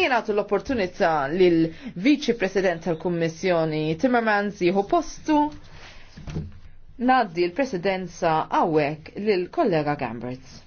Ejja nagħtu l-opportunità l vici President tal-Kummissjoni Timmermans jieħu postu naddi l-presidenza għawek l kollega Gamberts.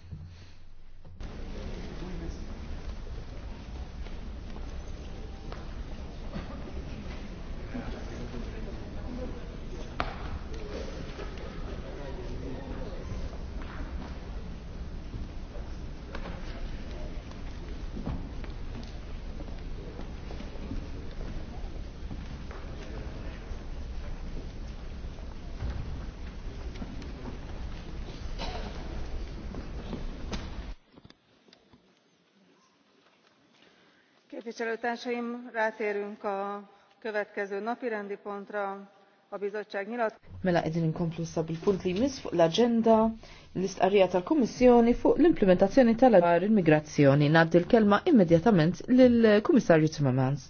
képviselőtársaim rátérünk a következő napirendi pontra a bizottság nyilat. Mela edin inkomplu sab il-punt li jmiss fuq l-agenda l-istqarrija tal-Kummissjoni fuq l-implementazzjoni tal-għar immigrazzjoni. Naddi l-kelma immedjatament lill-Kummissarju Timmermans.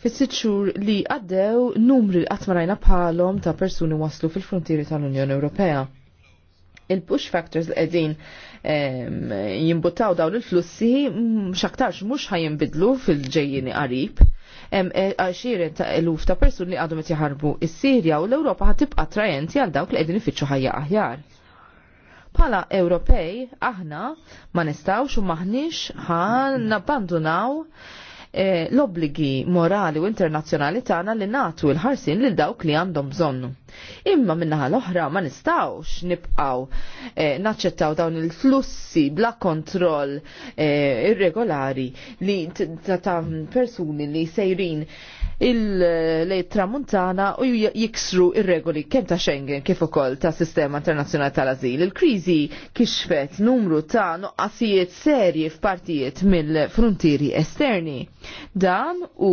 Fis-sitt xhur li għaddew numri qatt ma bħalhom ta' persuni waslu fil-frontieri tal-Unjoni Ewropea il-push factors li qegħdin jimbuttaw dawn il-flussi xaktarx mhux ħajinbidlu fil-ġejjini qarib. E, Għaxirin ta' eluf ta' persuni li għadhom qed jaħarbu is-Sirja u l europa ħatibqa' attrajenti għal dawk li qegħdin ifittxu ħajja aħjar. Pala Ewropej, aħna ma nistawx u maħniex ħan nabbandunaw E, l-obligi morali u internazzjonali tagħna li natu l-ħarsin lil dawk li għandhom bżonnu. Imma minnaħa l-oħra ma nistawx nibqaw e, naċċettaw dawn il-flussi bla kontroll e, irregolari li ta' persuni li sejrin il-lejt tramuntana u jiksru ir-regoli kemm ta' Schengen kif ukoll ta' sistema internazzjonali tal-azil. Il-kriżi kixfet numru ta' nuqqasijiet serji f'partijiet mill-frontieri esterni. Dan u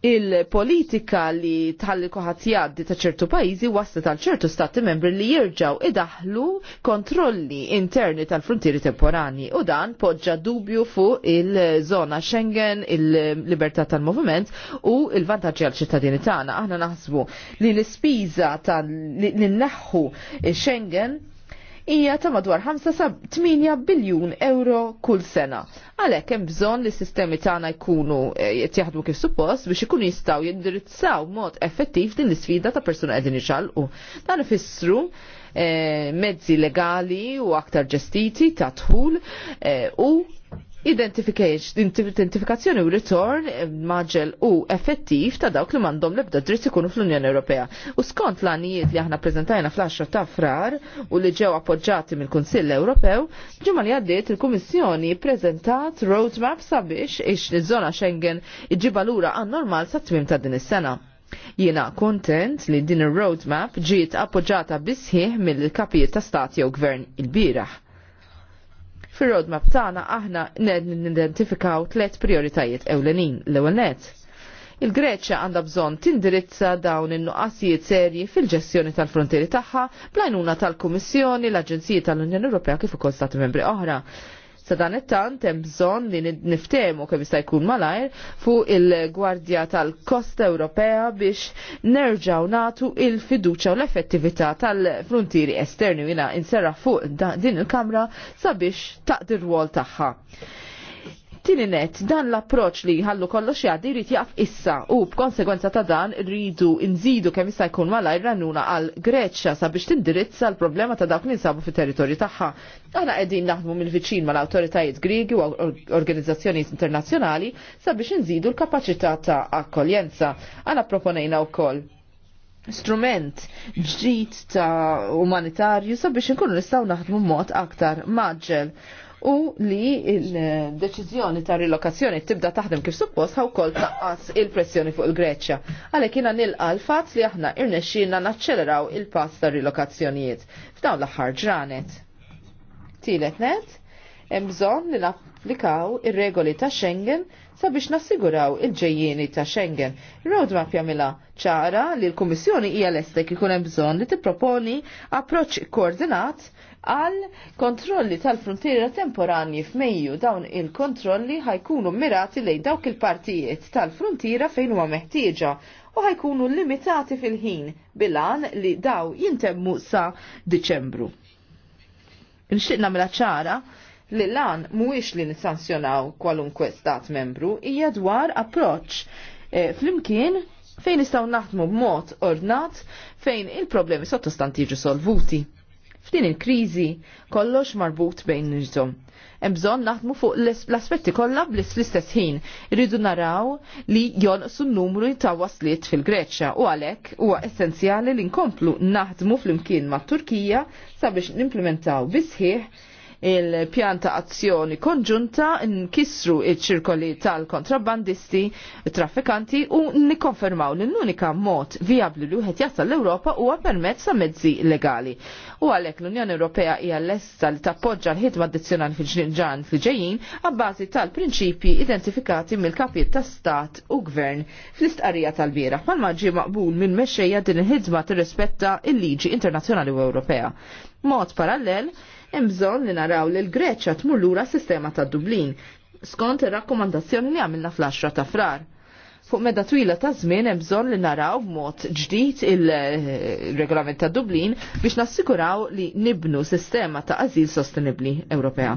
il-politika li tħalli koħat jaddi ta' ċertu pajizi wasta tal ċertu stati membri li jirġaw idaħlu kontrolli interni tal-frontieri temporani u dan poġġa dubju fuq il-zona Schengen, il-libertà tal movement u il-vantaġġi għal ċittadini tagħna. Aħna naħsbu li l-ispiża tal-naħħu Schengen hija ta' madwar 5-8 biljun euro kull sena. Għalhekk hemm bżonn li s-sistemi tagħna jkunu jtjaħdmu eh, kif suppost biex ikunu jistgħu jindirizzaw mod effettiv din l-isfida ta' persuna qegħdin ixalqu. Dan ifissru eh, mezzi legali u aktar ġestiti ta' tħul eh, u identifikazzjoni u ritorn eh, maġel u effettiv ta' dawk li mandom lebda dritt ikunu fl-Unjoni Ewropea. U skont l-għanijiet li aħna prezentajna fl-10 ta' frar u li ġew appoġġati mill-Kunsill Ewropew, ġimma li għaddiet il-Kummissjoni prezentat roadmap sabiex ix iż-żona Schengen iġiba lura għan-normal sa' tmim ta' din is-sena. Jiena kontent li din ir roadmap ġiet appoġġata bisħieħ mill-kapijiet ta' stati u gvern il-bieraħ fil roadmap tagħna aħna nidentifikaw tliet prioritajiet ewlenin l-ewwel Il-Greċja għandha bżonn tindirizza dawn in-nuqqasijiet serji fil-ġestjoni tal-frontieri tagħha bl-għajnuna tal-Kummissjoni, l-Aġenziji tal-Unjoni Ewropea kif ukoll stati membri oħra. Sa dan it-tant hemm bżonn li niftehmu kemm jista' jkun malajr fuq il-Gwardja tal-Kosta Ewropea biex nerġgħu nagħtu il-fiduċja u l-effettività tal-frontieri esterni jiena inserraħ fuq din il-Kamra sabiex taqdir wol tagħha. Tini dan l-approċ li ħallu kollox jgħaddi jrid jaqf issa u b'konsegwenza ta' dan rridu nżidu kemm jista' jkun malaj rannuna għal Greċċa sabiex tindirizza l-problema ta' dawk li nsabu fit-territorju tagħha. Aħna qegħdin naħdmu mill-viċin mal-awtoritajiet Griegi u organizzazzjonijiet internazzjonali sabiex nżidu l-kapaċità ta' akkoljenza. Aħna proponejna wkoll strument ġdid ta' umanitarju sabiex inkunu nistgħu naħdmu mod aktar maġġel u li il-deċizjoni ta' rilokazzjoni tibda taħdem kif suppost ħaw kol taqqas il-pressjoni fuq il-Greċja. Għalek jina nilqa l-fat li aħna irnexxina naċċeleraw il-pass ta' rilokazzjonijiet f'dawn l-aħħar ġranet. Tielet net, hemm bżonn li napplikaw ir-regoli ta' Schengen sabiex nassiguraw il-ġejjieni ta' Schengen. Roadmap jagħmilha ċara li l-Kummissjoni hija lestek ikun hemm bżonn li tipproponi approċċ koordinat għal kontrolli tal-frontiera temporanji f'Mejju dawn il-kontrolli ħajkunu mirati lejn dawk il-partijiet tal-frontiera fejn huwa meħtieġa u ħajkunu limitati fil-ħin bilan li daw jintemmu sa Diċembru. Nxtieq nagħmilha ċara li lan mhuwiex li nisanzjonaw kwalunkwe stat membru hija dwar approċċ e, flimkien fejn nistgħu naħdmu b'mod ordnat fejn il-problemi sottostanti jiġu solvuti. F'din il-kriżi kollox marbut bejn nirżom. Hemm bżonn naħdmu fuq l-aspetti kollha bl-istess ħin. Irridu naraw li jonqsu n-numru ta' wasliet fil-Greċja u għalhekk huwa essenzjali li nkomplu naħdmu fl-imkien mat-Turkija sabiex nimplementaw bisħieħ il-pjanta azzjoni konġunta nkissru il-ċirkoli tal-kontrabbandisti, traffikanti u nikonfermaw li l-unika mod viabli li wieħed jasal l-Ewropa huwa permezz ta' mezzi legali. U għalhekk l-Unjoni Ewropea hija lesta li tappoġġa l-ħidma addizzjonali fil-ġinġan fil-ġejjin għabbażi tal-prinċipji identifikati mill-kapiet ta' stat u gvern fl-istqarrija tal-bieraħ mal-maġġi maqbul minn mexxejja din il-ħidma tirrispetta il-liġi internazzjonali u Ewropea. Mod parallel, hemm bżonn li naraw li l-Greċja tmur lura sistema ta' Dublin skont ir-rakkomandazzjoni li għamilna fl-10 ta' frar. Fuq meda twila ta' żmien hemm bżonn li naraw b'mod ġdid il-regolament ta' Dublin biex nassikuraw li nibnu sistema ta' ażil sostenibbli Ewropea.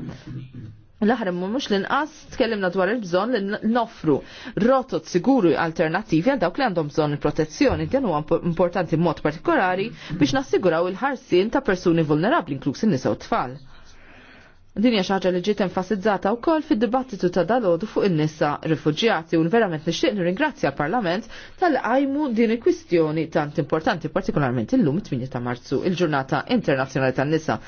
L-aħrem mhux l-inqas tkellimna dwar il-bżonn li nofru rotot siguru alternattivi għal dawk li għandhom bżonn il-protezzjoni din huwa importanti mod partikolari biex nassiguraw il-ħarsien ta' persuni vulnerabbli inkluż in-nisa u tfal. Din hija xi ħaġa li ġiet enfasizzata wkoll fid-dibattitu ta' dalodu fuq in-nisa rifuġjati u verament nixtieq nirringrazzja l-Parlament tal-qajmu din il-kwistjoni tant importanti partikolarment illum it-8 ta' Marzu, il-Ġurnata Internazzjonali tan-Nisa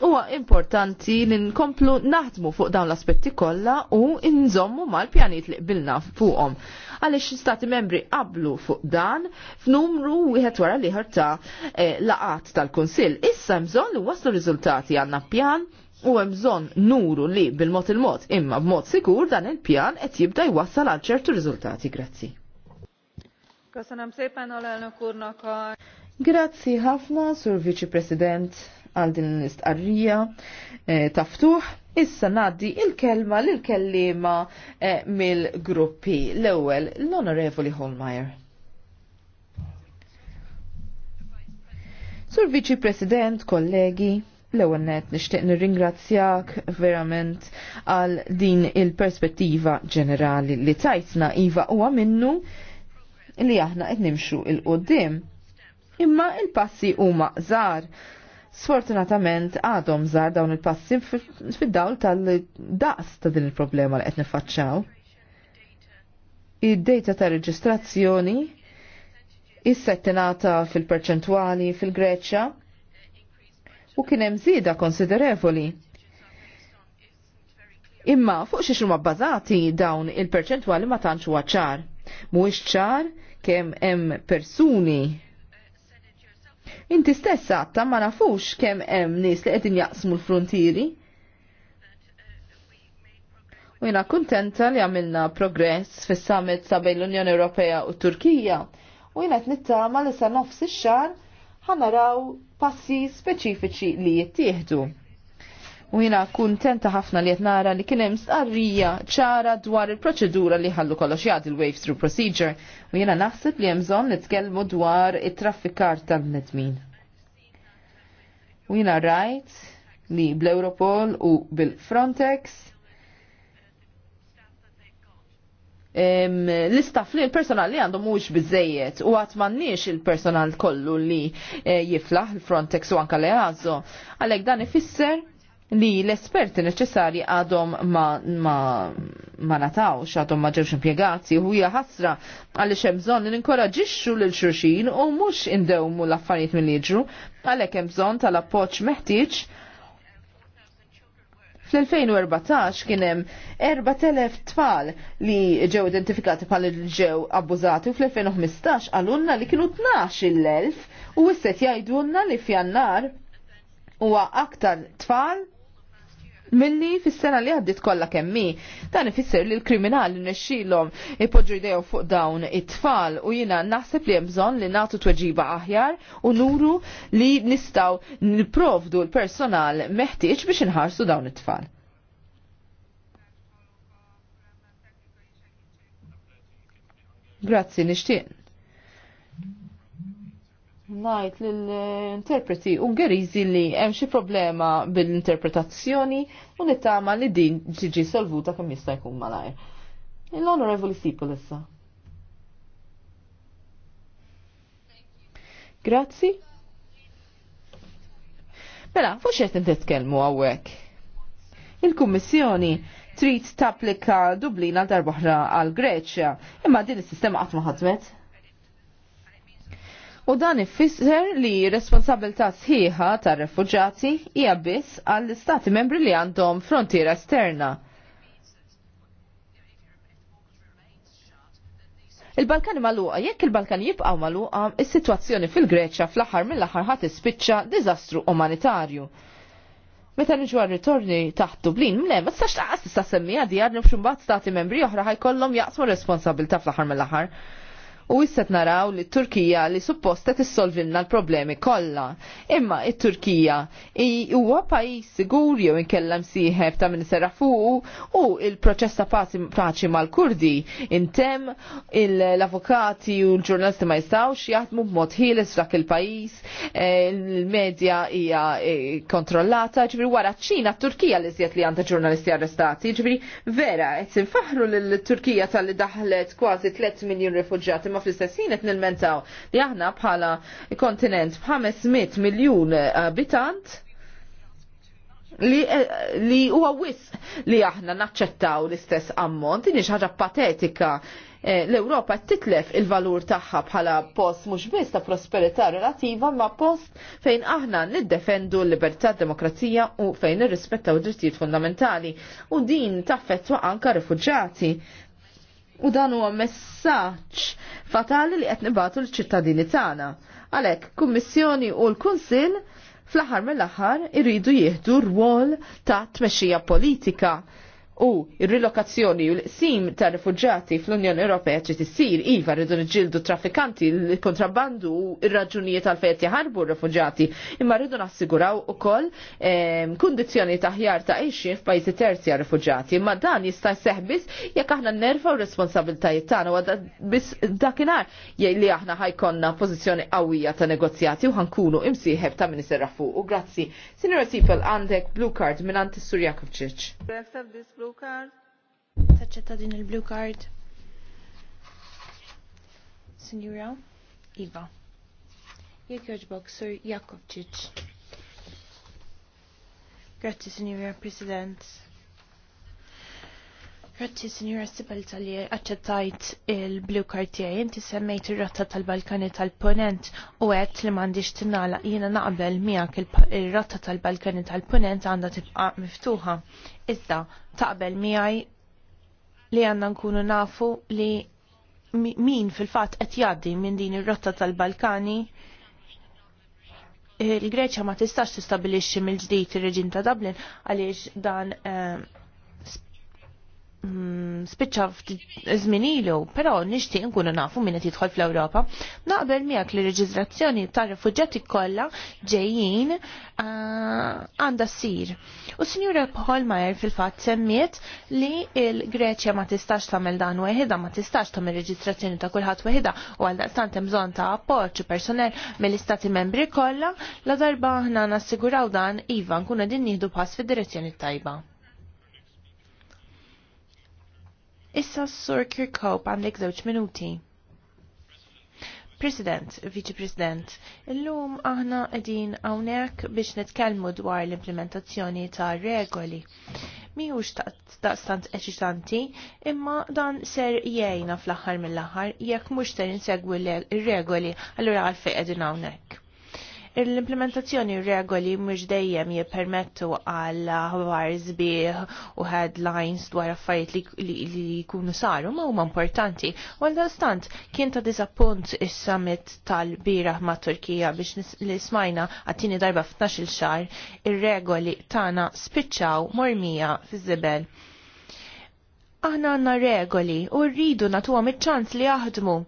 huwa importanti li nkomplu naħdmu fuq dawn l-aspetti kollha u nżommu mal-pjanijiet li qbilna fuqhom. Għaliex stati membri qablu fuq dan f'numru wieħed wara liħor ta' eh, laqat tal-Kunsill. Issa bżonn li waslu riżultati għandna pjan u hemm bżonn nuru li bil-mod il-mod imma b'mod sikur dan il-pjan qed jibda jwassal għal ċertu riżultati. Grazzi. Köszönöm szépen alelnök Grazzi ħafna, Sur Viċi President għal din l-istqarrija e, eh, taftuħ. Issa naddi il-kelma l-kellima eh, mill-gruppi l-ewel l-Onorevoli Holmeyer. Sur Viċi President, kollegi, l-ewwel net nixtieq nirringrazzjak verament għal din il-perspettiva ġenerali li tajtna iva huwa minnu li aħna qed nimxu il qudiem Imma il-passi huma żgħar Sfortunatament għadhom żar dawn il-passi fid-dawl tal-daqs ta' din il-problema li qed nifaċċaw. Id-data ta' reġistrazzjoni issa settinata fil-perċentwali fil-Greċja u kien hemm żieda konsiderevoli. Imma fuq xi huma bbażati dawn il-perċentwali ma tantx huwa ċar. Mhuwiex ċar kemm hemm persuni Inti stessa għatta ma nafux kemm hemm nies li għedin jaqsmu l-frontieri. U jina kuntenta li għamilna progress fis summit ta' bejn l-Unjoni Ewropea u Turkija. U jina t-nittama li sa' nofs ix-xar ħanaraw passi speċifiċi li jittieħdu u jina kuntenta ħafna li jtnara li kienem starrija ċara dwar il-proċedura li ħallu kollox jgħad il-wave through procedure u jina naħseb li jemżon nitkellmu dwar it-traffikar tal-nedmin. U jina rajt li bl-Europol u bil-Frontex l-istaff li l-personal li għandhom mhux biżejjed u għat m'għandniex il-personal kollu li eh, jiflaħ il-Frontex u anka le għażu Għalhekk dan ifisser li l-esperti neċessari għadhom ma, ma, ma natawx, għadhom ma ġewx impiegati, u hija ħasra għaliex hemm bżonn li ninkoraġixxu lil xulxin u mhux indewmu l-affarijiet minn jiġru, għalhekk hemm bżonn tal-appoġġ meħtieġ Fl-2014 kien hemm 4000 tfal li ġew identifikati bħal ġew abbużati u fl-2015 għalunna li kienu 12 elf u wisset jgħidulna li f'jannar huwa aktar tfal milli fis-sena li għaddit kollha kemmi. Dan ifisser li l-kriminali nexxilhom ipoġġu jdejhom fuq dawn it-tfal u jiena naħseb li hemm bżonn li nagħtu tweġiba aħjar u nuru li nistgħu nipprovdu l-personal meħtieġ biex inħarsu dawn it-tfal. Grazzi, nishtiq najt l-interpreti ungerizi li hemm xi problema bil-interpretazzjoni u nittama li din ġiġi solvuta kemm jista' jkun malajr. l honorable Sipol issa. Grazzi. Mela, fux qed nitkellmu hawnhekk. Il-Kummissjoni trid tapplika Dublina darbohra għal Greċja, imma din is-sistema qatt ma ħadmet U dan ifisser li responsabilità sħiħa tar-refuġati hija biss għall-istati membri li għandhom frontiera esterna. Il-Balkani maluqa, jekk il-Balkani jibqaw maluqa, is-sitwazzjoni fil-Greċja fl-aħħar mill-aħħar ħadd ispiċċa diżastru umanitarju. Meta niġu ritorni taħt Dublin, mle, ma tistax taqas tista' semmija djar nifxu mbagħad stati membri oħra ħajkollhom jaqsmu responsabilità fl-aħħar mill-aħħar u issa naraw li Turkija li supposta tissolvilna l-problemi kollha. Imma il turkija huwa pajjiż sigur jew inkellem sieħeb ta' minn fuq u il-proċess ta' paċi mal-Kurdi intemm l-avukati u l-ġurnalisti ma jistgħux jaħdmu b'mod ħieles f'dak il-pajjiż, eh, il-medja hija eh, kontrollata, ġifieri wara ċina Turkija li żjed li għandha ġurnalisti arrestati, ġifieri vera qed sinfaħru l turkija tal-li daħlet kważi 3 miljun refuġjati ma fl-istessin qed mentaw li aħna bħala kontinent b'500 miljun eh, abitant eh, li huwa wis li aħna naċċettaw l-istess ammont, din ħaġa patetika eh, l-Ewropa titlef il-valur tagħha bħala post mhux biss ta' prosperità relativa ma' post fejn aħna niddefendu l-libertà, demokrazija u fejn nirrispettaw drittijiet fundamentali u din taffettwa anka rifuġati U dan huwa messaġġ fatali li qed nibatu l-ċittadini tagħna. Għalhekk, kummissjoni u l-Kunsill fl-aħħar mill-aħħar iridu jieħdu rwol ta' tmexxija politika u il-rilokazzjoni u l-sim ta' rifugġati fl-Unjoni Ewropea ċi tissir iva rridu nġildu traffikanti l-kontrabbandu u il-raġunijiet għal-fejt jaħarbu rifugġati imma rridu nassiguraw u koll ehm, kondizjoni ta' ħjar ta' ixin f'pajzi terzi għal rifugġati imma dan jista' seħbis jekk aħna nerfa u responsabiltajiet tagħna għadha biss dakinhar li aħna ħajkonna pożizzjoni qawwija ta' negozjati u ħankunu imsieħeb ta' Minister Rafu u grazzi. Sinjora Sipel għandek blue card minn Antis Surjakovċiċ blue card? Taċċetta din il-blue card. Signora Iva. Jek joġbok, Sir Jakovčić. Grazie, Signora President. Grazzi Signora Sibel tal-li accettajt il-Blue Card tiegħi. Inti semmejt ir-rotta tal-Balkani tal-Ponent u għedt li m'għandix tingħalaq jiena naqbel miegħek il rotta tal-Balkani tal-Ponent għandha tibqa' miftuħa. Iżda taqbel miħaj li għandna nkunu nafu li min fil-fatt qed jgħaddi minn din ir-rotta tal-Balkani il-Greċja ma tistax tistabilixxi mill-ġdid ir-reġim ta' Dublin għaliex dan eh, Mm, spiċċa f'żmien ilu, però nixtieq nkunu nafu min qed jidħol fl-Ewropa. Naqbel miegħek li reġistrazzjoni tar-refuġġjati kollha ġejjin ah, għandha ssir. U Sinjura Holmajer fil-fatt semmiet li l-Greċja ma tistax tagħmel dan weħida, ma tistax tagħmel reġistrazzjoni ta' kulħadd weħida u għal daqstant hemm bżonn ta' appoġġ personel personell mill-istati membri kollha la darba aħna nassiguraw dan iva nkunu din nieħdu pass fid-direzzjoni tajba. Issa s-sur Kirkhope għandek żewġ minuti. President, Vice President, illum aħna qegħdin hawnhekk biex nitkellmu dwar l-implementazzjoni ta' regoli. ta' stant eċitanti, imma dan ser jgħina fl-aħħar mill-aħħar jekk mhux ser insegwi l-regoli għallura għalfejn qegħdin hawnhekk. L-implementazzjoni regoli mhux dejjem jippermettu għal ħbar sbieħ u headlines dwar affarijiet li jkunu saru ma huma importanti. Għal stant kien ta' diżappunt is-summit tal-biraħ ma' Turkija biex li smajna għattini darba il xar ir-regoli tagħna spiċċaw mormija fiż-żibel. Aħna għandna regoli u rridu nagħtuhom iċ-ċans li jaħdmu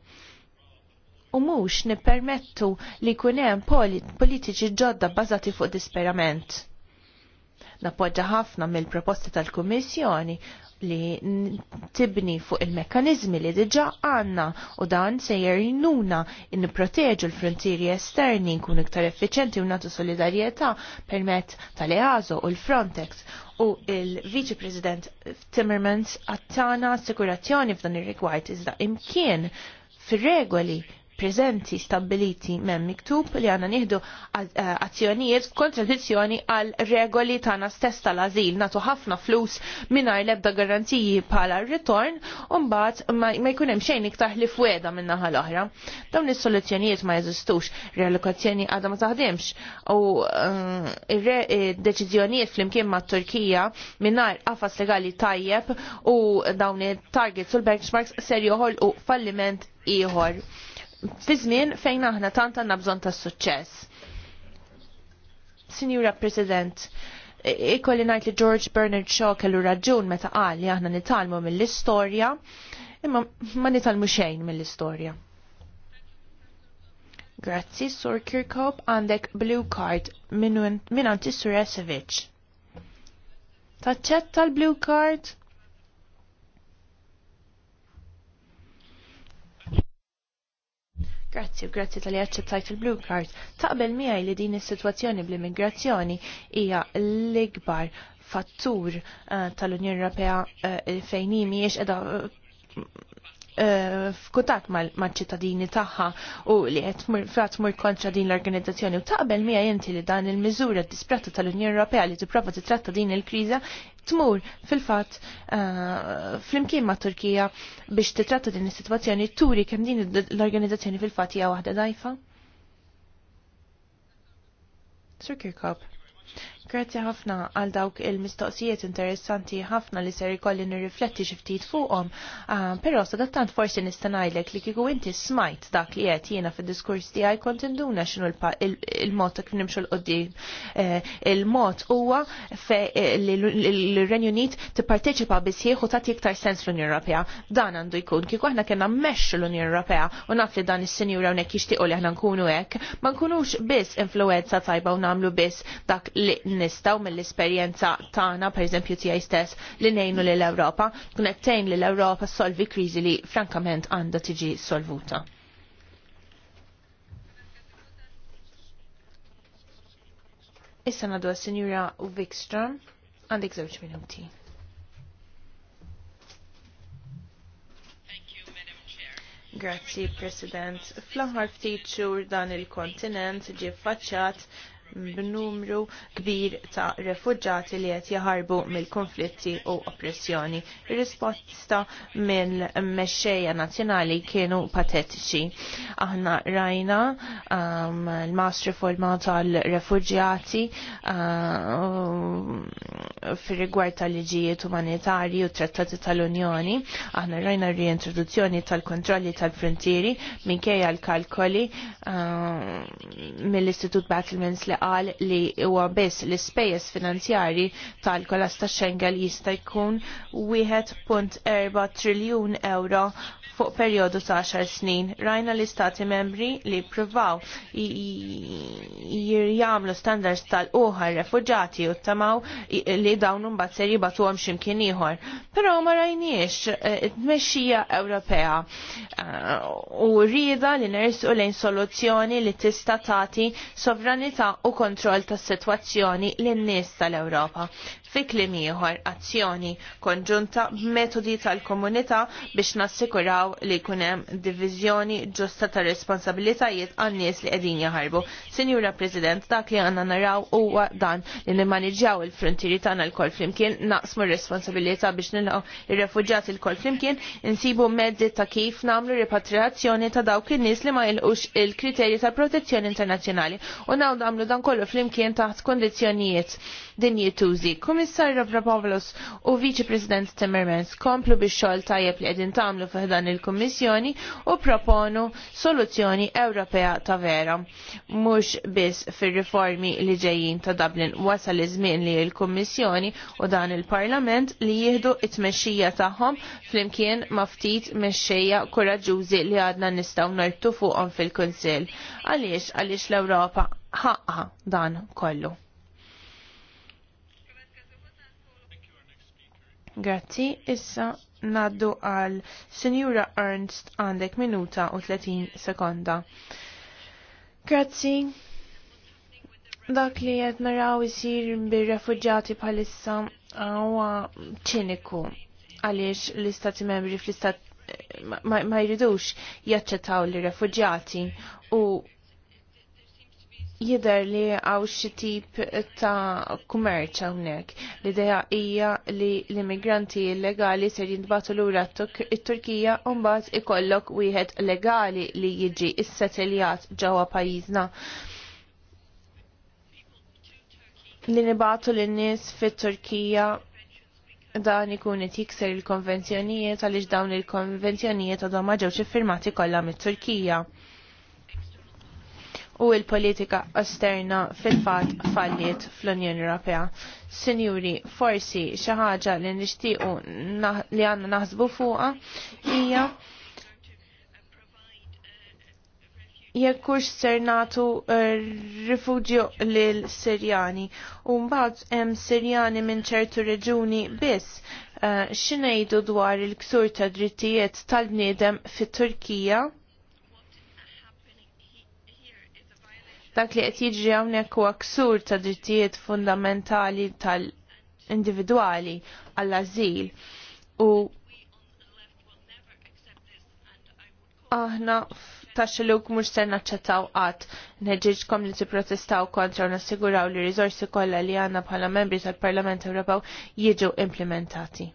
u mhux nippermettu li jkun hemm politiċi ġodda bbażati fuq disperament. Nappoġġa ħafna mill-proposti tal-Kummissjoni li tibni fuq il-mekkanizmi li diġa għanna u dan se jerinuna in proteġu l-frontieri esterni nkun iktar effiċenti u natu solidarieta permett tal-EASO u l-Frontex u il-Vice President Timmermans għattana assikurazzjoni f'dan ir-rigward iżda imkien fir-regoli preżenti stabiliti men miktub li għanna nieħdu azzjonijiet kontradizzjoni għal regoli tagħna stess tal-azil natu ħafna flus mingħajr l-ebda garantiji bħala ritorn u mbagħad ma jkun hemm xejn iktar li fweda minna naħa l-oħra. Dawn is-soluzzjonijiet ma jeżistux, relokazzjoni għadha ma taħdimx u um, eh, deċiżjonijiet flimkien mat-Turkija mingħajr qafas legali tajjeb u dawn it-targets u benchmarks ser joħolqu falliment ieħor fi żmien fejn aħna tant għandna bżonn tas-suċċess. Sinjura President, ikolli ngħid li George Bernard Shaw kellu raġun meta qal li aħna nitalmu mill-istorja, imma ma nitalmu xejn mill-istorja. Grazzi, Sur Kirkop, għandek blue card minn għanti Sur Esevic. Taċċetta l-blue card? Grazzi, grazzi tal-li għacċettajt il-Blue Card. Taqbel miħaj li din is-situazzjoni bl-immigrazzjoni hija l-ikbar fattur eh, tal-Unjoni Ewropea eh, fejn jiex edha Eh, f'kutat mal-ċittadini tagħha u li qed frat mur kontra din l-organizzazzjoni u taqbel mija jenti li dan il-miżura disprata tal-Unjoni Ewropea li tipprova titratta din il-kriża tmur fil-fatt eh, flimkien ma' Turkija biex titratta din is-sitwazzjoni turi kemm din l-organizzazzjoni fil-fatt hija waħda dajfa? Sir Kirkhope. Grazzi ħafna għal dawk il-mistoqsijiet interessanti ħafna li ser ikolli nirrifletti xi ftit fuqhom, ah, però sadattant forsi nista' ngħidlek li kieku inti smajt dak li għet jiena fid-diskurs tiegħi kont kontinduna xinu il-mod ta' kif nimxu l qoddi eh, Il-mod huwa eh, li l-Renju Unit tipparteċipa bisħieħ u tagħti iktar sens l-Unjoni Europea. Dan għandu jkun kieku aħna kellna mesh l-Unjoni Europea u naf li dan is-sinjura hawnhekk jixtiequ li għahna nkunu hekk, ma nkunux biss influenza tajba u nagħmlu biss dak li nistaw mill-esperjenza tagħna pereżempju tiegħi stess li ngħinu lil Ewropa, tkun qed tgħin lil Ewropa solvi kriżi li frankament għandha tiġi solvuta. Issa nadu għas-Sinjura Vikstrom għandek żewġ minuti. Grazzi, President. Fl-aħħar ftit xhur dan il-kontinent ġie faċċat b'numru kbir ta' refugġati li qed jaħarbu mill-konflitti u oppressjoni. Ir-risposta mill-mexxejja nazzjonali kienu patetiċi. Aħna rajna um, l mastri Forma tal-refugġati uh, fir-rigward tal-liġijiet umanitarji u trattati tal-Unjoni. Aħna rajna r reintroduzzjoni tal-kontrolli tal-frontieri minkejja l-kalkoli uh, mill-Istitut Battlements li qal li huwa biss l-ispejjeż finanzjarji tal-kolas ta' Schengen jista' jkun 1.4 triljun euro fuq perjodu ta' 10 snin. Rajna li stati membri li provaw jirjamlu standards tal-uħar refugġati u tamaw li dawn mbagħad ser batu għom ximkien ieħor. Però ma rajniex eh, t-mexxija Ewropea eh, u rida li nersu lejn soluzzjoni li tista' tagħti sovranità u kontroll tas-sitwazzjoni lin-nies tal-Ewropa fi klim ieħor azzjoni konġunta b'metodi tal-komunità biex nassikuraw nevitaw li kunem divizjoni ġusta ta' responsabilitajiet għan-nies li qegħdin jaħarbu. Sinjura President, dak li għandna naraw huwa dan li nimmaniġġjaw il-frontieri tagħna l-kol flimkien, naqsmu responsabilità biex nilqgħu ir-refuġjati l-kol flimkien, insibu mezzi ta' kif nagħmlu repatriazzjoni ta' dawk in-nies li ma jilqux il-kriterji ta' protezzjoni internazzjonali u nagħmlu dan kollu flimkien taħt kondizzjonijiet dinji tużi. Komissar Pavlos u Viċi President Timmermans komplu biex xogħol tajjeb li qegħdin tagħmlu f'dan il mill-Kummissjoni u proponu soluzzjoni Ewropea ta' vera. Mhux biss fir-riformi li ġejjin ta' Dublin wasal iż-żmien li l-Kummissjoni u dan il-Parlament li jieħdu it-tmexxija tagħhom flimkien ma' ftit mexxejja koraġużi li għadna nistgħu nartu fuqhom fil-Kunsill. Għaliex għaliex l-Ewropa ħaqqa dan kollu. Grazzi, issa naddu għal Sinjura Ernst għandek minuta u 30 sekonda. Grazzi. Dak li qed naraw isir bir-refuġjati bħalissa huwa ċiniku għaliex l-istati membri fl-istat ma, ma, ma jridux jaċċettaw li refuġjati u jider li għaw tip ta' kummerċ hawnhekk. L-idea hija li l-immigranti illegali ser l lura t-Turkija u mbagħad ikollok wieħed legali li jiġi is satelijat ġewwa pajjiżna li nibatu l-nies fit-Turkija dan ikun qed jikser il-konvenzjonijiet għaliex dawn il-konvenzjonijiet għadhom ma ġewx iffirmati kollha mit-Turkija u il-politika esterna fil-fat falliet fl-Unjoni Ewropea. Sinjuri, forsi xi ħaġa li nixtiequ li għandna naħsbu fuqha hija jekk hux ser nagħtu eh, rifuġju lil Sirjani u mbagħad hemm Sirjani minn ċertu reġuni biss eh, xinejdu dwar il-ksur ta' drittijiet tal-bniedem fit-Turkija Dak li qed jiġri hawnhekk huwa ksur ta' drittijiet fundamentali tal-individwali għall-ażil u aħna tax li mhux se naċċettaw qatt. Neġġiġkom li tipprotestaw kontra u nassiguraw li riżorsi kollha li għandna bħala membri tal-Parlament Ewropew jiġu implementati.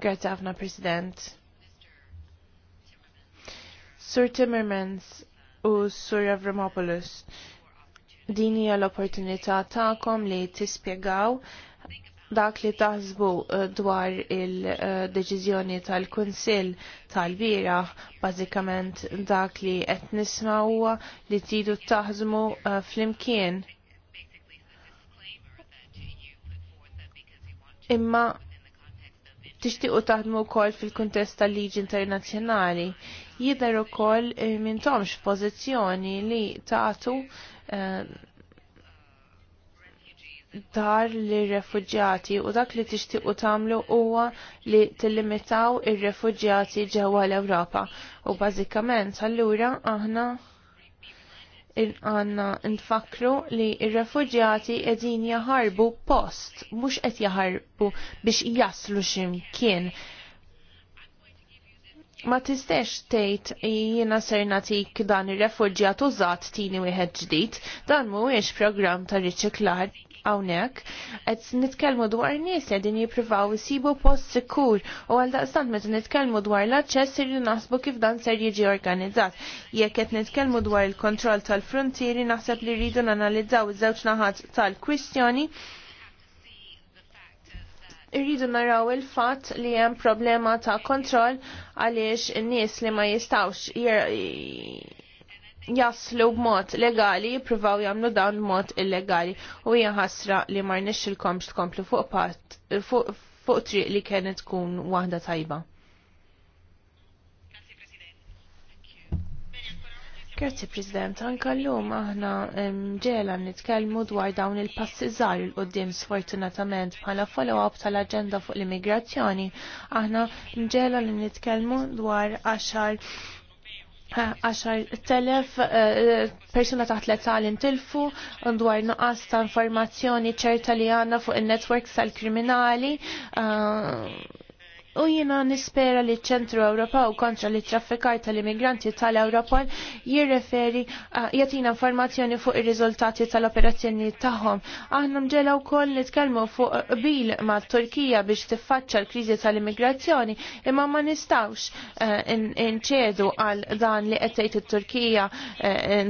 Grazie ħafna President. Sur Timmermans u Sur Avramopoulos, din hija l-opportunità tagħkom li tispjegaw dak li taħsbu eh, dwar il-deċiżjoni tal-Kunsill tal-bira, bażikament dak li qed nisma' huwa li tidu taħżmu eh, flimkien. Imma Tixtiequ taħdmu wkoll fil-kuntest tal-liġi internazzjonali. Jidher ukoll eh, m'inthomx pożizzjoni li tagħtu eh, dar li refugjati u dak li tixtiequ tagħmlu huwa li tillimitaw ir-refugjati ġewwa l-Ewropa. U bażikament allura aħna għanna nfakru li il-refugjati edin jaharbu post, mux qed jaharbu biex jaslu ximkien. Ma tistex tgħid jiena ser nagħtik dan ir-refuġjat użat tini wieħed ġdid, dan mhuwiex programm ta' riċiklar hawnhekk qed nitkellmu dwar nies li qegħdin jippruvaw jisibu post sikur u għal daqstant meta nitkellmu dwar l-aċċess irridu naħsbu kif dan ser jiġi organizzat. Jekk qed nitkellmu dwar il-kontroll tal-frontieri naħseb li rridu nanalizzaw iż-żewġ naħat tal-kwistjoni irridu naraw il-fat li hemm problema ta' kontroll għaliex n-nies li ma jistawx jaslu b'mod legali, jippruvaw jagħmlu dawn b'mod illegali u hija ħasra li ma rnexxilkomx tkomplu fuq pat fuq fuq triq li kienet tkun waħda tajba. Grazzi President, anka l-lum aħna ġela nitkellmu dwar dawn il-passi żgħar l qoddim sfortunatament bħala follow-up tal-aġenda fuq l-immigrazzjoni. Aħna ġela li nitkellmu dwar 10 10.000 eh, persuna taħt l intilfu li dwar nuqqas ta' informazzjoni ċerta li għanna fuq il-networks tal-kriminali eh, U jina nispera li ċentru Ewropa u kontra li traffikar tal-immigranti tal ewropol jirreferi jatina informazzjoni fuq ir-riżultati tal-operazzjoni tagħhom. Aħna mġela wkoll nitkellmu fuq bil ma' Turkija biex tiffaċċa l-kriżi tal-immigrazzjoni imma ma nistawx e, inċedu għal dan li qed tgħid it-Turkija e,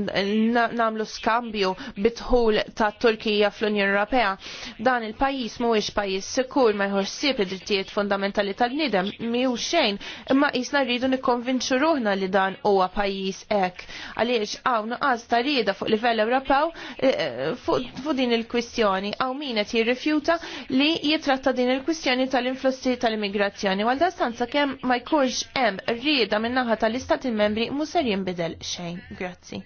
nagħmlu skambju bitħul ta' Turkija fl-Unjoni Ewropea. Dan il-pajjiż mhuwiex pajjiż sikur ma jħossib id-drittijiet fundamentali tal bnidem mi u xejn, imma qisna rridu nikkonvinċu ruħna li dan huwa pajjiż hekk. Għaliex hawn nuqqas ta' rieda fuq livell Ewropew eh, eh, fuq din il-kwistjoni hawn min qed jirrifjuta li jitratta din il-kwistjoni tal-influssi tal-immigrazzjoni. Għal stanza kemm ma jkunx hemm rieda min-naħa tal-istati membri mhux ser jinbidel xejn. Grazzi.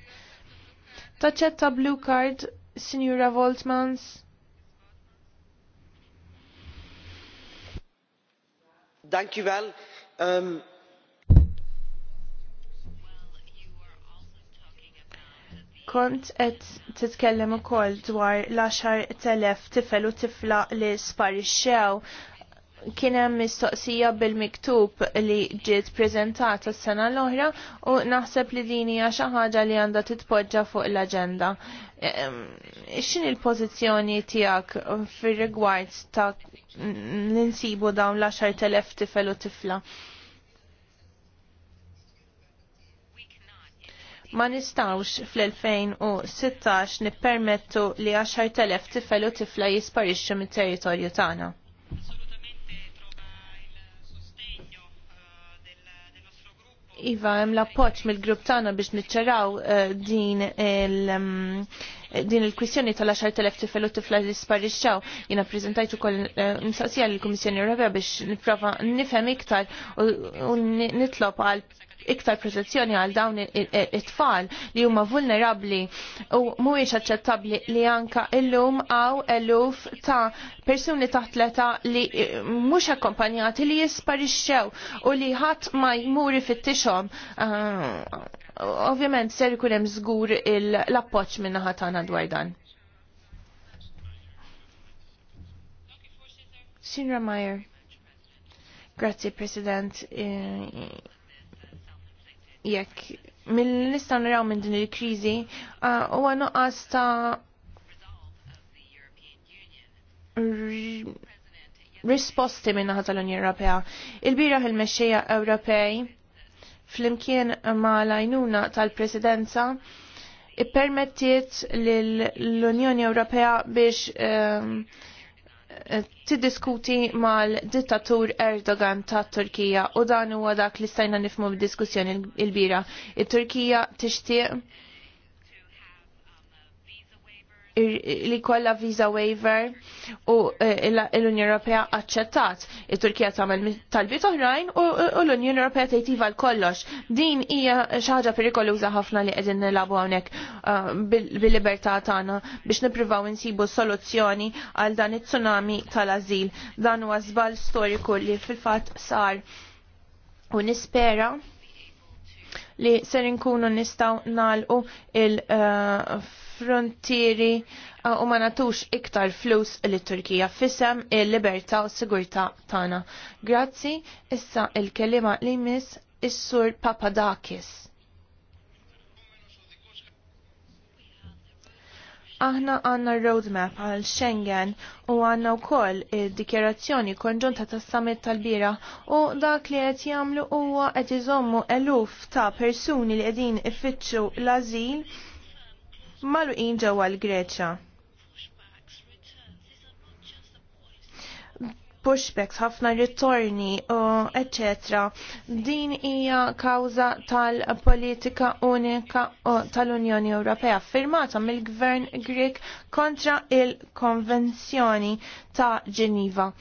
Taċċetta blue card, Signora Voltmans. Ehm, Kont qed titkellem ukoll dwar l-10,000 tifel u tifla li sparixxew kien hemm mistoqsija bil-miktub li ġiet preżentata s-sena l-oħra u naħseb li din hija xi ħaġa li għandha titpoġġa fuq l-aġenda. Ehm, X'in il-pożizzjoni tiegħek fir-rigward ta' li nsibu dawn l-10,000 tifel u tifla? ma nistawx fl-2016 nippermettu li 10,000 tifel u tifla jisparixxu mit-territorju tagħna. Iva, hemm l-appoġġ mill-grupp tagħna biex niċċaraw eh, din il- mm, din il-kwistjoni tal-10,000 tifel u tifla li sparixxaw. Jina prezentajt ukoll eh, msaqsija lill-Kummissjoni Ewropea biex nipprova nifhem iktar u nitlob għal iktar protezzjoni għal dawn it-tfal li huma vulnerabli u mhuwiex aċċettabbli li anka illum għaw eluf ta' persuni taħt tleta li e, mhux akkompanjati li jisparixxew u li ħadd ma jmuri fittixhom. Ah, ovvjament ser ikun hemm żgur l-appoġġ minn naħa tagħna dwar dan. Sinra Meyer. Grazie President eh, jekk mill nistan naraw minn din il-kriżi uh, huwa uh, nuqqas ta' risposti minn naħa tal-Unjoni Ewropea. il bira il-mexxejja Ewropej flimkien ma' lajnuna tal-Presidenza i-permettiet l-Unjoni Ewropea biex um, tiddiskuti mal-dittatur Erdogan ta' Turkija u dan huwa dak li stajna nifmu bid-diskussjoni il-bira. Il-Turkija tixtieq li kolla visa waiver u eh, l-Unjoni Ewropea aċċettat. Il-Turkija tagħmel talbiet oħrajn u l-Unjoni Ewropea tejtiva l-kollox. Din hija xi ħaġa perikoluża ħafna li qegħdin nilabu hawnhekk eh, bil-libertà tagħna biex nippruvaw insibu soluzzjoni għal dan it-tsunami tal-ażil. Dan huwa żball storiku li fil-fatt sar u nispera li ser nkunu nistgħu nagħlqu il- uh, frontieri uh, u ma natux iktar flus li Turkija fisem il-liberta u sigurta tana. Grazzi, issa il-kelima li mis is-sur Papadakis. Aħna għanna roadmap għal Schengen u għanna u koll dikjerazzjoni konġunta tas summit tal-bira u dak li għet jamlu huwa għet jizommu eluf ta' persuni li għedin ifittxu l-azil marruqin ġewwa l-Greċja. pushbacks, ħafna ritorni, eccetera. etc. Din hija kawza tal-politika unika tal-Unjoni Ewropea firmata mill-Gvern Grek kontra il-Konvenzjoni ta' Ġeniva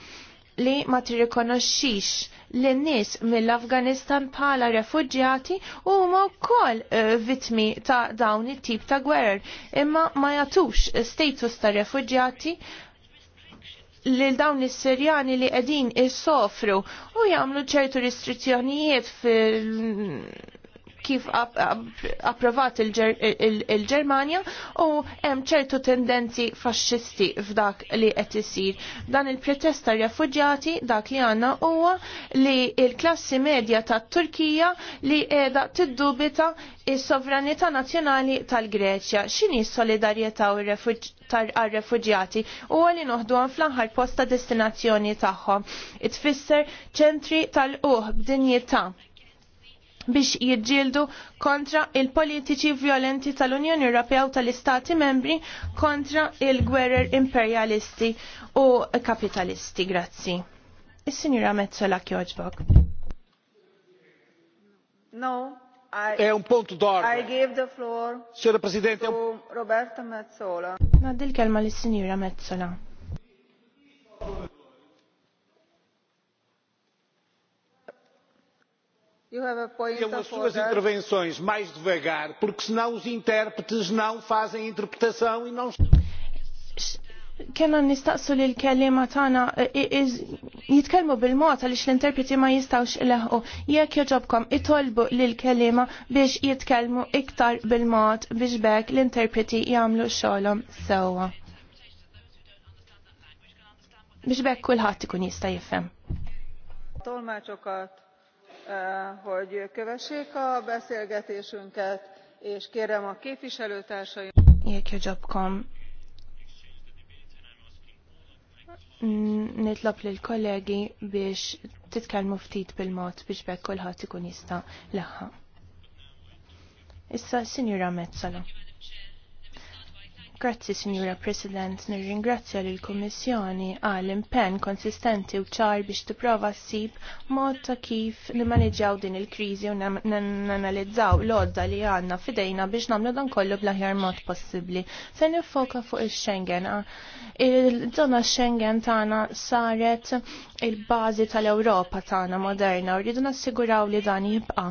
li ma tirrikonoxxix l-nies mill-Afganistan bħala refugjati u huma wkoll eh, vitmi ta' dawn it-tip ta' gwerer imma ma jatux status ta' refugjati lil dawn is-Sirjani li qegħdin issofru u jagħmlu ċertu restrizzjonijiet fil kif approvat il-Ġermanja u hemm ċertu tendenzi faxxisti f'dak li qed isir. Dan il protesta tar dak li għandna huwa li l-klassi medja tat-Turkija li qiegħda tiddubita is-sovranità nazzjonali tal-Greċja. X'inhi s-solidarjetà u tar-refuġjati u għalli noħduhom fl-aħħar posta destinazzjoni tagħhom. Itfisser ċentri tal-uħ b'dinjità biex jiġġieldu kontra il-politiċi violenti tal-Unjoni Ewropea u tal-Istati membri kontra il-gwerer imperialisti u kapitalisti. Grazzi. Is-Sinjura Mezzola Kjoġbog. No, I, è un punto d'ordine. I give the floor Signora Presidente, to Roberta Mezzola. Ma del calma l-Sinjura Mezzola. Tenham as suas intervenções mais devagar, porque senão os intérpretes não fazem interpretação e não. Kena nistaqsu li l-kelima tana e, e, e, jitkelmu bil mot għalix l-interpreti ma jistawx leħu. Jek joġobkom itolbu li l-kelima biex jitkelmu iktar bil mot biex bek l-interpreti jamlu xolom sewa. Biex bek kullħat ikun jista' jifhem. Tolmácsokat Eh, hogy kövessék a beszélgetésünket és kérem a képviselőtársaim jekk jogħġobkom nitlob lil kollegi biex titkellmu ftit bil-mod biex bekk kulħadd ikun jista' leħħa. Issa, Sinjura Mezzala. Grazzi, Signora President, nirringrazzja l kummissjoni għal impenn konsistenti u ċar biex tipprova ssib mod ta' kif nimmaneġġjaw din il-kriżi u nanalizzaw l-odda li għandna fidejna biex nagħmlu dan kollu bl-aħjar mod possibbli. Se nifoka fuq il-Schengen. Ah, Il-żona Schengen tagħna saret il-bażi tal-Ewropa tagħna moderna u rridu nassiguraw li dan jibqa'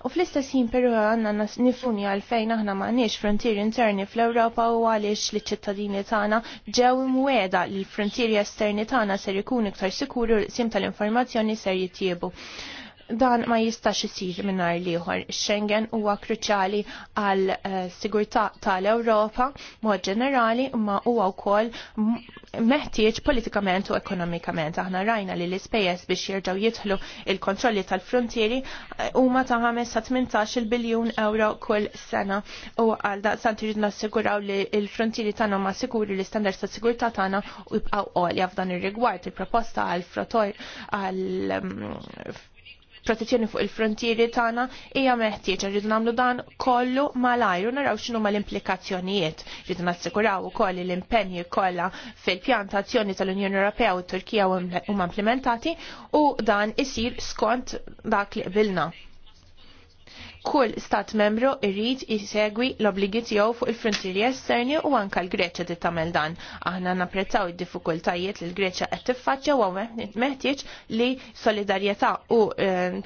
U fl-istess jien peru għandna nifuni għalfejn aħna m'għandniex frontieri interni fl-Ewropa u għaliex li ċittadini tagħna ġew imweda li l-frontieri esterni tagħna ser ikun iktar sikuru sim tal-informazzjoni ser jitjiebu dan ma jistax isir minnar liħor. Schengen huwa kruċjali għal eh, sigurtà tal-Ewropa mod ġenerali ma huwa wkoll meħtieġ politikament u ekonomikament. Aħna rajna li l-ispejjeż biex jerġgħu jidħlu il-kontrolli tal-frontieri eh, huma ta' 5 sa 18 biljun euro kull sena u għal daqstant irid nassiguraw li l-frontieri tagħna ma siguri li standards ta' sigurtà tagħna u jibqgħu għolja f'dan ir-rigward il-proposta għal frotor mm, għal protezzjoni fuq il-frontieri tagħna hija meħtieġa rridu nagħmlu dan kollu malajr u naraw x'inhuma l implikazzjonijiet Rridu nassikuraw ukoll l-impenji kollha fil-pjantazzjoni tal-Unjoni Ewropea u t Turkija huma implementati u dan isir skont dak li qbilna. Kull stat membru irrid jisegwi l-obligi tiegħu fuq il-frontieri esterni u anka l-Greċja trid tagħmel dan. Aħna napprezzaw id-diffikultajiet li l-Greċja qed tiffaċċja u meħtieġ li solidarjetà u eh,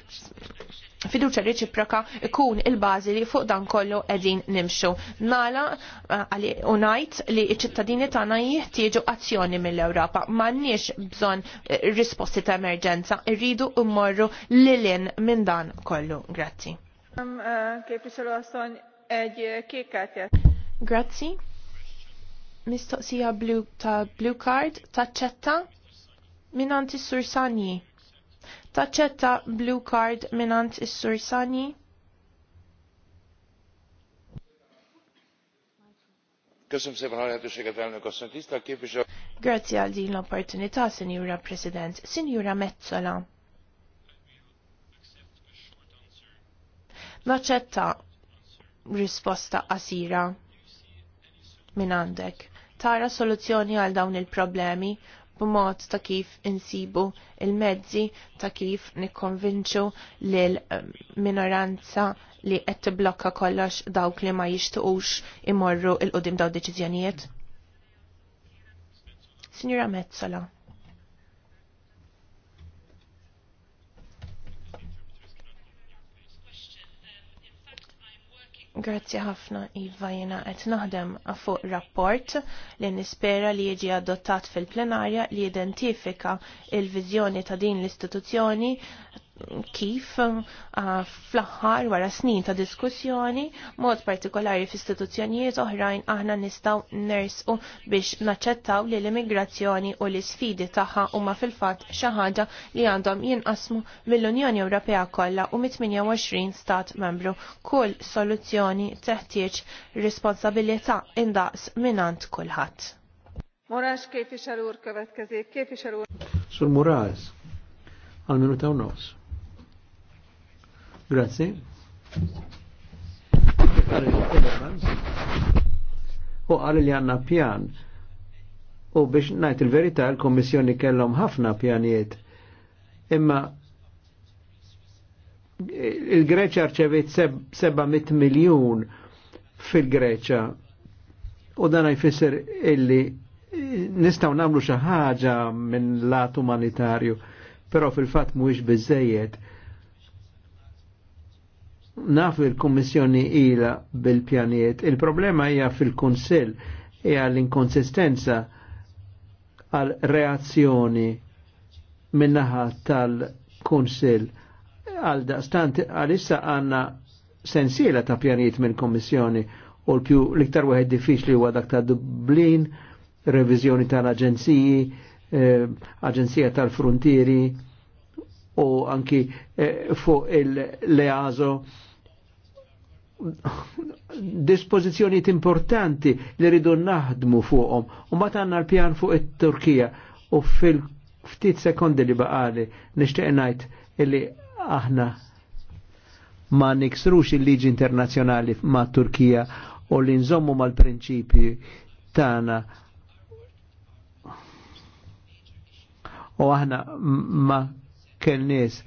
fiduċa reċiproka ikun il-bazi li fuq dan kollu edin nimxu. Nala eh, u najt li iċ-ċittadini tagħna jihtieġu azzjoni mill-Ewropa. M'għandniex bżonn eh, risposti ta' emerġenza, irridu mmorru lilin minn dan kollu. Grazzi. Grazzi. Mistoqsija blu ta' blue card taċċetta minant is-sur Sanji. Taċċetta blue card minant is-sur Sanji. Köszönöm szépen a lehetőséget, elnök asszony. Tisztelt képviselő! Grazie għal din l-opportunità, Sinjura President. Sinjura Mezzola. Naċċetta risposta qasira minn għandek. Tara soluzzjoni għal dawn il-problemi b'mod ta' kif insibu il-mezzi ta' kif nikkonvinċu l ehm, minoranza li qed tiblokka kollox dawk li ma jixtuqux imorru il-qudiem daw deċiżjonijiet. Signora Mezzola. Grazzi ħafna Iva jena qed naħdem fuq rapport li nispera li jiġi adottat fil-plenarja li jidentifika il-viżjoni ta' din l-istituzzjoni kif eh, fl-aħħar wara snin ta' diskussjoni, mod partikolari f'istituzzjonijiet oħrajn aħna nistgħu nersqu biex naċċettaw li l-immigrazzjoni u l-isfidi tagħha huma fil-fatt xi ħaġa li għandhom jinqasmu mill-Unjoni Ewropea kollha u mit-28 stat membru. Kull soluzzjoni teħtieġ responsabilità indaqs minant kulħadd. Moraes kif úr következik. Képviselő úr. Sur moraċ, għal minuta u nofs. Grazzi. U għal li għanna pjan. U biex najt il-verità, il-Kommissjoni kellhom ħafna pjanijiet. Imma il-Greċa rċevit 700 miljun fil-Greċa. U dan jfisser illi nistaw namlu xi ħaġa minn lat umanitarju, però fil-fatt mhuwiex biżejjed Naf il-Kommissjoni ila bil-pjaniet. Il-problema hija fil-Kunsill hija l-inkonsistenza għal reazzjoni minnaħa tal-Kunsill għal daqstant għalissa għanna sensiela ta' pjaniet minn kommissjoni u l-pju l-iktar wieħed diffiċli huwa dak ta' Dublin, revizjoni tal-aġenziji, eh, aġenzija tal-frontieri, u anki eh, fuq il-leazo dispozizjoniet importanti li rridu naħdmu fuqhom u ma tanna l-pjan fuq it-Turkija u fil-ftit sekondi li baqali nixtieq ngħid li aħna ma niksrux il-liġi internazzjonali ma' Turkija u li nżommu mal-prinċipji tagħna u aħna ma kell nis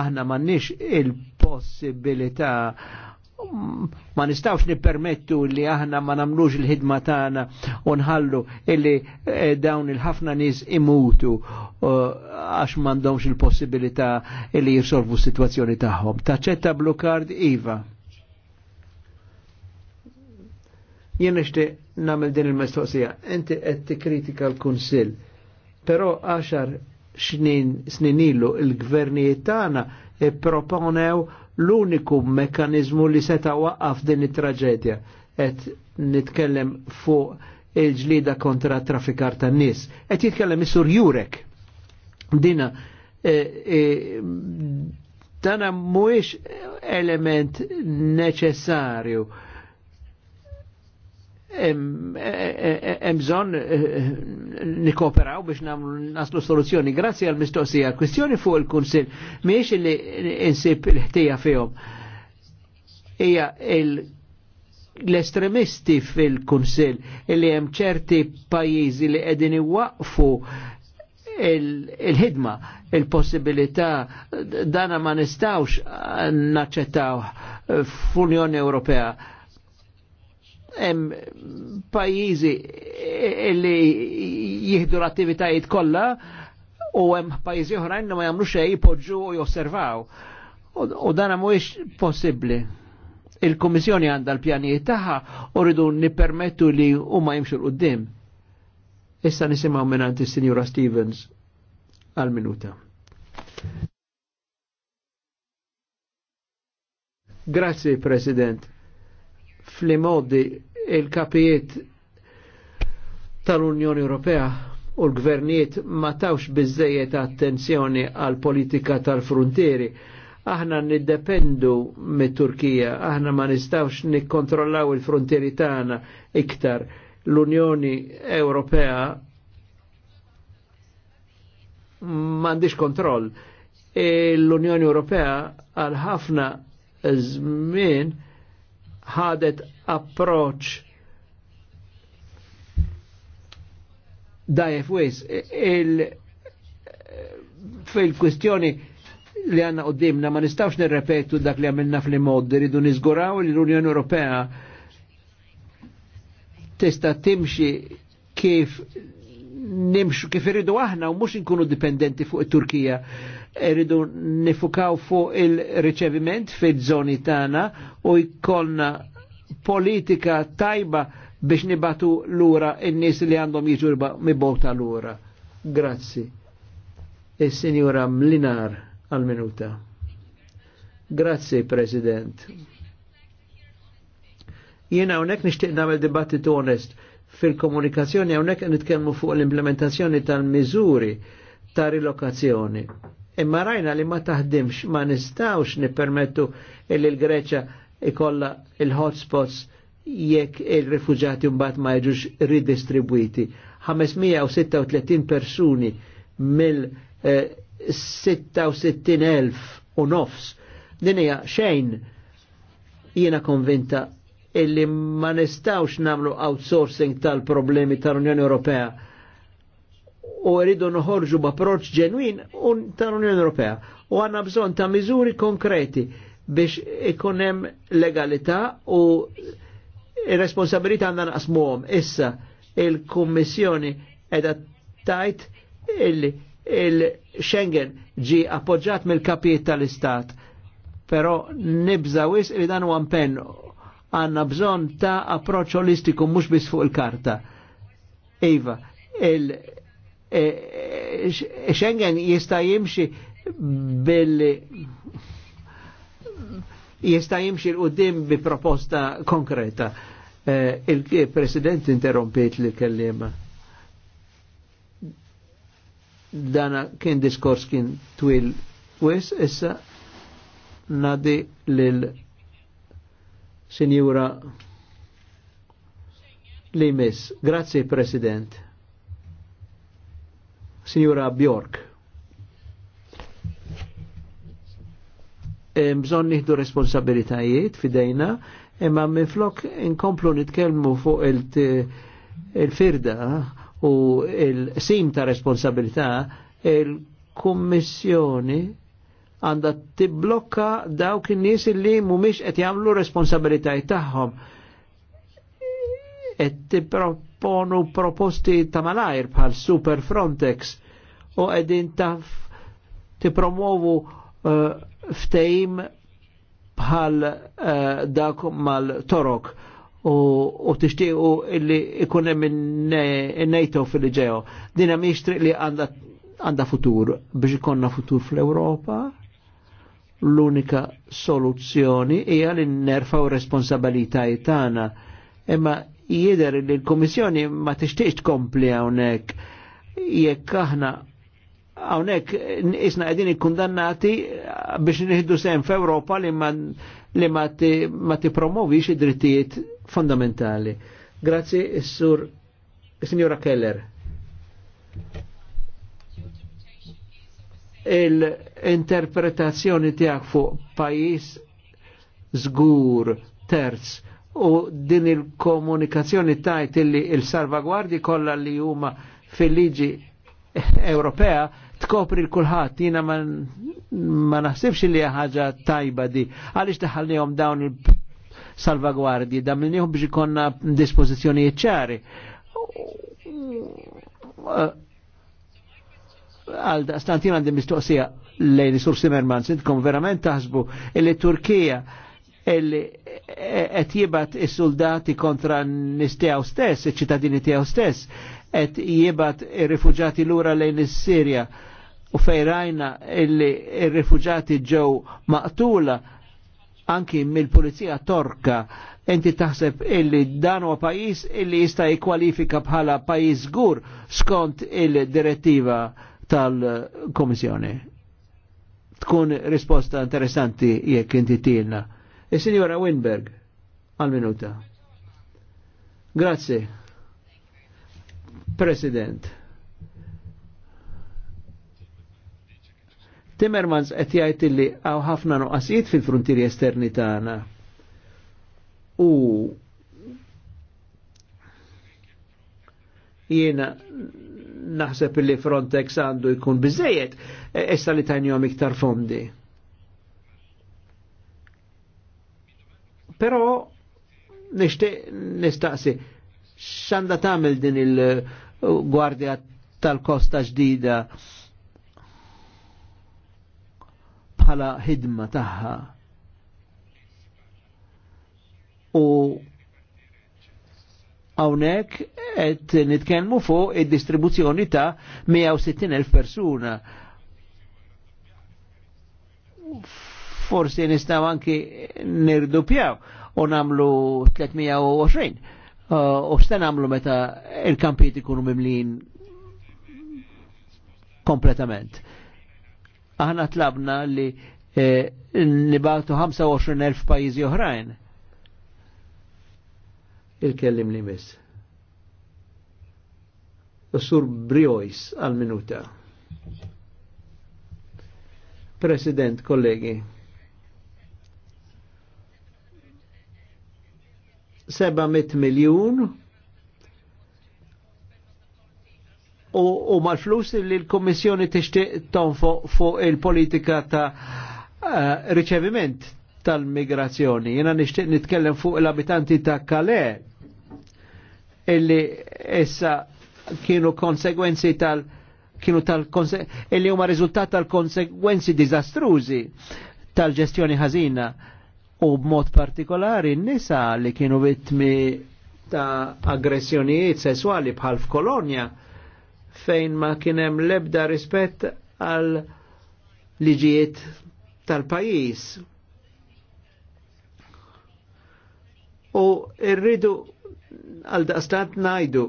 aħna m'għandniex il-possibilità ma nistawx nippermettu li aħna ma namlux il-ħidma tagħna u nħallu illi eh, dawn il-ħafna nies imutu eh, għax m'għandhomx il-possibilità illi jirsolvu s-sitwazzjoni tagħhom. Taċċetta blue card Iva. Jien nixtieq nagħmel din il-mistoqsija. Inti qed tikkritika l-Kunsill, però għaxar snin ilu il-gvernijiet tagħna ipproponew l-uniku mekkaniżmu li seta' waqqaf din it-traġedja qed nitkellem fuq il-ġlida kontra traffikar tan nies. Qed jitkellem is-sur Jurek. Dina e, e, dana mhuwiex element neċessarju hemm e, e, e, bżonn nikkooperaw biex nagħmlu naslu soluzzjoni. Grazzi għal mistoqsija. Kwistjoni fuq il-Kunsill mhijiex li insib il-ħtija fihom. Hija l-estremisti fil-Kunsill li hemm ċerti pajjiżi li qegħdin iwaqfu il-ħidma, il-possibilità dana ma nistawx naċċettaw f'Unjoni Ewropea hemm pajjiżi li jieħdu l-attivitajiet kollha u hemm pajjiżi oħrajn li ma jagħmlu xejn jpoġġu u josservaw. U dan mhuwiex possibbli. Il-Kummissjoni għandha l-pjanijiet tagħha u rridu nippermettu li huma jimxu l qudiem Issa nisimgħu minn is-Sinjura Stevens għal-minuta. Grazie, President fli modi il-kapijiet tal-Unjoni Ewropea u l-gvernijiet ma tawx bizzejiet attenzjoni għal politika tal-frontieri. Aħna niddependu mit-Turkija, aħna ma nistawx nikkontrollaw il-frontieri tagħna iktar. L-Unjoni Ewropea m'għandix kontroll. E l-Unjoni Ewropea għal ħafna żmien ħadet approċ dajef wis fil-kwistjoni li għanna qoddimna ma nistawx nirrepetu dak li għamilna fil mod rridu nizguraw li l-Unjoni Ewropea tista timxi kif nimxu kif iridu aħna u mux nkunu dipendenti fuq it-Turkija. Eridu nifukaw fuq il-riċeviment fil-żoni tagħna u jkollna politika tajba biex nibatu lura il nies li għandhom bota l lura. Grazzi. il sinjura Mlinar għal-minuta. Grazzi, President. Jiena hawnhekk nixtieq nagħmel dibattitu onest fil-komunikazzjoni hawnhekk nitkellmu fuq l-implementazzjoni tal-miżuri ta' rilokazzjoni Imma rajna li ma taħdimx, ma nistawx nipermettu illi l-Greċa ikolla il-hotspots jekk il rifugġati mbagħad ma jiġux ridistribwiti. 536 persuni mill-66,000 eh, u nofs. Din hija xejn jiena konvinta illi ma nistawx namlu outsourcing tal-problemi tal-Unjoni Ewropea u rridu noħorġu b'approċċ ġenwin un tal-Unjoni Ewropea. U għanna bżonn ta' miżuri konkreti biex ikun hemm legalità u responsabilità għandna naqsmuhom. Issa il-Kummissjoni qiegħda tajt illi il-Schengen ġi appoġġat mill-kapijiet tal-Istat. Però nibża wis li dan huwa pen għanna bżon ta' approċċ olistiku mhux biss fuq il-karta. Iva, il Eh, eh, Schengen jista' jimxi bil jista' jimxi l qoddim bi proposta konkreta. Eh, Il-President interrompiet li kellima. Dana kien diskors kien twil wis issa nadi lil Signora Limis. Grazie President. Signora Bjork. Bżon nihdu responsabilitajiet fidejna, imma minn flok inkomplu nitkellmu fuq il-firda u il-sim ta' responsabilità, il-Kummissjoni għanda tibblokka dawk in-nies li mhumiex qed jagħmlu responsabilitajiet tagħhom. Qed ponu proposti ta' malajr bħal Super Frontex u għedin ta' ti tipromovu uh, eh, ftejim bħal uh, dak mal-torok u u tixtiequ illi ikunem il in-NATO fil ġeo Dina miċtri li għanda għanda futur biex ikonna futur fl europa L-unika soluzzjoni hija li nerfaw responsabilitajiet tagħna. Imma jider li l-Komissjoni ma tixtiex tkompli hawnhekk jekk aħna hawnhekk isna qegħdin ikkundannati biex nieħdu sem f'Ewropa li ma li ma tippromovix id-drittijiet fondamentali. Grazzi s sur Signora Keller. Il-interpretazzjoni tiegħek fuq pajjiż żgur terz u din il-komunikazzjoni tajt illi il salvaguardi kollha li huma fil-liġi Ewropea tkopri l kulħat jina ma naħsibx li ħaġa tajba di Għalix daħalnihom dawn il salvaguardi da damlinihom biex ikonna dispozizjoni ċari Għalda, stantina għandim mistoqsija lejn Sur Simmerman, sintkom verament taħsbu illi Turkija E, et jibat il soldati kontra nis stess, il ċittadini tiegħu stess, qed jibat il-rifugġati l lura lejn is-Sirja u fejrajna il-rifugġati ġew maqtula anki mill-pulizija torka inti taħseb illi dan huwa pajjiż illi jista' jikkwalifika bħala pajis gur skont il-direttiva tal-Komissjoni. Tkun risposta interessanti jekk inti tilna. Il-Sinjora Winberg, għal-minuta. Grazie. President. Timmermans qed jgħid illi għaw ħafna nuqqasijiet fil-frontieri esterni tagħna. U jiena naħseb illi Frontex għandu jkun biżejjed e, issa li tajnjom iktar fondi. Pero nishtiq nistaqsi xanda tamil din il-gwardja tal-kosta ġdida bħala ħidma taħħa U għawnek et nitkellmu fuq il distribuzzjoni ta' 160,000 persuna forsi nistaw anki nirdupjaw u namlu 320. U sta uh, namlu meta il-kampijiet ikunu mimlin kompletament. Aħna tlabna li eh, nibatu 25.000 pajizi oħrajn. Il-kellim li miss. Sur Briois għal-minuta. President, kollegi, 700 miljun u, u mal-flus li l-Kommissjoni tixtieq tonfoq fuq il-politika ta' uh, riċeviment tal-migrazzjoni. Jena nixtieq nitkellem fuq l-abitanti ta' Kale illi essa kienu konsegwenzi tal- kienu tal illi huma riżultat tal-konsegwenzi diżastrużi tal-ġestjoni ħażina u b'mod partikolari n-nisa li kienu vittmi ta' aggressjonijiet sessuali bħal f'Kolonja fejn ma kienem lebda rispett għal liġijiet tal-pajis. U irridu għal daqstant najdu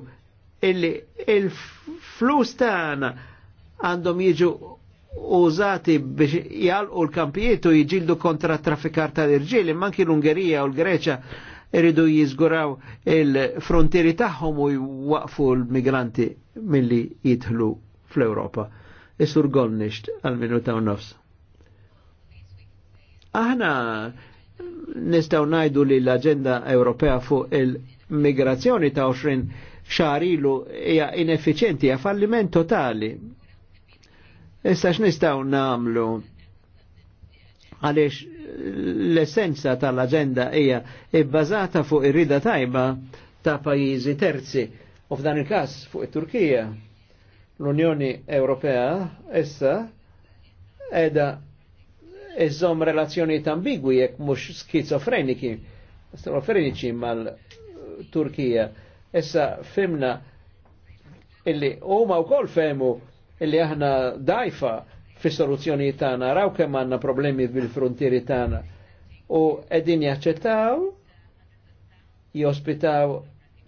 illi il-flus tagħna għandhom jiġu użati biex jgħalqu l-kampijiet u jġildu kontra traffikar tal-irġiel, imma anki l-Ungerija u l-Greċa iridu jizguraw il-frontieri tagħhom u jwaqfu l-migranti milli jidħlu fl-Ewropa. Isur Golnisht għal-minuta u nofs. Aħna nistaw najdu li l-agenda Ewropea fuq il-migrazzjoni ta' 20 xarilu hija ineffiċenti, hija falliment totali Issa x'nistgħu nagħmlu għaliex l-essenza tal-aġenda hija bbażata fuq ir-rida tajba ta' pajjiżi terzi u f'dan il-każ fuq it-Turkija. L-Unjoni Ewropea issa edha iżom relazzjoni ambigwi jekk mhux skizofreniki, skizofreniċi mal-Turkija. Issa fimna illi huma wkoll femu li aħna dajfa fis soluzzjoni tagħna raw kemm għandna problemi bil-frontieri tagħna u qegħdin jaċċettaw jospitaw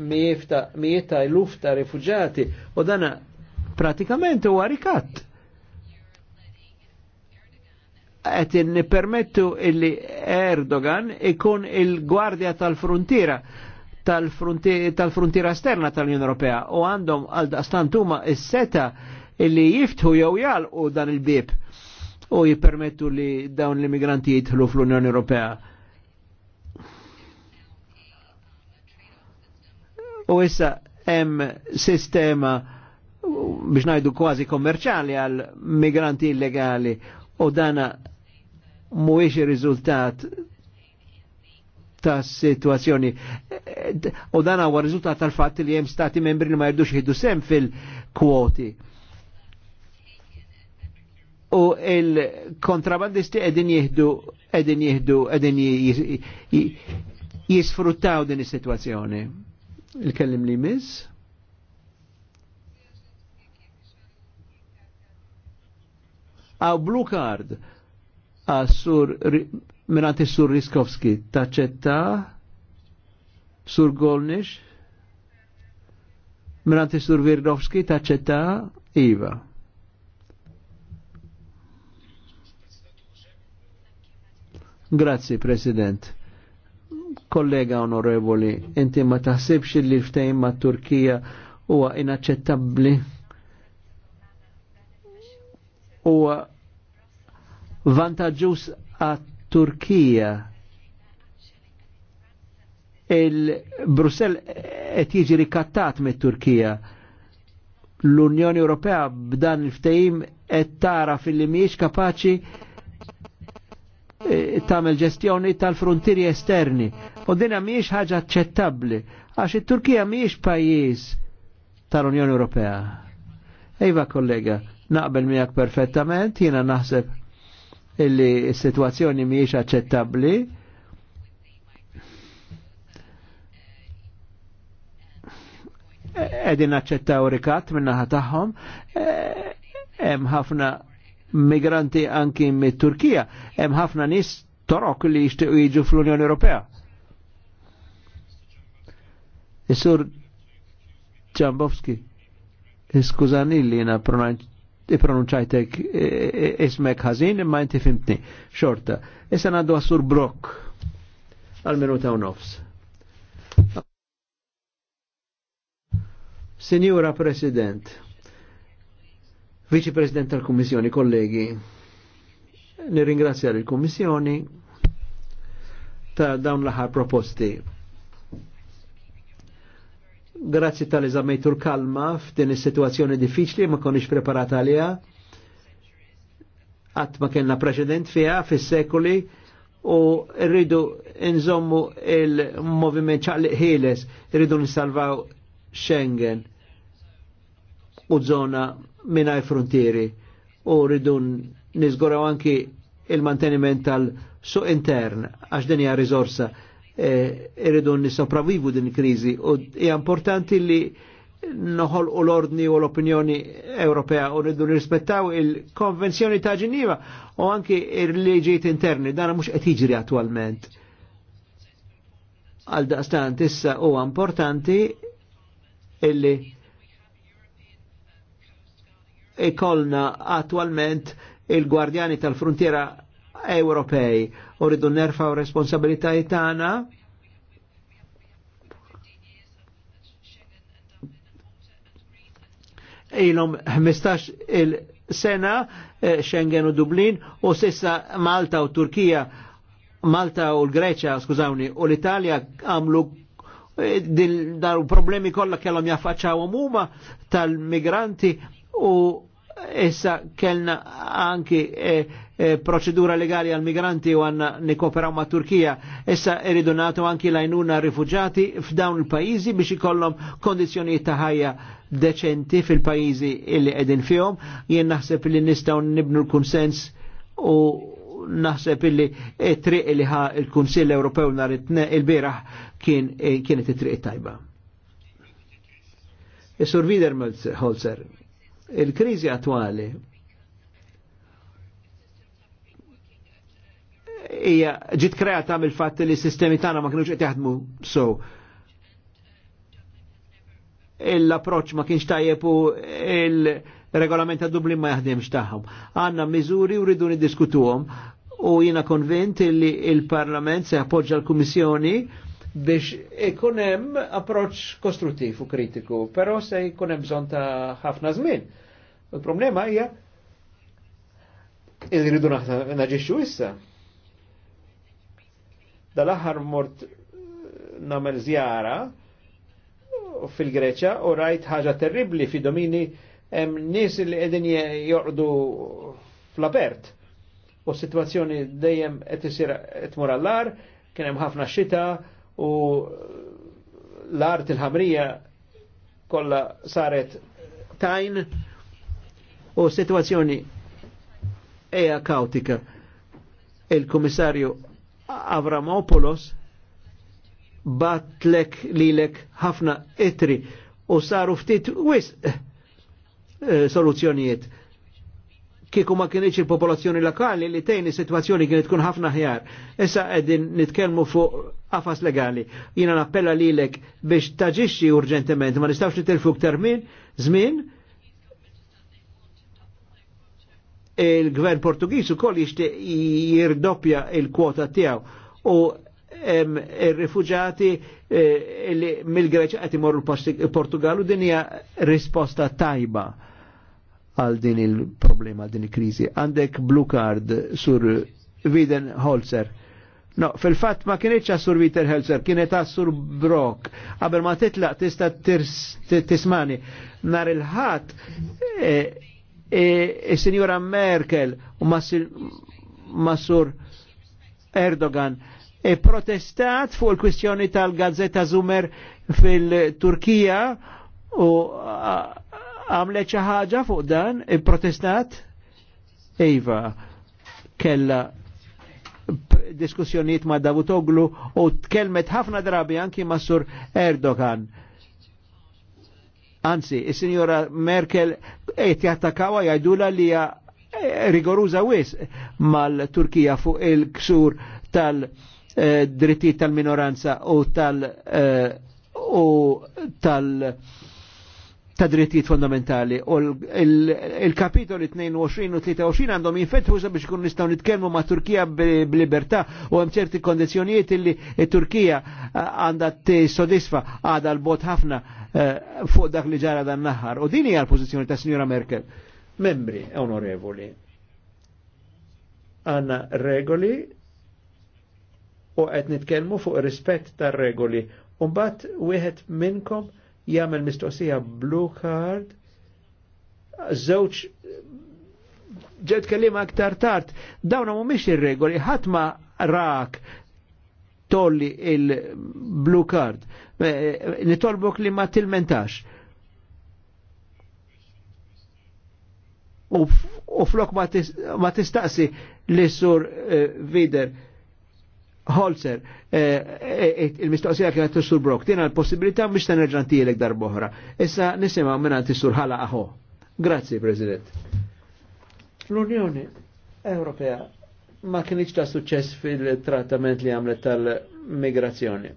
mijiet ta' iluf ta' rifuġati u dana pratikament huwa rikatt. Qed nippermettu illi Erdogan ikun il-gwardja tal-frontiera tal-frontiera tal esterna tal-Unjoni Ewropea u għandhom għal daqstant is seta illi jiftħu jew jalqu dan il-bib u jippermettu li dawn l-immigranti jidħlu fl-Unjoni Ewropea. U issa hemm sistema biex najdu kważi kommerċali għal migranti illegali u dana mhuwiex riżultat rizultat ta' situazzjoni. U dan huwa riżultat tal-fatt li hemm stati membri li ma jrdux jihdu sem fil-kwoti u il-kontrabandisti edin jihdu edin jihdu edin jisfruttaw din il-situazzjoni. Il-kellim li miss? Għaw blue card għas-sur minant sur Riskowski taċċetta sur Golnish minant sur Virdowski taċċetta Iva. Grazzi, President. Kollega onorevoli, inti ma taħsibx li ftejn ma' Turkija huwa inaċċettabbli huwa vantaġġuż għat Turkija il-Brussel qed jiġi rikattat mit-Turkija. L-Unjoni Ewropea b'dan il-ftehim qed tara fil-li mhijiex kapaċi Eh, tagħmel ġestjoni tal-frontieri esterni. U dinha miex ħaġa ċettabli, għax il turkija miex pajis tal-Unjoni Ewropea. Ejva kollega, naqbel miegħek perfettament, jiena naħseb illi s-sitwazzjoni mhijiex aċċettabbli. E-, edin aċċettaw rikat minna tagħhom, e-, hemm ħafna migranti anki mit-Turkija. Hemm ħafna nis torok li jixtiequ jiġu fl-Unjoni Ewropea. Isur Ġambowski, iskużani li jina pronunċajtek e- e- e- ismek ħażin imma inti fimtni, xorta. Issa għandu għasur Brok, għal-minuta u nofs. Signora President, Viċi President tal-Kummissjoni, kollegi, nirringrazzja l kommissjoni ta' dawn l-aħħar proposti. Grazzi tal-eżamejtu kalma f'din is-sitwazzjoni diffiċli ma konix preparata għaliha għat ma kellna preċedent fiha fis-sekoli u rridu nżommu il-moviment ċaqliq ħieles, rridu nsalvaw Schengen u zona minaj frontieri u ridun nizgoraw anki il-manteniment tal-su intern għax dinja rizorsa risorsa e, irridu e, nisopravivu din krizi u hija importanti li noħol u l-ordni u l-opinjoni Ewropea u rridu nirrispettaw il-konvenzjoni ta' Ġiniva u anki il leġiet interni, dana mux qed jiġri attualment. Għal daqstant issa huwa importanti illi ikolna attualment il-gwardjani tal-frontiera Ewropej u rridu nerfaw responsabilitajiet tagħna ilhom 15 il-sena eh, Schengen u Dublin u sissa Malta u Turkija Malta u l-Greċja, skużawni, u l-Italja għamlu eh, dal problemi kollha kellhom jaffaċċawhom huma tal-migranti u issa kellna anki e, e, proċedura legali għal migranti u għanna nikoperaw ma' Turkija, issa irridu natu anki lajnuna rifugjati f'dawn il-pajizi biex ikollhom kondizjoni ta' ħajja deċenti fil-pajizi illi edin fihom, jien naħseb li nistaw nibnu l konsens u naħseb illi triq li ħa il-Kunsill Ewropew nhar il-beraħ kien eh, kienet it-triq tajba. Is-Sur Wiedermölzer, Holzer, Il-krizi attuali hija ġit kreata mill-fatt li s-sistemi tagħna ma kinux qed jaħdmu so. L-approċċ ma kienx tajjeb u il-regolament ta' Dublin ma jaħdimx tagħhom. Għandna miżuri u rridu niddiskutuhom u jiena konvint li il-Parlament se jappoġġa l-Kummissjoni biex ikunem approċ kostruttiv u kritiku, pero se ikunem bżon ta' ħafna żmien. Il-problema hija rridu naġixxu issa. Dal-aħħar mort namel zjara fil-Greċa u rajt ħaġa terribli fi domini hemm nies li edin jorqdu fl-apert. U s-sitwazzjoni dejjem qed isir qed kien hemm ħafna xita, u l-art il-ħamrija kolla saret tajn u situazzjoni eja kautika. Il-komissarju Avramopoulos batlek li lek ħafna itri u saru ftit wis eh, eh, soluzzjonijiet kieku ma kienieċ il-popolazzjoni lokali li tejni situazzjoni kienet tkun ħafna ħjar. Issa qegħdin nitkellmu fuq għafas legali. Jiena nappella lilek biex taġixxi urġentement, ma nistawx nitilfu ktar min, żmien, il-gvern Portugiż ukoll jixtieq jirdoppja il-kwota tiegħu u ir-rifuġati eh, mill-Greċja qed imorru l-Portugalu din hija risposta tajba għal din il-problema, din il-krizi. Għandek blue card sur Viden Holzer. No, fil-fat ma kienieċ sur Viter Holzer, kienet sur Brock. Għaber ma titlaq tista tismani. Nar il-ħat, il-Signora e, e, e, Merkel u ma sur Erdogan e protestat fuq il-kwistjoni tal-Gazzetta Zumer fil-Turkija u għamlet xi ħaġa fuq dan, protestat Iva kella diskussjoniet ma' Davutoglu u tkelmet ħafna drabi anki ma' Sur Erdogan. Anzi, il-Sinjora Merkel et jattakawa jgħidula li hija eh, rigoruża wis mal-Turkija fuq il-ksur tal eh, dritti tal-minoranza u tal- eh, u tal ta' drittijiet fondamentali u il-kapitoli 22 u 23 għandhom jinfetħu biex kun nistaw nitkellmu ma' Turkija b'libertà u hemm ċerti kondizjonijiet illi Turkija għandha tissodisfa għadha l-bot ħafna eh, fuq dak li ġara dan naħar. U din hija l-pożizzjoni ta' Signora Merkel. Membri onorevoli, għanna regoli u qed nitkellmu fuq rispett tar-regoli. Umbat wieħed minnkom jagħmel mistoqsija blue card żewġ ġed kellim aktar tard, dawna mhumiex ir-regoli, ħadd ma rak tolli il-blue card. Eh, eh, nitolbok li ma tilmentax. U flok ma tistaqsi li sur eh, vider Holzer, eh, eh, eh, il-mistoqsija kienet t-sur Brock, tina l-possibilità biex l-ek darboħra. Issa nisima minna t-sur ħala aħo. Grazie, President. L-Unjoni Ewropea ma kienieċ ta' suċess fil-trattament li għamlet tal-migrazzjoni.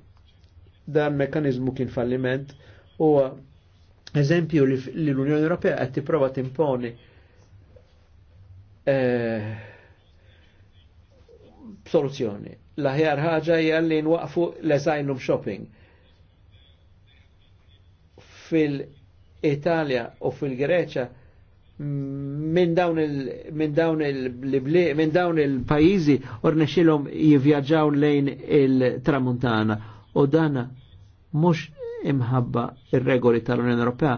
Dan mekanizmu kien falliment u eżempju li l-Unjoni Ewropea għed tipprova timponi soluzzjoni l-aħjar ħaġa hija li nwaqfu l-asylum shopping. Fil-Italja u fil-Greċa minn dawn il-minn dawn il-bliq minn dawn il-pajjiżi ornexilhom jivvjaġġaw lejn il-Tramuntana u dana mhux imħabba ir-regoli tal-Unjoni Ewropea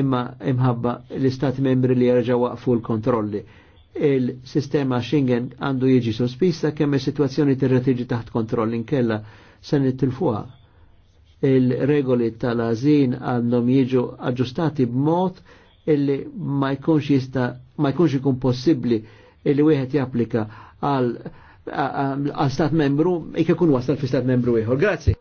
imma imħabba l-Istati membri li jerġgħu waqfu l-kontrolli il-sistema Schengen għandu jiġi sospista kemm is-sitwazzjoni terra tiġi taħt kontroll inkella se nittilfuha. Il-regoli tal-azin għandhom jiġu aġġustati b'mod illi ma jkunx jista ma jkunx ikun possibbli illi wieħed japplika għal għal stat membru jekk ikun wasal fi stat membru ieħor. Grazzi.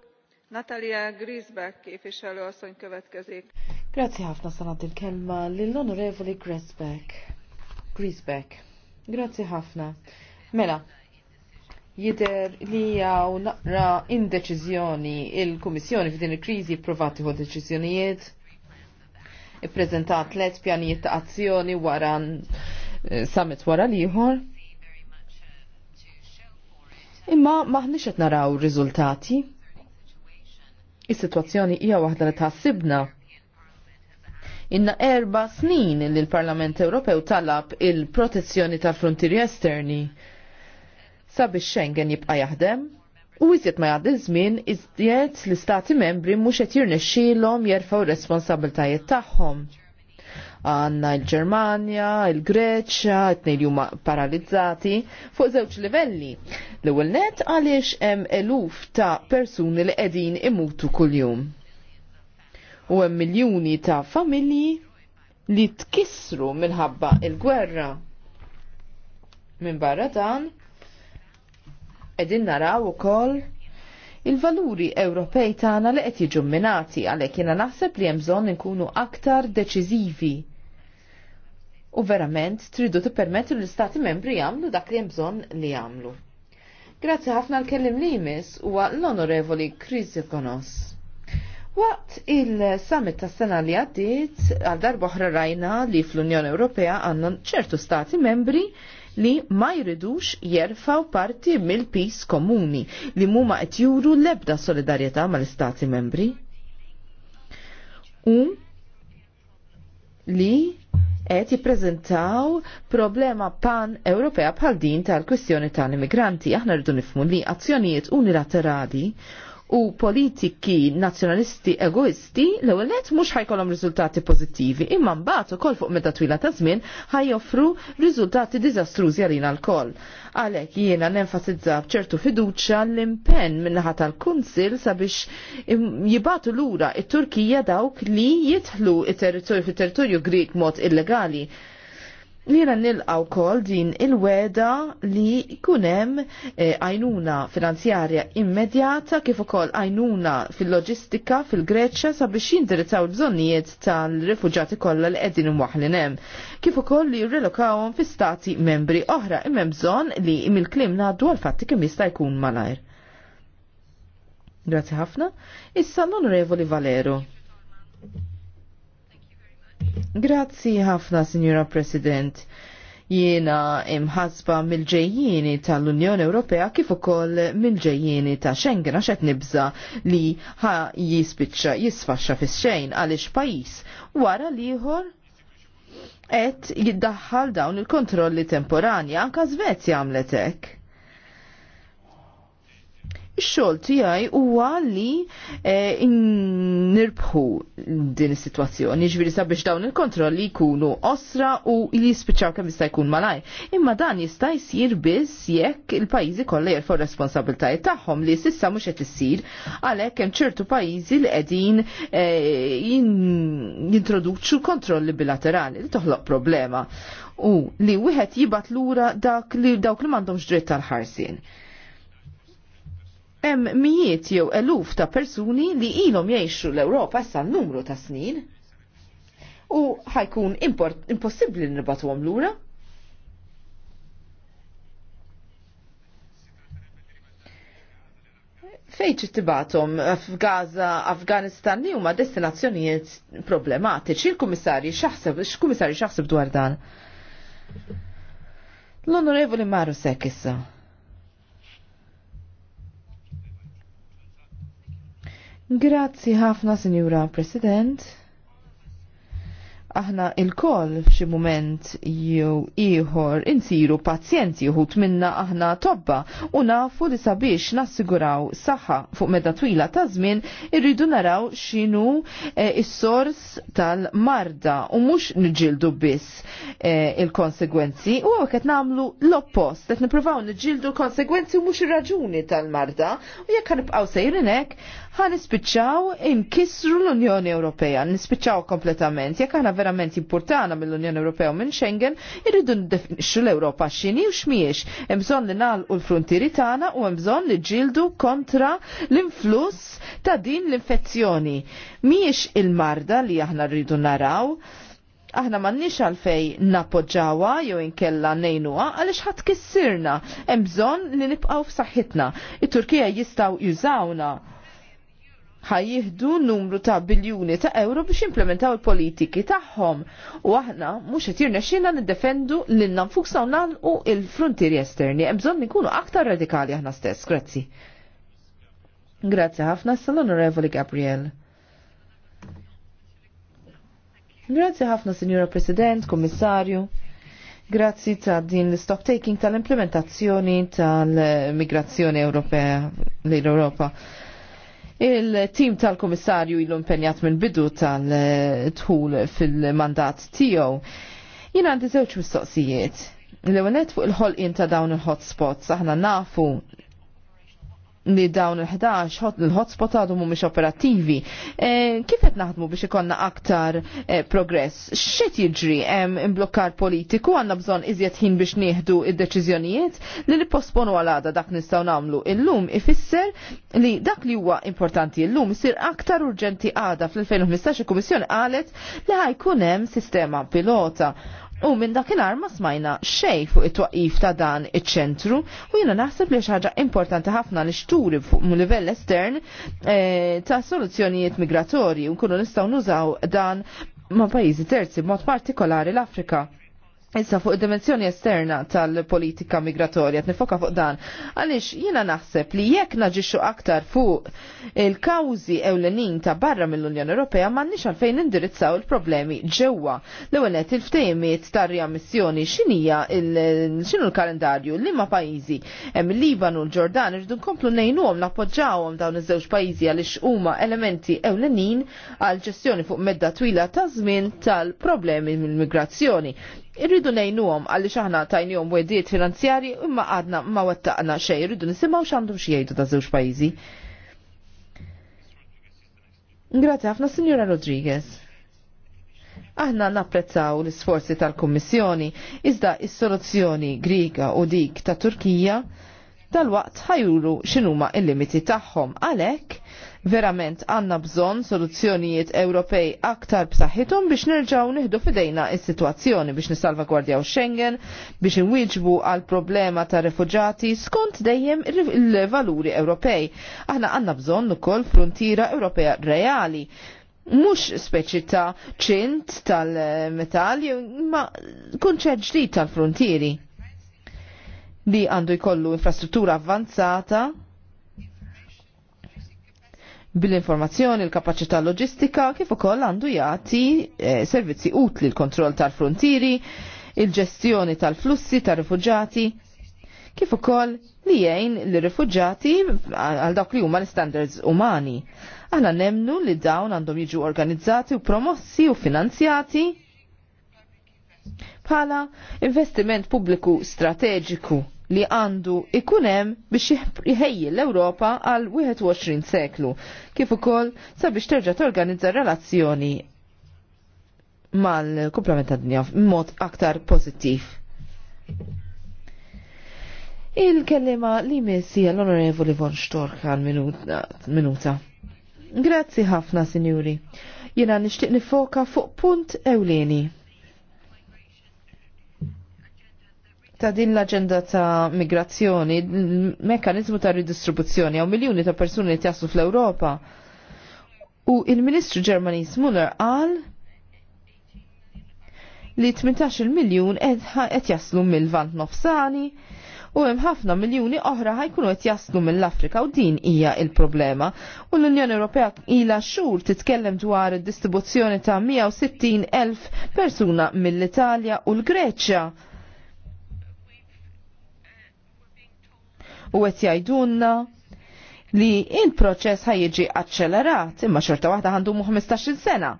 Natalia Grisbeck képviselő asszony következik. Grazzi ħafna sanat il-kelma l onorevoli Grisbeck. Grisbeck. Grazzi ħafna. Mela, jider li jaw naqra indeċizjoni il-Kummissjoni f'din il-krizi provati ħu deċizjonijiet, ippreżentat let pjanijiet ta' azzjoni wara eh, summit wara liħor. Imma maħniex qed naraw riżultati. Is-sitwazzjoni hija waħda li tħassibna Inna erba snin li l-Parlament Ewropew talab il-protezzjoni tal-frontieri esterni sabiex Schengen jibqa' jaħdem u iżjed ma jgħaddi żmien iżjed l-istati membri mhux qed jirnexxielhom jerfgħu responsabiltajiet tagħhom. Għanna il-Ġermanja, il-Greċja, t nejn huma paralizzati fuq żewġ livelli. L-ewwel net għaliex hemm eluf ta' persuni li qegħdin imutu kuljum u hemm miljuni ta' familji li tkissru minħabba il-gwerra. Minn barra dan, edin naraw ukoll il-valuri Ewropej tagħna li qed jiġu minati għalhekk jiena naħseb li hemm bżonn inkunu aktar deċiżivi. U verament tridu tippermettu l-istati membri jagħmlu dak li hemm bżonn li jagħmlu. Grazzi ħafna l-kellim li jmiss huwa l-Onorevoli Chris Konos. Waqt il-summit tas sena li għaddiet għal darba oħra rajna li fl-Unjoni Ewropea għandna ċertu stati membri li ma jridux jerfaw parti mill-pis komuni li muma qed juru l-ebda solidarjetà mal-istati membri. U li qed jippreżentaw problema pan-Ewropea bħal din tal-kwistjoni tal-immigranti. Aħna rridu nifmu li azzjonijiet unilaterali u politiki nazzjonalisti egoisti l-ewwel mhux ħajkolhom riżultati pożittivi, imma mbagħad ukoll fuq meta twila ta' żmien ħajjoffru riżultati diżastrużi għalina lkoll. Għalhekk jiena nenfasizza b'ċertu fiduċja l-impenn min-naħa tal-Kunsil sabiex jibatu lura it-Turkija dawk li jidħlu it-territorju fit-territorju Grik mod illegali ran nilqaw kol din il-weda li kunem eh, għajnuna e, finanzjarja immedjata kif ukoll għajnuna fil-loġistika fil-Greċja sabiex jindirizzaw l-bżonnijiet tal-rifuġati kollha li qegħdin imwaħlin hemm. Kif ukoll li jirrilokawhom fi stati membri oħra imem bżonn li mill-klim ngħaddu għal fatti kemm jista' jkun malajr. Grazzi ħafna. Issa l-Onorevoli Valero. Grazzi ħafna, Signora President. Jiena imħasba mill-ġejjini tal-Unjoni Ewropea kif ukoll mill-ġejjini ta' Schengen għax qed nibża li ħa jispiċċa jisfaxxa fix-xejn għaliex pajjiż wara liħor qed jiddaħħal dawn il-kontrolli temporanja anka Svezja għamlet hekk. Ix-xogħol tiegħi huwa li eh, nirbħu din is-sitwazzjoni, sabiex dawn il-kontrolli jkunu osra u li jispiċċaw kemm jista' jkun malaj. Imma dan jista' jsir biss jekk il-pajjiżi kollha jerfgħu responsabiltajiet tagħhom li s'issa mhux qed issir għalhekk hemm ċertu pajjiżi li qegħdin eh, jintroduċu kontrolli bilaterali li toħloq problema u li wieħed jibat lura dak li dawk li m'għandhomx dritt tal-ħarsien hemm mijiet jew eluf ta' persuni li ilhom jgħixu l-Ewropa issa numru ta' snin u ħajkun impossibbli nibatuhom lura. Fejn tibatom f'Gaza, Afganistan li huma destinazzjonijiet problematiċi, il-kummissarji x'aħseb x'kummissarji x'aħseb dwar dan. L-Onorevoli Maru Sekissa. issa. Grazzi ħafna, Sinjura President. Aħna il-koll f'xi moment jew ieħor insiru pazjenti uħut minna aħna tobba u nafu li sabiex nassiguraw saħħa fuq meda twila ta' żmien irridu naraw x'inhu eh, is-sors tal-marda u mhux niġildu biss eh, il-konsegwenzi u għu qed nagħmlu l-oppost qed nippruvaw niġildu l-konsegwenzi u mhux ir-raġuni tal-marda u jekk ħanibqgħu sejrin hekk ħan nispiċċaw inkisru l-Unjoni Ewropea, nispiċċaw kompletament. Jekk aħna verament importana mill-Unjoni Ewropea u minn Schengen, irridu ndefinixxu l-Ewropa x'inhi u x'miex. Hemm bżonn li nagħlqu l-fruntieri tagħna u hemm bżonn li ġildu kontra l-influss ta' din l-infezzjoni. Mhijiex il-marda li aħna rridu naraw, aħna mannix għalfej napoġġawa jew inkella nejnuha għaliex ħadd kissirna hemm bżonn li nibqgħu f'saħħitna. It-Turkija jistgħu jużawna ħajjihdu numru ta' biljuni ta' euro biex implementaw il-politiki tagħhom. U aħna mhux qed jirnexxina niddefendu lil nfuksa u nagħlqu il-frontieri esterni. Hemm bżonn ikunu aktar radikali aħna stess. Grazzi. Grazzi ħafna sal-Onorevoli Gabriel. Grazzi ħafna, Signora President, Kommissarju. Grazzi ta' din l-stop taking tal-implementazzjoni tal-migrazzjoni Ewropea l-Europa. Il-tim tal-komissarju ilu impenjat mill bidu tal-tħul fil-mandat tiegħu. Jien għandi żewġ mistoqsijiet. l ewenet fuq il-ħolqien ta' dawn il-hotspots aħna nafu li dawn il-11 il-hotspot għadhom mhumiex operattivi. E, kif qed naħdmu biex ikonna aktar e, progress? X'qed jiġri hemm imblokkar politiku għandna bżonn iżjed ħin biex nieħdu id-deċiżjonijiet li nipposponu għal għada dak nistgħu nagħmlu illum ifisser li dak li huwa importanti illum isir aktar urġenti għada fl-2015 il-Kummissjoni qalet li ħajkun hemm sistema pilota U minn dakinhar ma smajna xej fuq it-twaqif ta' dan iċ-ċentru u jiena naħseb li ħaġa importanti ħafna li xturi fuq livell estern eh, ta' soluzzjonijiet migratorji u nkunu nistgħu nużaw dan ma' pajjiżi terzi, mod partikolari l-Afrika. Issa fuq id-dimensjoni esterna tal-politika migratorja, nifoka fuq dan, għalix jina naħseb li jekk naġiċu aktar fuq il-kawzi ewlenin ta' barra mill-Unjoni Ewropea ma' nix għalfejn indirizzaw il-problemi ġewwa. L-ewenet il-ftejmiet ta' riammissjoni xinija xinu l-kalendarju li ma' pajizi hemm Libanu l-Ġordan irridu nkomplu nejnuhom nappoġġawhom dawn iż-żewġ pajjiżi għaliex huma elementi ewlenin għal ġestjoni fuq medda twila ta' żmien tal-problemi mill-migrazzjoni. Irridu nejnuhom għalli xaħna tajnijom wedijiet finanzjari imma għadna ma wattaqna xej, irridu nisimaw xandhom xiejdu ta' żewġ pajjiżi. Grazie ħafna Signora Rodriguez. Aħna napprezzaw l-isforzi tal-Kummissjoni iżda is-soluzzjoni Griga u dik ta' Turkija tal-waqt ħajuru x'inhuma il-limiti tagħhom għalhekk Verament għanna bżon soluzzjonijiet Ewropej aktar b'saħħithom biex nerġaw nieħdu fidejna s sitwazzjoni biex nisalvagwardjaw Schengen, biex inwiġbu għal problema ta' refuġati skont dejjem il-valuri Ewropej. Aħna għanna bżon ukoll frontiera Ewropea reali mux speċi ta' ċint tal metall ma kunċer ġdid tal-frontieri li għandu jkollu infrastruttura avvanzata bil-informazzjoni, l-kapacità loġistika, kif ukoll għandu jagħti eh, servizzi utli l-kontroll tal-frontieri, il-ġestjoni tal-flussi tar-rifuġati, kif ukoll li jgħin li rifuġġati għal dawk li huma l-standards umani. Aħna nemnu li dawn għandhom jiġu organizzati u promossi u finanzjati bħala investiment pubbliku strateġiku li għandu ikunem biex jħejji l-Europa għal 21 seklu, kif ukoll sabiex terġa' torganizza relazzjoni mal-kumplament tad-dinja b'mod aktar pożittiv. Il-kellima li messi l-Onorevoli Von Storkan minuta. Grazzi ħafna, Sinjuri. Jena nishtiq nifoka fuq punt ewleni ta' din l-agenda ta' migrazzjoni, l-mekanizmu ta' ridistribuzzjoni għaw miljoni ta' persuni li jaslu fl-Europa. U il-Ministru Ġermanis Muller qal li 18 miljun qed jaslu mill-Vant Nofsani u hemm ħafna miljuni oħra ħajkunu qed jaslu mill-Afrika u din hija il-problema. U l-Unjoni Ewropea ilha xhur titkellem dwar id-distribuzzjoni ta' 160 elf persuna mill-Italja u l-Greċja u qed jgħidulna li il-proċess ħajġi accelerat imma xorta waħda għandu 15 sena.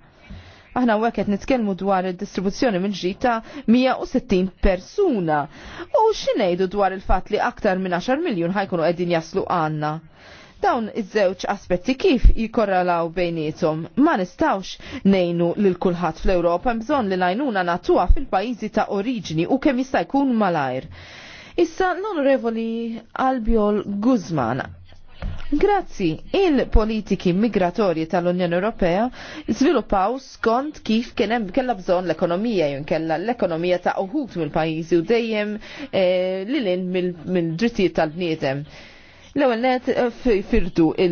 Aħna għek qed nitkellmu dwar id-distribuzzjoni minn ġita 160 persuna. U xinejdu dwar il-fatt li aktar minn 10 miljun ħajkunu qegħdin jaslu għandna dawn iż-żewġ aspetti kif jikorralaw bejnietom. Ma nistawx nejnu lil kulħadd fl-Ewropa bżonn li lajnuna natuha fil-pajjiżi ta' oriġini u kemm jista' jkun malajr. Issa l-Onorevoli Albiol Guzman. Grazzi, il-politiki migratorji tal-Unjoni Ewropea żviluppaw skont kif kien hemm kellha bżonn l-ekonomija jew kellha l-ekonomija ta' uħud mill-pajjiżi u dejjem eh, lilin mill-drittijiet tal-bniedem. L-ewwel net eh, firdu eh,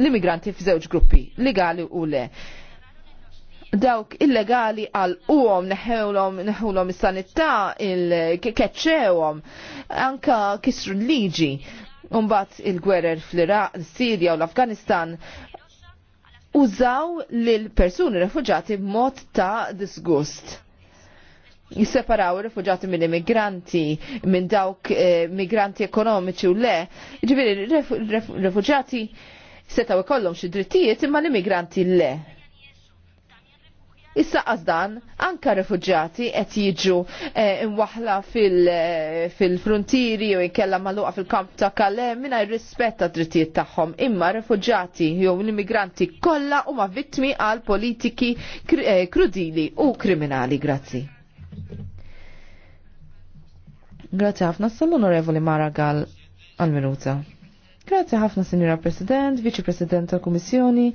l-immigranti f'żewġ gruppi, legali u le dawk illegali għal uwom neħewlom neħewlom is-sanità il-keċċewhom anka kisru l-liġi. Umbat il-gwerer fl-Iraq, Sirja u l-Afganistan użaw lil persuni refuġati b'mod ta' disgust jisseparaw il-refugġati minn immigranti, minn dawk eh, migranti ekonomiċi u le. Ġiviri, il-refugġati setaw ikollhom xi drittijiet imma l-immigranti le. Issa għazdan, anka refugġati qed jiġu eh, imwaħla eh, fil-frontieri u jinkella maluqa fil-kamp ta' kalle minna rispetta drittijiet tagħhom. Imma refugġati jew l-immigranti kollha huma vittmi għal politiki eh, krudili u kriminali. Grazzi. Grazzi ħafna sal-Onorevoli Maragal għal-minuta. Grazzi ħafna, Sinjora President, Viċi President tal-Kummissjoni,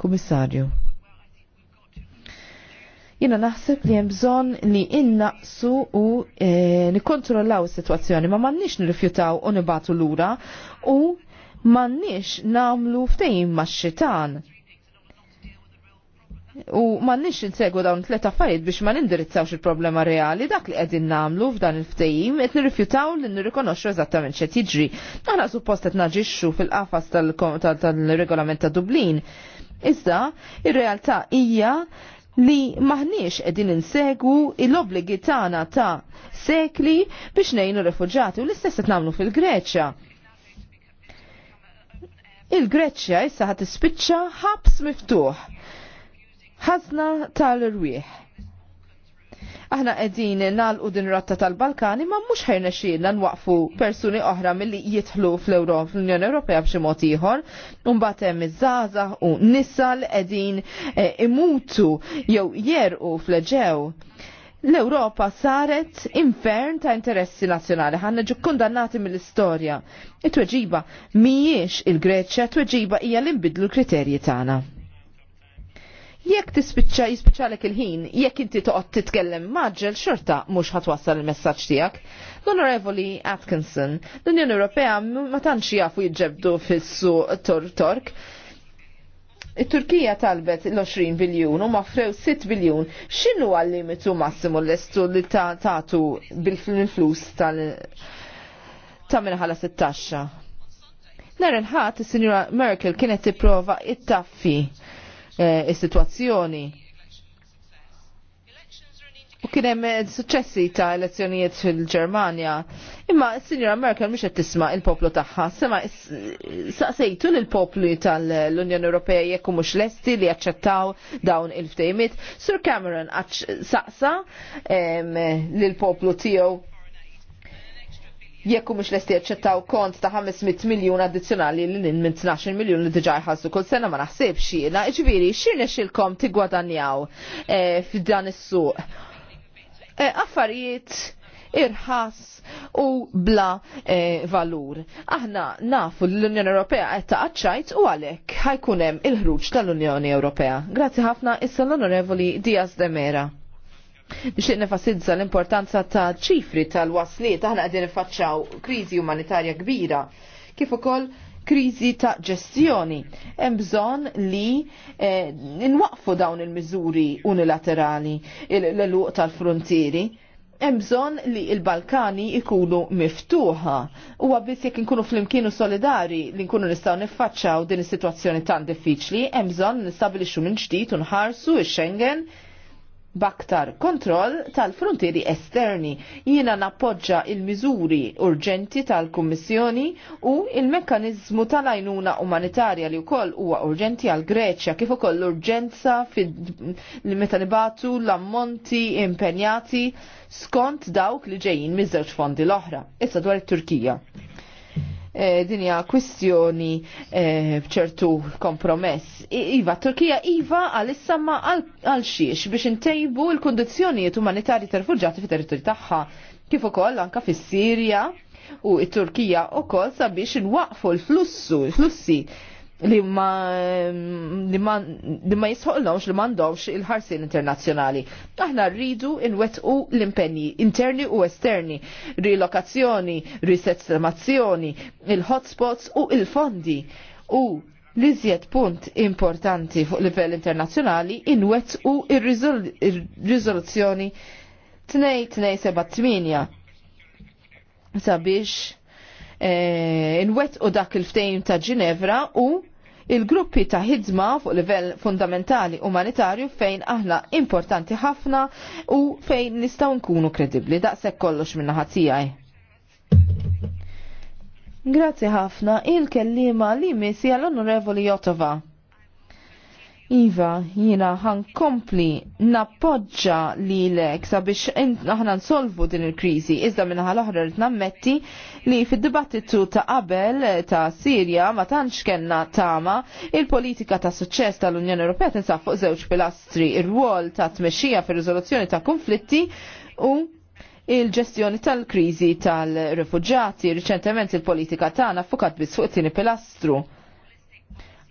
Kummissarju. Jina naħseb li hemm bżonn li innaqsu u e, nikkontrollaw is-sitwazzjoni, ma m'għandniex nirrifjutaw u nibatu lura u m'għandniex namlu ftejim ma' xitan U mannix nsegu dawn tlet affarijiet biex ma nindirizzawx il-problema reali dak li qegħdin nagħmlu f'dan il-ftehim qed nirrifjutaw li nirrikonoxxu eżattament x'qed jiġri. Aħna suppost qed naġixxu fil-qafas tal-regolament ta' Dublin. Iżda, ir-realtà hija li maħniex edin insegu il-obligi tagħna ta' sekli biex nejnu refugġati u l-istess qed nagħmlu fil-Greċja. Il-Greċja issa ħat ispiċċa ħabs miftuħ. Ħazna tal rwieħ Aħna qegħdin nagħlqu din ratta tal-Balkani ma mhux ħejna xielna nwaqfu persuni oħra milli jidħlu fl-Ewropa fl-Unjoni Ewropea b'xi mod ieħor, mbagħad hemm iż-żgħażagħ u nisa li qegħdin eh, imutu jew jerqu fl-ġew l-Europa saret infern ta' interessi nazjonali, ħanna ġu kundannati mill-istorja. It-tweġiba mijiex il-Greċja, it-tweġiba hija li nbidlu l-kriterji tagħna. Jekk tispiċċa jispiċċalek il-ħin, jekk inti toqgħod titkellem maġġel xorta mhux ħatwassal il-messaġġ tiegħek. L-Onorevoli Atkinson, l-Unjoni Ewropea ma tantx jafu jiġġebdu fis tork Il-Turkija talbet l-20 biljun u mafrew 6 biljun. X'inhu għal-limitu massimu l-estu li tagħtu bil-flus tal- ta' minħala 16? Nar il-ħat, il-Sinjura Merkel kienet tipprova it-taffi Eh, is-sitwazzjoni. U kien hemm eh, suċċessi ta' elezzjonijiet fil-Ġermanja. Imma s-Sinjora Merkel mhux qed tisma' il-poplu tagħha, sema saqsejtu lil poplu tal-Unjoni Ewropea jekk mhux lesti li jaċċettaw dawn il-ftejmiet. Sur Cameron saqsa lil poplu tiegħu jekk mhux lesti jaċċettaw kont ta' 500 miljun addizzjonali li nin minn 12 miljun li diġà jħassu kull sena ma naħseb xina. Iġviri, xina xilkom tigwadanjaw eh, f'dan is-suq. Eh, affarijiet irħas u bla e, valur. Aħna nafu l-Unjoni Ewropea qed taqaċċajt u għalhekk ħajkun hemm il-ħruġ tal-Unjoni Ewropea. Grazzi ħafna issa l-Onorevoli Diaz de Mera. Nixtieq nefasizza l-importanza ta' ċifri tal-wasliet aħna qegħdin nifaċċaw kriżi umanitarja kbira kif ukoll kriżi ta' ġestjoni. Hemm bżonn li eh, nwaqfu dawn il-miżuri unilaterali l-eluq tal-frontieri. Hemm bżonn li l-Balkani ikunu miftuħa. Huwa biss jekk inkunu flimkienu solidari li nkunu nistgħu niffaċċaw din is-sitwazzjoni tan diffiċli, hemm bżonn nistabilixxu minn ġdid u nħarsu x-Schengen baktar kontroll tal-frontieri esterni. Jiena nappoġġa il-miżuri urġenti tal-Kummissjoni u il-mekkanizmu tal-għajnuna umanitarja li wkoll huwa urġenti għal Greċja kif ukoll l-urġenza li meta nibatu l-ammonti impenjati skont dawk li ġejjin miż-żewġ fondi l-oħra. Issa dwar it-Turkija. Eh, dinja kwistjoni eh, bċertu kompromess. Iva, Turkija Iva għalissa ma għal xiex biex intejbu l-kondizjonijiet umanitari tal-rifugġati fit-territorju tagħha kif ukoll anka fis-Sirja u t-Turkija ukoll sabiex inwaqfu l-flussu, l-flussi li ma li ma, ma jisħollhomx li m'għandhomx il-ħarsin internazzjonali. Aħna rridu nwettqu l-impenji interni u esterni, rilokazzjoni, risestemazzjoni, il-hotspots u il-fondi. U li zjed punt importanti fuq livell internazzjonali inwettqu ir rizoluzzjoni 2278 sabiex Eh, inwet u dak il-ftejn ta' Ġinevra u il-gruppi ta' ħidma fuq livell fundamentali umanitarju fejn aħna importanti ħafna u fejn nistaw nkunu kredibli daqshekk kollox minna ħatijaj. Grazzi ħafna il-kellima li missi l onorevoli Jotova. Iva, jina ħan kompli nappoġġa li l-ek sabiex aħna nsolvu din il-krizi. Iżda minna ħal-oħra nammetti li fid-dibattitu ta' qabel ta' Sirja ma tantx kellna tama il-politika ta' suċċess tal-Unjoni Ewropea tinsab fuq żewġ pilastri ir-rwol ta' tmexxija fir-riżoluzzjoni ta' konflitti u il-ġestjoni tal-krizi tal-refugġati. Riċentement il-politika tagħna fukat bis fuq it-tieni pilastru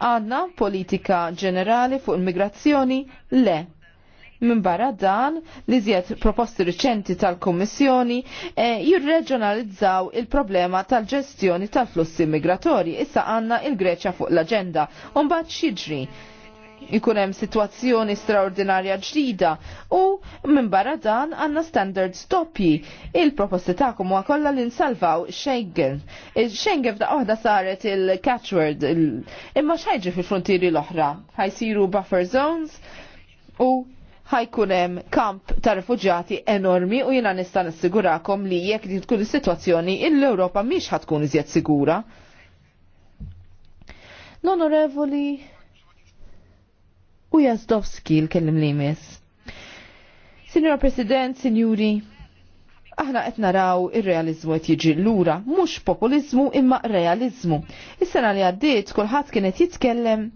Għanna politika ġenerali fuq il-migrazzjoni? Le. Min barra dan li zjed proposti riċenti tal-Kommissjoni e, jirreġjonalizzaw il-problema tal-ġestjoni tal-flussi migratori. Issa għanna il-Greċja fuq l-agenda. bat xieġri ikun hemm sitwazzjoni straordinarja ġdida u minn barra dan għandna standards doppji. Il-proposti tagħkom huwa kollha li nsalvaw Schengen. Schengen f'daq oħda saret il-catchword imma x'ħajġi fil-frontieri l-oħra. Ħajsiru buffer zones u ħajkun hemm kamp ta' rifuġjati enormi u jiena nista' nissigurakom li jekk din tkun is-sitwazzjoni l-Ewropa mhix ħatkun iżjed sigura. L-Onorevoli u Jazdowski l-kellim li jmiss. Signora President, Signori, aħna qed naraw ir-realiżmu qed jiġi lura, mhux populiżmu imma realiżmu. Is-sena li għaddiet kulħadd kienet jitkellem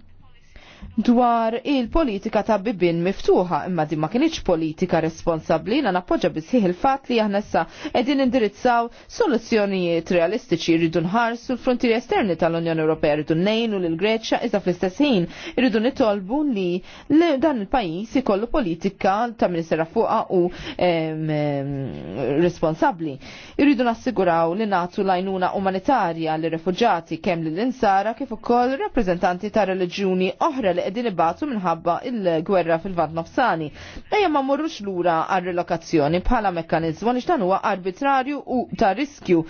dwar il-politika ta' bibin miftuħa imma di ma kienieċ politika responsabli na napoġa bisħiħ il-fat li jahnessa edin indirizzaw soluzzjonijiet realistiċi rridu nħarsu l-frontieri esterni tal-Unjoni Ewropea rridu u l greċja iżda fl-istess ħin rridu nitolbu li dan il-pajjiż ikollu politika ta' Ministera fuqa u responsabli. Irridu nassiguraw li natu lajnuna umanitarja li refuġati kemm l insara kif ukoll rappreżentanti ta' reliġjuni oħra l li qegħdin ibatu minħabba il-gwerra fil vat nofsani. Dejjem ma morrux lura għar-relokazzjoni bħala mekkaniżmu għaliex dan huwa arbitrarju u ta' riskju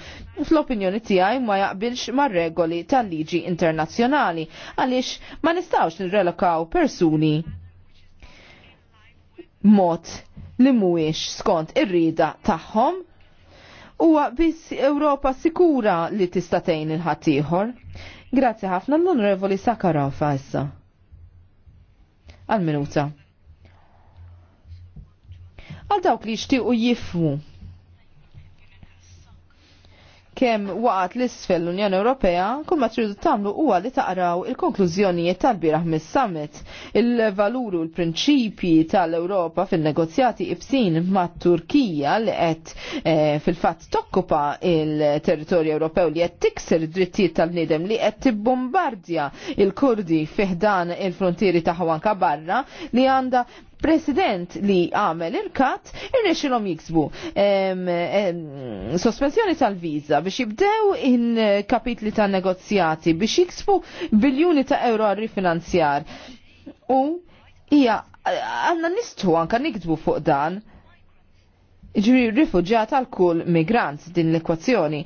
fl-opinjoni tiegħi ma jaqbilx mar-regoli tal-liġi internazzjonali għaliex ma nistgħux nirrelokaw persuni mod li mhuwiex skont ir-rida tagħhom huwa biss Ewropa sikura li tista' tgħin il-ħaddieħor. Grazzi ħafna l-Onorevoli Sakarov issa għal-minuta. Għal dawk li jixtiequ jifmu kemm waqgħet l-isfel l-Unjoni Ewropea, kull ma tridu tagħmlu huwa li taqraw il-konklużjonijiet tal-bieraħ mis-summit, il valur u l-prinċipji tal-Ewropa fin-negozjati ibsin mat-Turkija li qed eh, fil-fatt tokkupa il-territorju Ewropew li qed tikser drittijiet tal-nidem li qed tibbombardja il-Kurdi fiħdan il-frontieri tagħha barra li għandha president li għamel il-kat irnexilom jiksbu sospensjoni tal-viza biex jibdew in kapitli ta' negozjati biex jiksbu biljuni ta' euro għal rifinanzjar. U hija għanna nistħu anka nikdbu fuq dan ġiri rifugġat għal kull migrant din l-ekwazzjoni.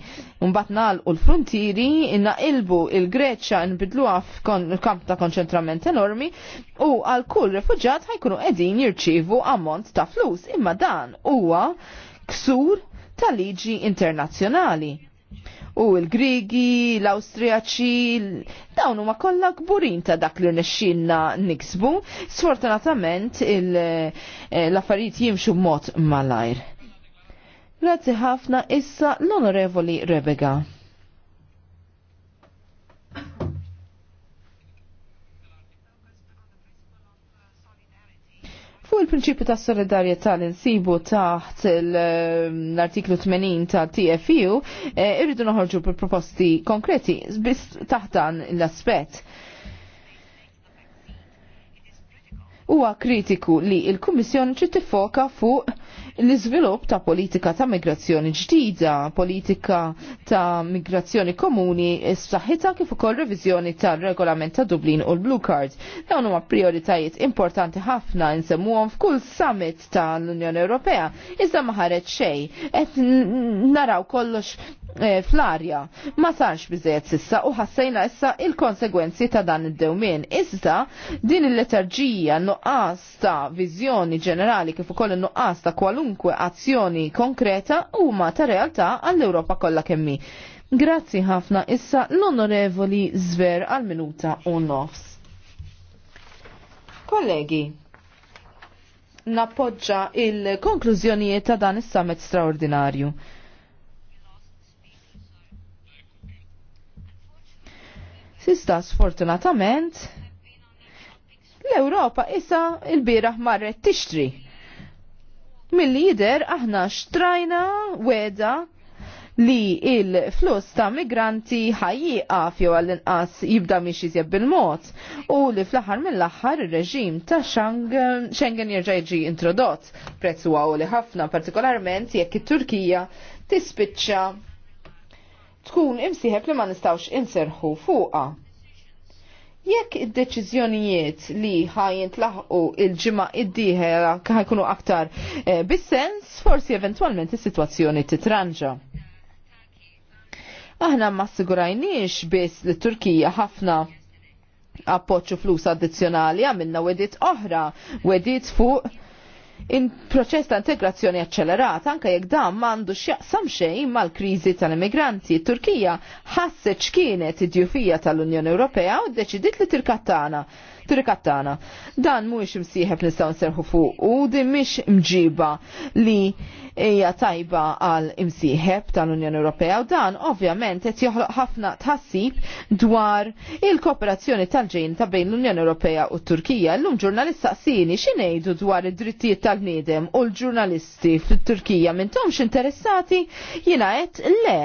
Unbatnal u l inna innaqilbu il-Greċa nbidluha f'kamp ta' konċentrament enormi u għal kull rifugġat ħajkunu qegħdin jirċievu ammont ta' flus imma dan huwa ksur ta' liġi internazzjonali u l-Grigi, l-Austriaċi, dawn huma kollha kburin ta' dak li nexxinna niksbu. Sfortunatament eh, l-affarijiet jimxu b'mod malajr. Grazzi ħafna issa l-Onorevoli Rebega. Fuq il-prinċipju ta' solidarjetà li nsibu taħt l-artiklu 80 ta' TFU, eh, irridu noħorġu per proposti konkreti biss taħt dan l-aspett. Huwa kritiku li l-Kummissjoni ċittifoka fuq l-iżvilupp ta' politika ta' migrazzjoni ġdida, politika ta' migrazzjoni komuni s-saħħita kif ukoll revizjoni tar-regolament ta' Dublin u l-Blue Card. Dawn huma prioritajiet importanti ħafna nsemmuhom f'kull summit tal-Unjoni Ewropea, iżda ma ħareġ xejn. Qed naraw kollox eh, fl-arja. Ma sarx biżejjed sissa u ħassejna issa il-konsegwenzi ta' dan id-dewmien. Iżda din il-letarġija nuqqas ta' viżjoni ġenerali kif ukoll nuqqas ta' kwalun kwalunkwe azzjoni konkreta huma ta' realtà għall-Ewropa kollha kemmi. Grazzi ħafna issa l-onorevoli Zver għal minuta u nofs. Kollegi, nappoġġa il-konklużjonijiet ta' dan is-summit straordinarju. Sista sfortunatament, l-Europa issa il-biraħ marret tixtri Milli jider aħna xtrajna weda li il-flus ta' migranti ħajjiqaf jew għall-inqas jibda miex jizjeb bil-mod u li fl-aħħar mill-aħħar ir-reġim ta' Schengen, Schengen jerġa' jiġi introdott. Prezz huwa li ħafna partikolarment jekk it-Turkija tispiċċa tkun imsieħeb li ma nistawx inserħu fuqa. Jekk id-deċiżjonijiet li ħajjent laħqu il-ġimgħa id-dieħla ħajkunu aktar eh, bis-sens, forsi eventwalment is-sitwazzjoni titranġa. Aħna ma sigurajniex biss li Turkija ħafna appoċċu flus addizzjonali għamilna wedit oħra, wedit fuq in proċess ta' integrazzjoni accelerata anke jekk dan m'għandu x'jaqsam xejn mal-kriżi tal-immigranti. Turkija ħasset x'kienet id-djufija tal-Unjoni Ewropea u ddeċidiet li tirkattana. Tirkattana. Dan mhuwiex imsieħeb nistgħu nserħu fuq u din mhix mġiba li hija tajba għal imsieħeb tal-Unjoni Ewropea u dan ovvjament qed joħloq ħafna tħassib dwar il-kooperazzjoni tal-ġejn ta' bejn l-Unjoni Ewropea u t Turkija. Llum ġurnalist saqsini ngħidu dwar id-drittijiet tal bniedem u l-ġurnalisti fit-Turkija m'intomx interessati jiena qed le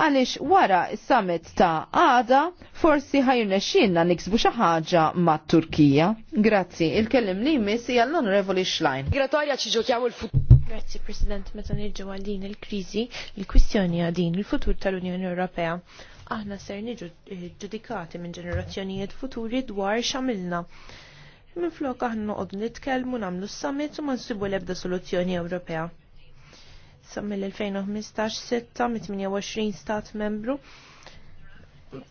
għaliex wara s-summit ta' għada forsi xinna niksbu xi ħaġa mat-Turkija. Grazzi, il-kellim li jmiss l-Onorevoli Schlein. Gratorja ċi ġokjaw il-futur. Grazzi President, meta nirġu għal din il-kriżi, il-kwistjoni għal din il-futur tal-Unjoni Ewropea. Aħna ser niġu eh, ġudikati minn ġenerazzjonijiet futuri dwar xamilna. Minn flok aħna noqogħdu nitkellmu nagħmlu s-summit u ma nsibu l-ebda soluzzjoni Ewropea. Sa 2015 6 mit 28 stat membru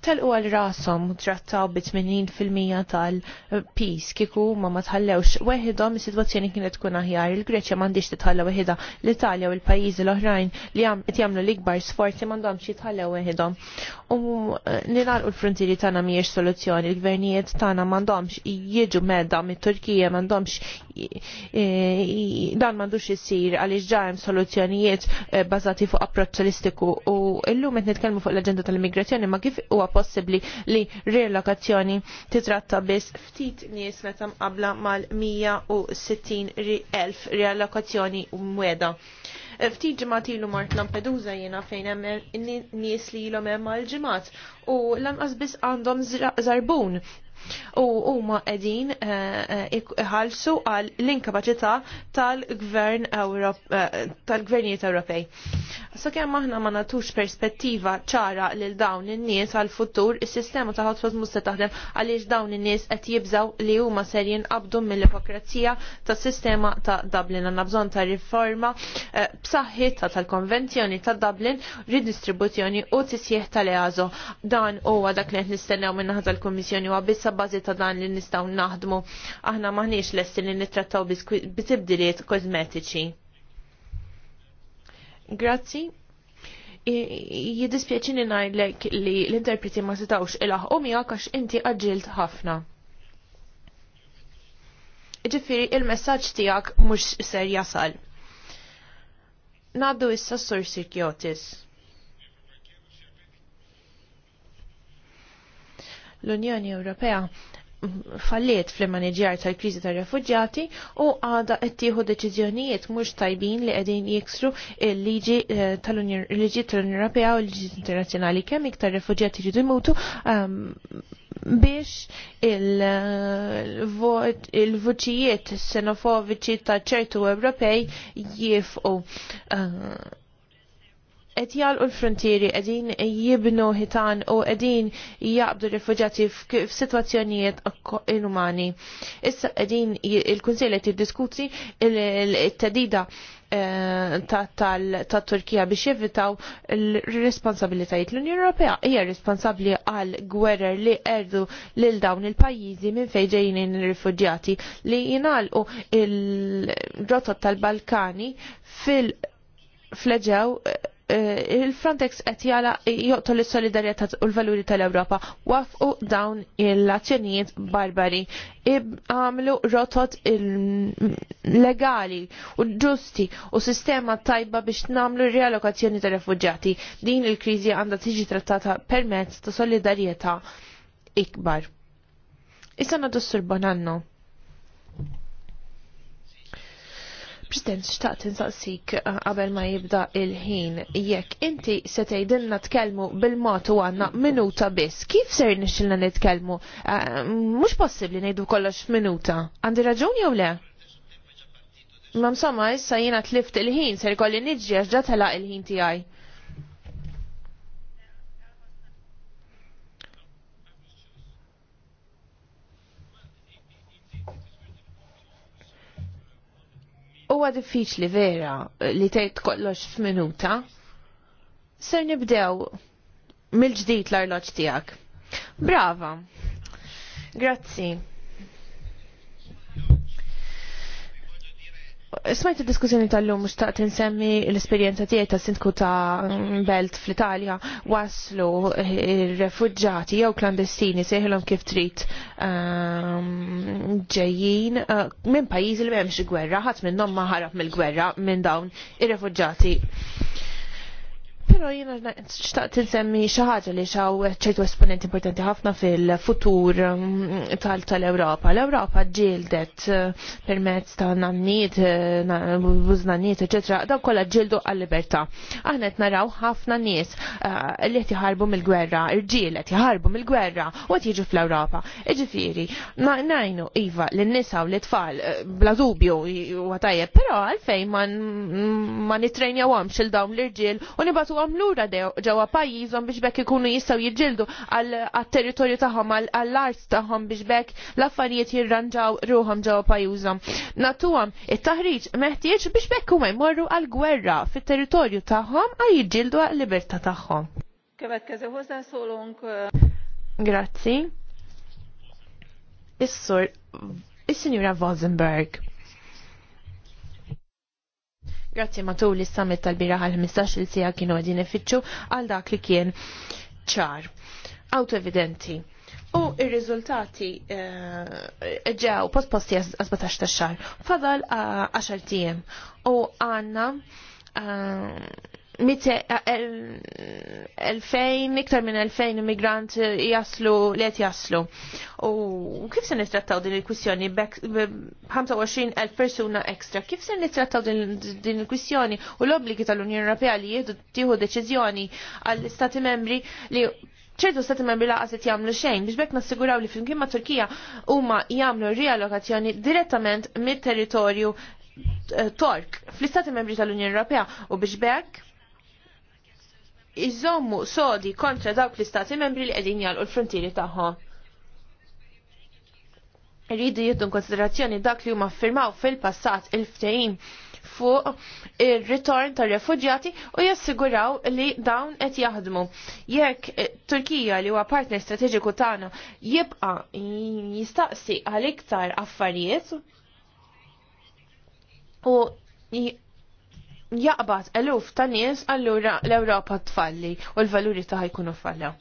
telqu għal rasom trattaw bi 80% tal-pis kiku ma ma tħallewx weħidhom is-sitwazzjoni kienet tkun aħjar. Il-Greċja m'għandix titħalla weħida l-Italja u l-pajjiżi l-oħrajn li qed jagħmlu l-ikbar sforzi m'għandhomx jitħallew weħidhom. U eh, u l frontiri tagħna mhijiex soluzzjoni, il-gvernijiet tagħna m'għandhomx jiġu medda mit-Turkija m'għandhomx dan m'għandux isir għaliex ġajem soluzzjonijiet eh, bażati fuq approċċ u llum qed nitkellmu fuq l agenda tal-immigrazzjoni ma kif huwa possibbli li rilokazzjoni titratta biss ftit nies meta mqabla mal elf riallokazzjoni mweda. Ftit ġimgħat ilu mart Lampedusa jiena fejn hemm nies li ilhom hemm mal-ġimgħat u lanqas biss għandhom zarbun u huma qegħdin eh, eh, iħallsu għal l-inkapaċità tal-gvern eh, tal-gvernijiet Ewropej. Sakemm aħna ma nagħtux perspettiva ċara lil dawn in-nies għal futur is-sistema ta' ħodfos mhux se taħdem għaliex dawn in-nies qed jibżaw li huma ser jinqabdu mill-ipokrazija tas-sistema ta' Dublin għandna bżonn ta' riforma b'saħħitha tal-Konvenzjoni ta' Dublin, ridistribuzzjoni u tisjieħ tal-EASO. Dan huwa dak li qed nistennew minn naħa tal-Kummissjoni u biss bazi ta' dan li nistgħu naħdmu aħna maħniex lesti li nittrattaw bitibdiliet kozmetiċi. Grazzi. Jiddispjaċini ngħidlek li l-interpreti ma setawx il u miegħek għax inti għagġilt ħafna. Ġifiri, il-messaġġ tiegħek mhux ser jasal. Naddu issa s-sur kjotis. L-Unjoni Ewropea falliet fl-maniġjar tal-kriżi tar-refuġjati u għada qed tieħu deċiżjonijiet mhux tajbin li qegħdin jiksru il-liġi eh, tal-Unjoni Ewropea u l-liġi internazzjonali kemm iktar refuġjati ġidu jmutu ehm, biex eh, il-vuċijiet xenofobiċi ta' ċertu Ewropej jifqu. Eh, qed jalqu l-frontieri qegħdin jibnu ħitan u qegħdin jaqbdu rifuġati f'sitwazzjonijiet inumani. Issa qegħdin il-Kunsill qed jiddiskuti il-tedida eh, tat-Turkija biex jevitaw l-responsabilitajiet. L-Unjoni Ewropea hija responsabbli għal gwerer li erdu lil dawn il-pajjiżi minn fejn ġejjin ir-rifuġjati li jingħalqu il-rotot tal-Balkani fil-fleġew eh, Eh, il-Frontex qed jala joqtol is-solidarjetà u l-valuri tal-Ewropa wafqu dawn il-azzjonijiet barbari. Għamlu rotot legali u ġusti u sistema tajba biex namlu rialokazzjoni ta' refugġati Din il-kriżi għandha tiġi trattata permezz ta' solidarjetà ikbar. Issa nadu s-sur Bonanno. President, xtaqt insaqsik uh, qabel ma jibda il-ħin. Jekk inti se tgħidilna tkellmu bil-mod u għandna minuta biss, kif ser nixilna nitkellmu? Uh, mhux possibbli ngħidu kollox minuta. Għandi raġun jew le? Ma msomma issa jiena tlift il-ħin ser ikolli niġġi għax ġatela il-ħin tiegħi. huwa diffiċli vera li tgħid kollox f'minuta. Ser nibdew mill-ġdid l-arloġġ tiegħek. Brava. Grazzi. Smajt il-diskussjoni tal-lum mux ta' tinsemmi l-esperienza tiegħi ta' sindku ta' belt fl-Italja waslu refugġati jew klandestini seħilom kif trid um, ġejjin uh, minn pajjiżi li m'hemmx gwerra, ħadd minnhom ma ħarab mill-gwerra minn dawn ir-refugġati Pero jina xtaqt nsemmi xaħġa li xaw ċertu esponenti importanti ħafna fil-futur mm, tal-Europa. L-Europa ġildet eh, permezz ta' nannit, eh, buznanniet, ecc. daw kolla ġildu għal-libertà. Aħna qed naraw ħafna nies eh, li qed jħarbu mill-gwerra, irġil qed jħarbu mill-gwerra u qed jiġu fl-Ewropa. Iġifiri, ma najnu iva lin nisaw li tfal bla dubju huwa tajjeb, però għalfejn ma nitrejnjawhomx il dawn l-irġiel u nibatu jibatuhom lura ġewwa pajjiżhom biex bekk ikunu jistgħu jiġġieldu għal territorju tagħhom għall-art tagħhom biex bekk l-affarijiet jirranġaw ruhom ġewwa pajjiżhom. Natuhom it-taħriġ meħtieġ biex bekk huma jmorru għall-gwerra fit-territorju tagħhom għal jiġġieldu għall-libertà tagħhom. Következő Grazzi. Is-sur, is-sinjura Vosenberg. Grazzi matul is-summit tal-biraħ għal-15 il sija kienu għedin effiċu għal dak li kien ċar. Auto evidenti. U il-rizultati eh, ġew post-posti għazbatax ta' xar. Fadal 10 eh, tijem. U għanna eh, 2000, eh, iktar minn 2000 immigrant eh, jaslu, li qed jaslu. U kif se nittrattaw din il-kwissjoni 25.000 persuna ekstra? Kif se nittrattaw din il-kwissjoni u l-obbligi tal-Unjoni Europea li jieħdu tieħu deċiżjoni għall-Stati membri li ċertu stati membri laqas qed jagħmlu xejn biex bekk nassiguraw li flimkien ma' Turkija huma jagħmlu riallokazzjoni direttament mit-territorju eh, Tork fl-Istati Membri tal-Unjoni Ewropea u biex bekk iżommu sodi kontra dawk l-istati membri li qegħdin u l-frontieri tagħhom. Rridu jiddu konsiderazzjoni dak li huma affirmaw fil-passat il-ftehim fuq ir-ritorn tar refugjati u jassiguraw li dawn qed jaħdmu. Jekk Turkija li huwa partner strateġiku tagħna jibqa' jistaqsi għal iktar affarijiet u jaqbad eluf ta' nies allura l-Ewropa tfalli u l-valuri ta' jkunu fallew.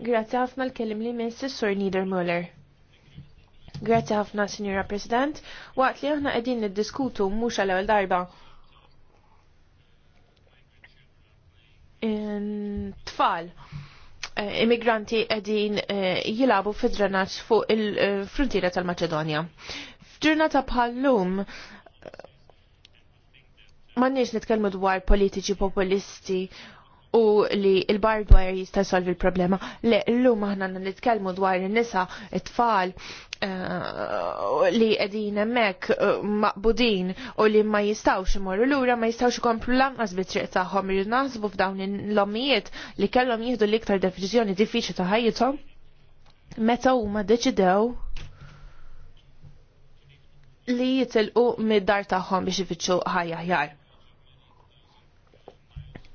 Grazzi ħafna l-kellim li minn Sissur Niedermuller. Grazzi ħafna, Signora President, waqt li aħna qegħdin niddiskutu mhux għal ewwel darba tfal eh, immigranti qegħdin eh, jilabu fid dranaġġ fuq il eh, fruntiera tal-Maċedonja. F'ġurnata bħal-lum Mannix nitkellmu dwar politiċi populisti u li il-barbed wire jista' jsolvi l-problema. Le, llum aħna nitkellmu dwar in-nisa, it-tfal eh, li qegħdin hemmhekk eh, maqbudin u li ma jistgħux imorru lura, ma jistgħux ikomplu lanqas bit-triq tagħhom irid naħsbu f'dawn l-ommijiet li kellhom jieħdu l-iktar deċiżjoni diffiċli ta' ħajjithom meta huma deċidew li jitilqu mid-dar tagħhom biex ifittxu ħajja ħjar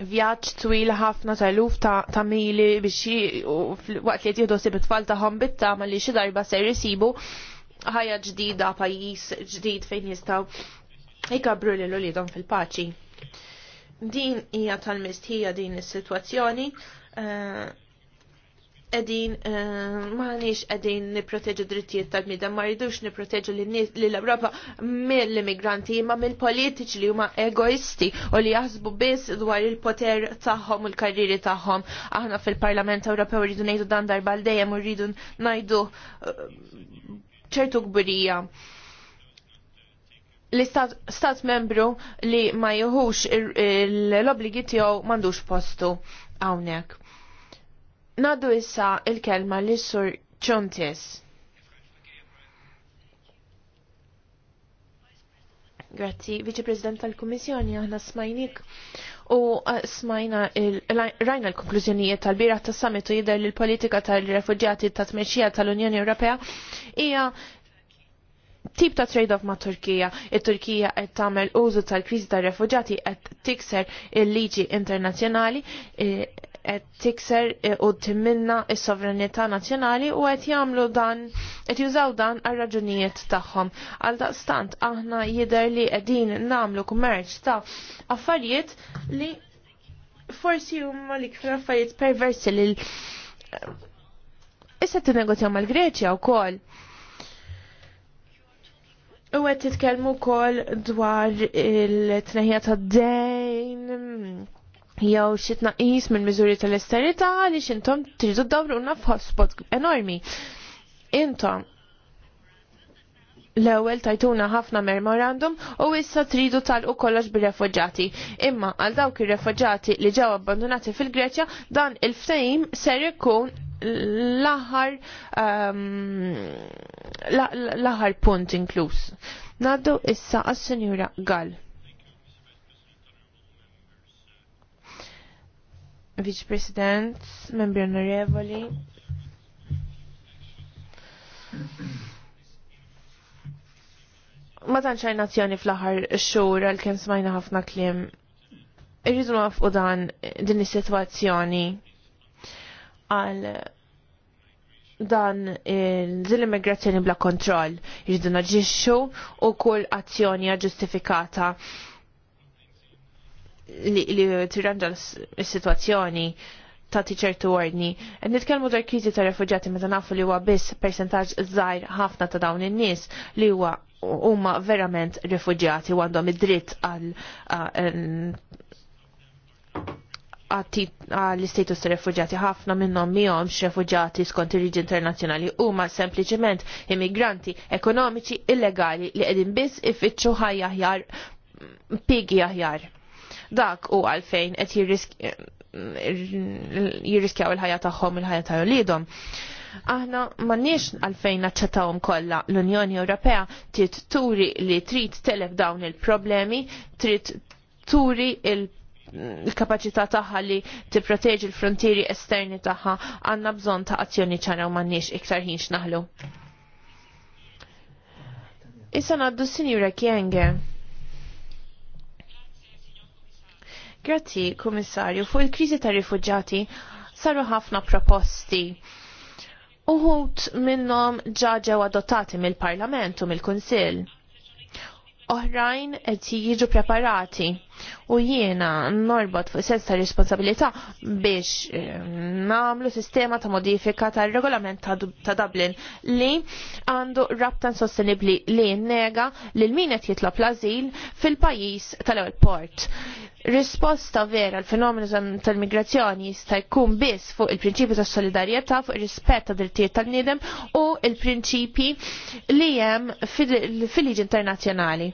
vjaġġ twil ħafna ta' luf ta' mili biex waqt li jtieħdu sib tfal tagħhom bitta tama li xi darba ser jisibu ħajja ġdida pajjiż ġdid fejn jistgħu jkabru lil uliedhom fil-paċi. Din hija tal-mistħija din is-sitwazzjoni eh, edin, eh, maħniex edin niproteġu drittijiet tal-mida, ma rridux niproteġu l-Europa mill-immigranti, ma mill-politiċi li huma egoisti u li jaħsbu biss dwar il-poter tagħhom u l-karriri tagħhom. Aħna fil-Parlament Ewropew rridu ngħidu dan darba dejjem u rridu ngħidu eh, ċertu kbirija l-istat membru li ma jħux l-obligi tiegħu m'għandux postu hawnhekk. Nadu issa il-kelma li sur ċontis. Grazzi, Viċi President tal-Kummissjoni, aħna smajnik u uh, smajna rajna l-konklużjonijiet tal-biraħ tas summit u jidher li l-politika tal-refuġjati ta' tmexxija tal-Unjoni Ewropea hija tip ta' trade-off ma' Turkija. Il-Turkija qed tagħmel użu tal-kriżi tar-refuġjati qed tikser il-liġi internazzjonali eh, qed tikser e, u timminna s-sovranità nazzjonali u qed jagħmlu dan qed jużaw dan għal raġunijiet tagħhom. Għal daqstant aħna jidher li qegħdin nagħmlu kummerċ ta' affarijiet li forsi huma l-iktar affarijiet perversi li issa tinnegozja mal-Greċja wkoll. U għed t-tkelmu kol dwar il-tneħja ta' dejn, jew xi tnaqqis minn miżuri tal-esterità għaliex intom tridu dawruna f'hotspot enormi. Intom l-ewwel tajtuna ħafna memorandum u issa tridu talqu kollox bir-refuġati. Imma għal dawk ir-refuġati li ġew abbandonati fil-Greċja dan il-ftehim ser ikun l-aħħar ehm, l-aħħar punt inkluż. Naddu issa għas-Sinjura Gall. Vice President, membri onorevoli. Ma ċaj nazzjoni fl-aħħar xhur għal kemm smajna ħafna kliem. Irridu nafqu dan din is-sitwazzjoni għal dan l-immigrazzjoni bla kontroll. Irridu naġixxu u kull azzjoni ġustifikata li tirranda s-situazzjoni ta' ċertu ordni. Nitkellmu dwar kriżi ta' refuġjati meta nafu li huwa biss persentaġġ żgħir ħafna ta' dawn in-nies li huwa huma verament refuġjati għandhom id-dritt għal għall-istatus ta' refuġjati ħafna minnhom miehomx refuġjati skont ir-riġi internazzjonali huma sempliċement immigranti ekonomiċi illegali li qegħdin biss ifittxu ħajja aħjar pigi aħjar dak u għalfejn qed jirriskjaw il-ħajja tagħhom il-ħajja ta' jolidhom. Aħna m'għandniex għalfejn naċċettawhom kollha l-Unjoni Ewropea trid turi li trid telef dawn il-problemi, trid turi il il-kapacità tagħha li tipproteġi l-frontieri esterni tagħha għandna bżonn ta' azzjoni ċara u m'għandniex iktar ħinx naħlu. Issa naddu Sinjura Kienge. Grazzi, Kummissarju, Fu il-kriżi tar rifuġġati saru ħafna proposti. Uħut minnom ġaġew adottati mill-Parlament u mill-Kunsill. Oħrajn qed jiġu preparati u jiena norbot fuq sens ta' responsabilità biex eh, namlu sistema ta' modifika ta' regolament ta' Dublin li għandu rabtan sostenibli li nega li l-minet jitlob l-azil fil-pajis tal-ewel port. Risposta vera l fenomenu tal-migrazzjoni jista' jkun biss fuq il-prinċipju ta' solidarjetà, fuq ir-rispett ta' drittijiet tal-niedem u il-prinċipji li hemm fil-liġi internazzjonali.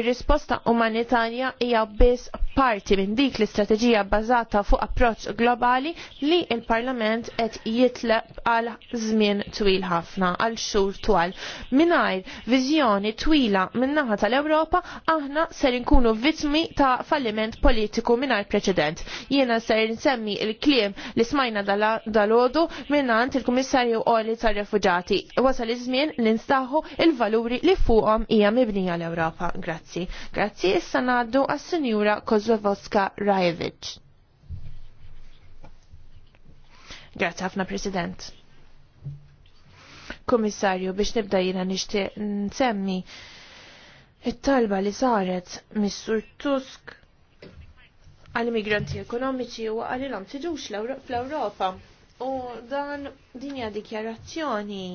Ir-risposta umanitarja hija biss parti minn dik l-istrateġija bbażata fuq approċċ globali li l parlament qed jitleb għal żmien twil ħafna, għal xhur twal. Mingħajr viżjoni twila min-naħa tal-Ewropa aħna ser inkunu vittmi ta' falliment politiku mingħajr preċedent. Jiena ser insemmi il-kliem li smajna dal-għodu minnant il-Kummissarju Oli tar-Refuġati. Wasal iż-żmien li nstaħħu il-valuri li fuqhom hija mibnija l-Ewropa. Grazzi. Grazzi issa ngħaddu għas Sinjura Kozlovska Rajevic. Grazie ħafna President. Komissarju, biex nibda jina nishti nsemmi it-talba li saret Missur Tusk għal-immigranti ekonomiċi u għal-ilom fl europa U dan dinja dikjarazzjoni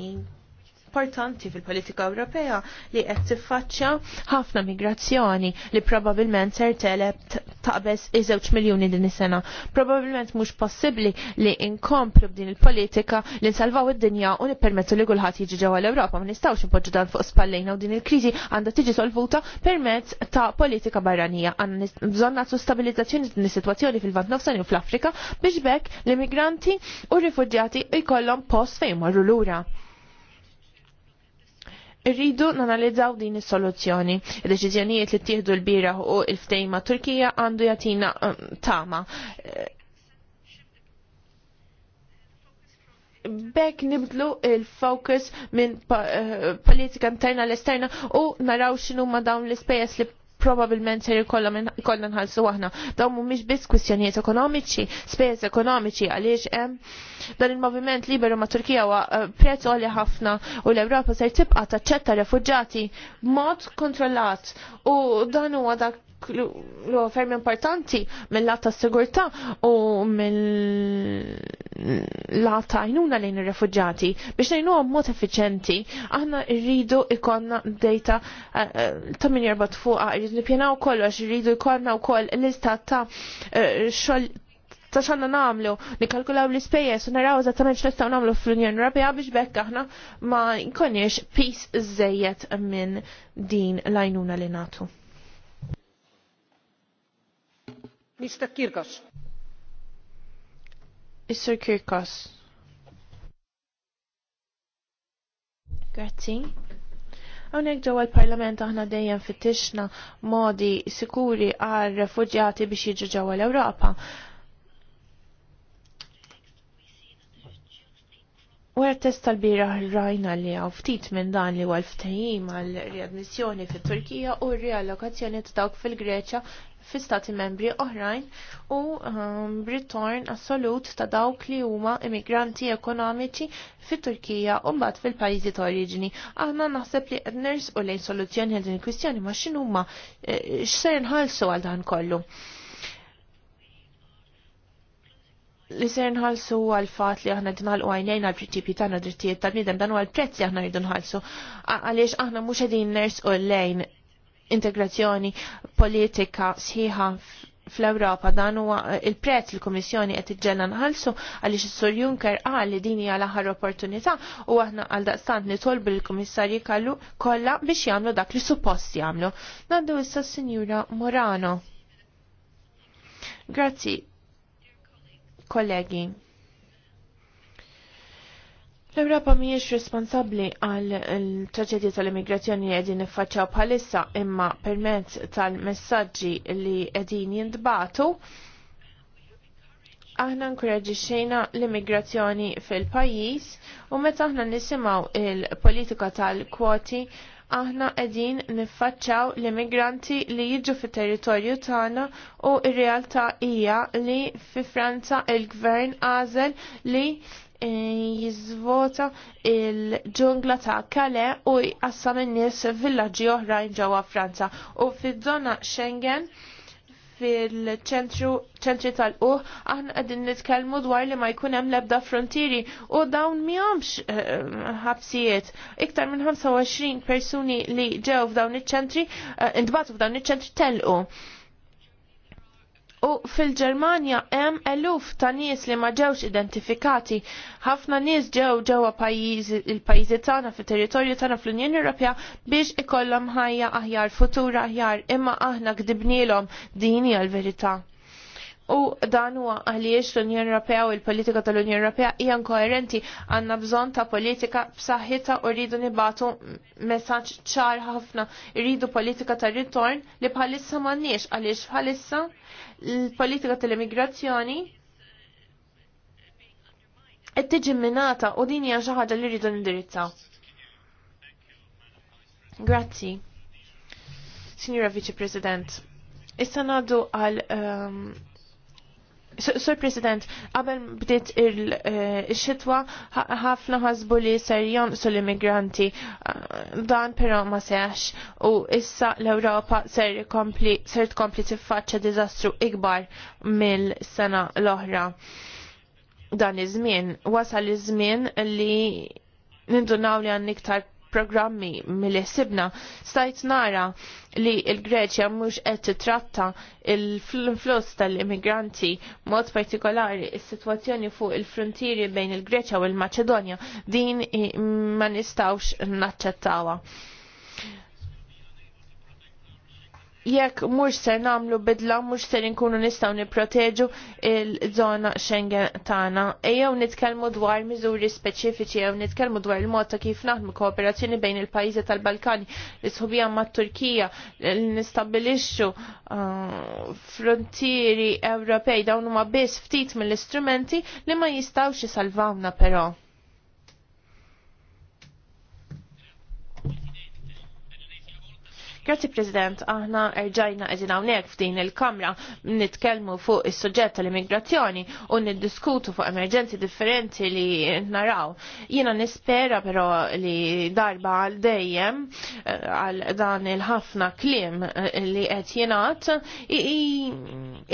importanti fil-politika Ewropea li qed tiffaċċja ħafna migrazzjoni li probabbilment ser teleb taqbeż iż-żewġ miljuni din is-sena. Probabbilment mhux possibbli li inkomplu b'din il-politika li nsalvaw id-dinja u nippermettu li kulħadd jiġi ġewwa l-Ewropa ma nistgħux inpoġġu dan fuq spallejna u din il-kriżi għandha tiġi solvuta permezz ta' politika barranija. Għandna bżonn nagħtu stabilizzazzjoni din is-sitwazzjoni fil-Vant Nofsani u fl-Afrika biex bekk l-immigranti u r-rifuġjati jkollhom post fejn marru lura. Irridu nanalizzaw din is-soluzzjoni. Id-deċiżjonijiet li ttieħdu l-bira u l-ftejma Turkija għandu jatina um, tama. Bek nibdlu il-fokus minn eh, politika interna l-esterna u naraw xinu ma dawn l-ispejjeż li probabilment ser jkollna nħallsu aħna. Dawn mhumiex biss kwistjonijiet ekonomiċi, spejjeż ekonomiċi għaliex hemm dan il-moviment liberu ma' Turkija huwa eh, prezz għolja ħafna u l-Ewropa ser tibqa' taċċetta refuġġati mod kontrollat u dan huwa dak l ferm importanti mill-lat ta' sigurtà u mill lata ta' għajnuna lejn ir-refuġġati biex ngħinuhom mod effiċenti aħna rridu ikonna data eh, eh, ta' min jerbat fuqha rridu nippjanaw kollox irridu jkollna wkoll lista ta' eh, xogħol ta' xanna namlu, nikalkulaw l-ispejjeż u naraw eżattament xlista' nagħmlu fl-Unjoni Ewropea biex bekk aħna ma jkonniex pis żejjed minn din l-għajnuna li nagħtu. Mr. Kirkos. Mr. Grazzi. Għonek ġewwa l-Parlament aħna dejjem fittixna modi sikuri għal refuġjati biex jiġu ġewwa l-Ewropa. Wara test tal-bira rajna li għaw ftit minn dan li għal ftajim għal riadmissjoni fit turkija u r riallokazzjoni ta' dawk fil-Greċja fi stati membri oħrajn u um, ritorn assolut ta' dawk li huma immigranti ekonomiċi fit turkija u mbagħad fil-pajjiżi ta' oriġini. Aħna naħseb li qed nersqu lejn soluzzjoni għal din il-kwistjoni ma' x'inhuma eh, x'ser inħallsu għal dan kollu. li ser nħalsu għal fat li aħna dinħalqu għajnejna għal prinċipji tagħna drittijiet tal-bniedem dan huwa l-prezz li aħna rridu nħalsu għaliex aħna mhux qegħdin nersqu lejn integrazzjoni politika sħiħa fl-Ewropa dan huwa eh, il-prezz li l-Kummissjoni qed iġġenna nħallsu għaliex is-Sur Juncker qal li din hija l-aħħar opportunità u aħna għal daqstant nitolbu lill-Kummissarji kollha biex jagħmlu dak li suppost jagħmlu. Nandu issa Sinjura Morano. Grazzi, kollegi. L-Europa miex responsabli għal l tal-immigrazzjoni li għedin bħalissa imma permezz tal-messagġi li għedin jindbatu, aħna nkoraġi xejna l-immigrazzjoni fil-pajis u meta aħna nisimaw il-politika tal-kwoti aħna qegħdin niffaċċaw l-immigranti li jiġu fit-territorju tagħna u r-realtà hija li fi Franza il-gvern għażel li Eh, jizvota il-ġungla ta' Kale u jqassam in-nies villaġġi oħrajn ġewwa Franza. U fid żona Schengen fil-ċentru ċentri tal-uħ, aħna għedin nitkelmu dwar li ma jkun hemm lebda frontieri u dawn miħamx eh, ħabsijiet. Iktar minn 25 persuni li ġew f'dawn iċ-ċentri, eh, intbatu f'dawn iċ-ċentri telqu U fil-Ġermanja hemm eluf ta' nies li ma ġewx identifikati. Ħafna nies ġew ġewwa il-pajjiżi tagħna fit-territorju tagħna fl-Unjoni Ewropea biex ikollhom ħajja aħjar futura aħjar imma aħna kdibnielhom dini għal-verità. U dan huwa għaliex l-Unjoni Ewropea u l-politika tal-Unjoni Ewropea hija koerenti għandna bżonn ta' politika b'saħħitha u rridu nibatu messaġġ ċar ħafna. rridu politika tar-ritorn li bħalissa m'għandniex għaliex bħalissa l-politika tal-immigrazzjoni qed tiġi minata u din hija xi ħaġa li rridu nindirizzaw. Grazzi. Signora Vice President, issa ngħaddu għal um, Sur President, qabel bdiet il-xitwa eh, ħafna ħasbu li ser jonqsu l-immigranti. Eh, dan però ma seħx u issa l-Ewropa ser tkompli tiffaċċa diżastru ikbar mill-sena l-oħra. Dan iż-żmien wasal iż-żmien li nindunaw li għan iktar programmi mill ħsibna stajt nara li il-Greċja mhux qed titratta il-fluss tal-immigranti mod partikolari is-sitwazzjoni fuq il-frontieri bejn il-Greċja u l-Maċedonja din ma nistawx naċċettawha jekk mhux ser nagħmlu bidla mhux ser inkunu nistgħu nipproteġu il-żona Schengen tagħna. jew nitkellmu dwar miżuri speċifiċi jew nitkellmu dwar il-mod ta' kif naħdmu kooperazzjoni bejn il-pajjiżi tal-Balkani, l-isħubija mat-Turkija, nistabbilixxu uh, frontieri Ewropej dawn huma biss ftit mill-istrumenti li ma jistgħux jisalvawna però. Grazzi President, aħna erġajna qegħdin hawnhekk f'din il-Kamra nitkellmu fuq is-suġġett tal-immigrazzjoni u niddiskutu fuq emerġenzi differenti li naraw. Jiena nispera però li darba għal dejjem eh, għal dan il-ħafna kliem eh, li qed jingħad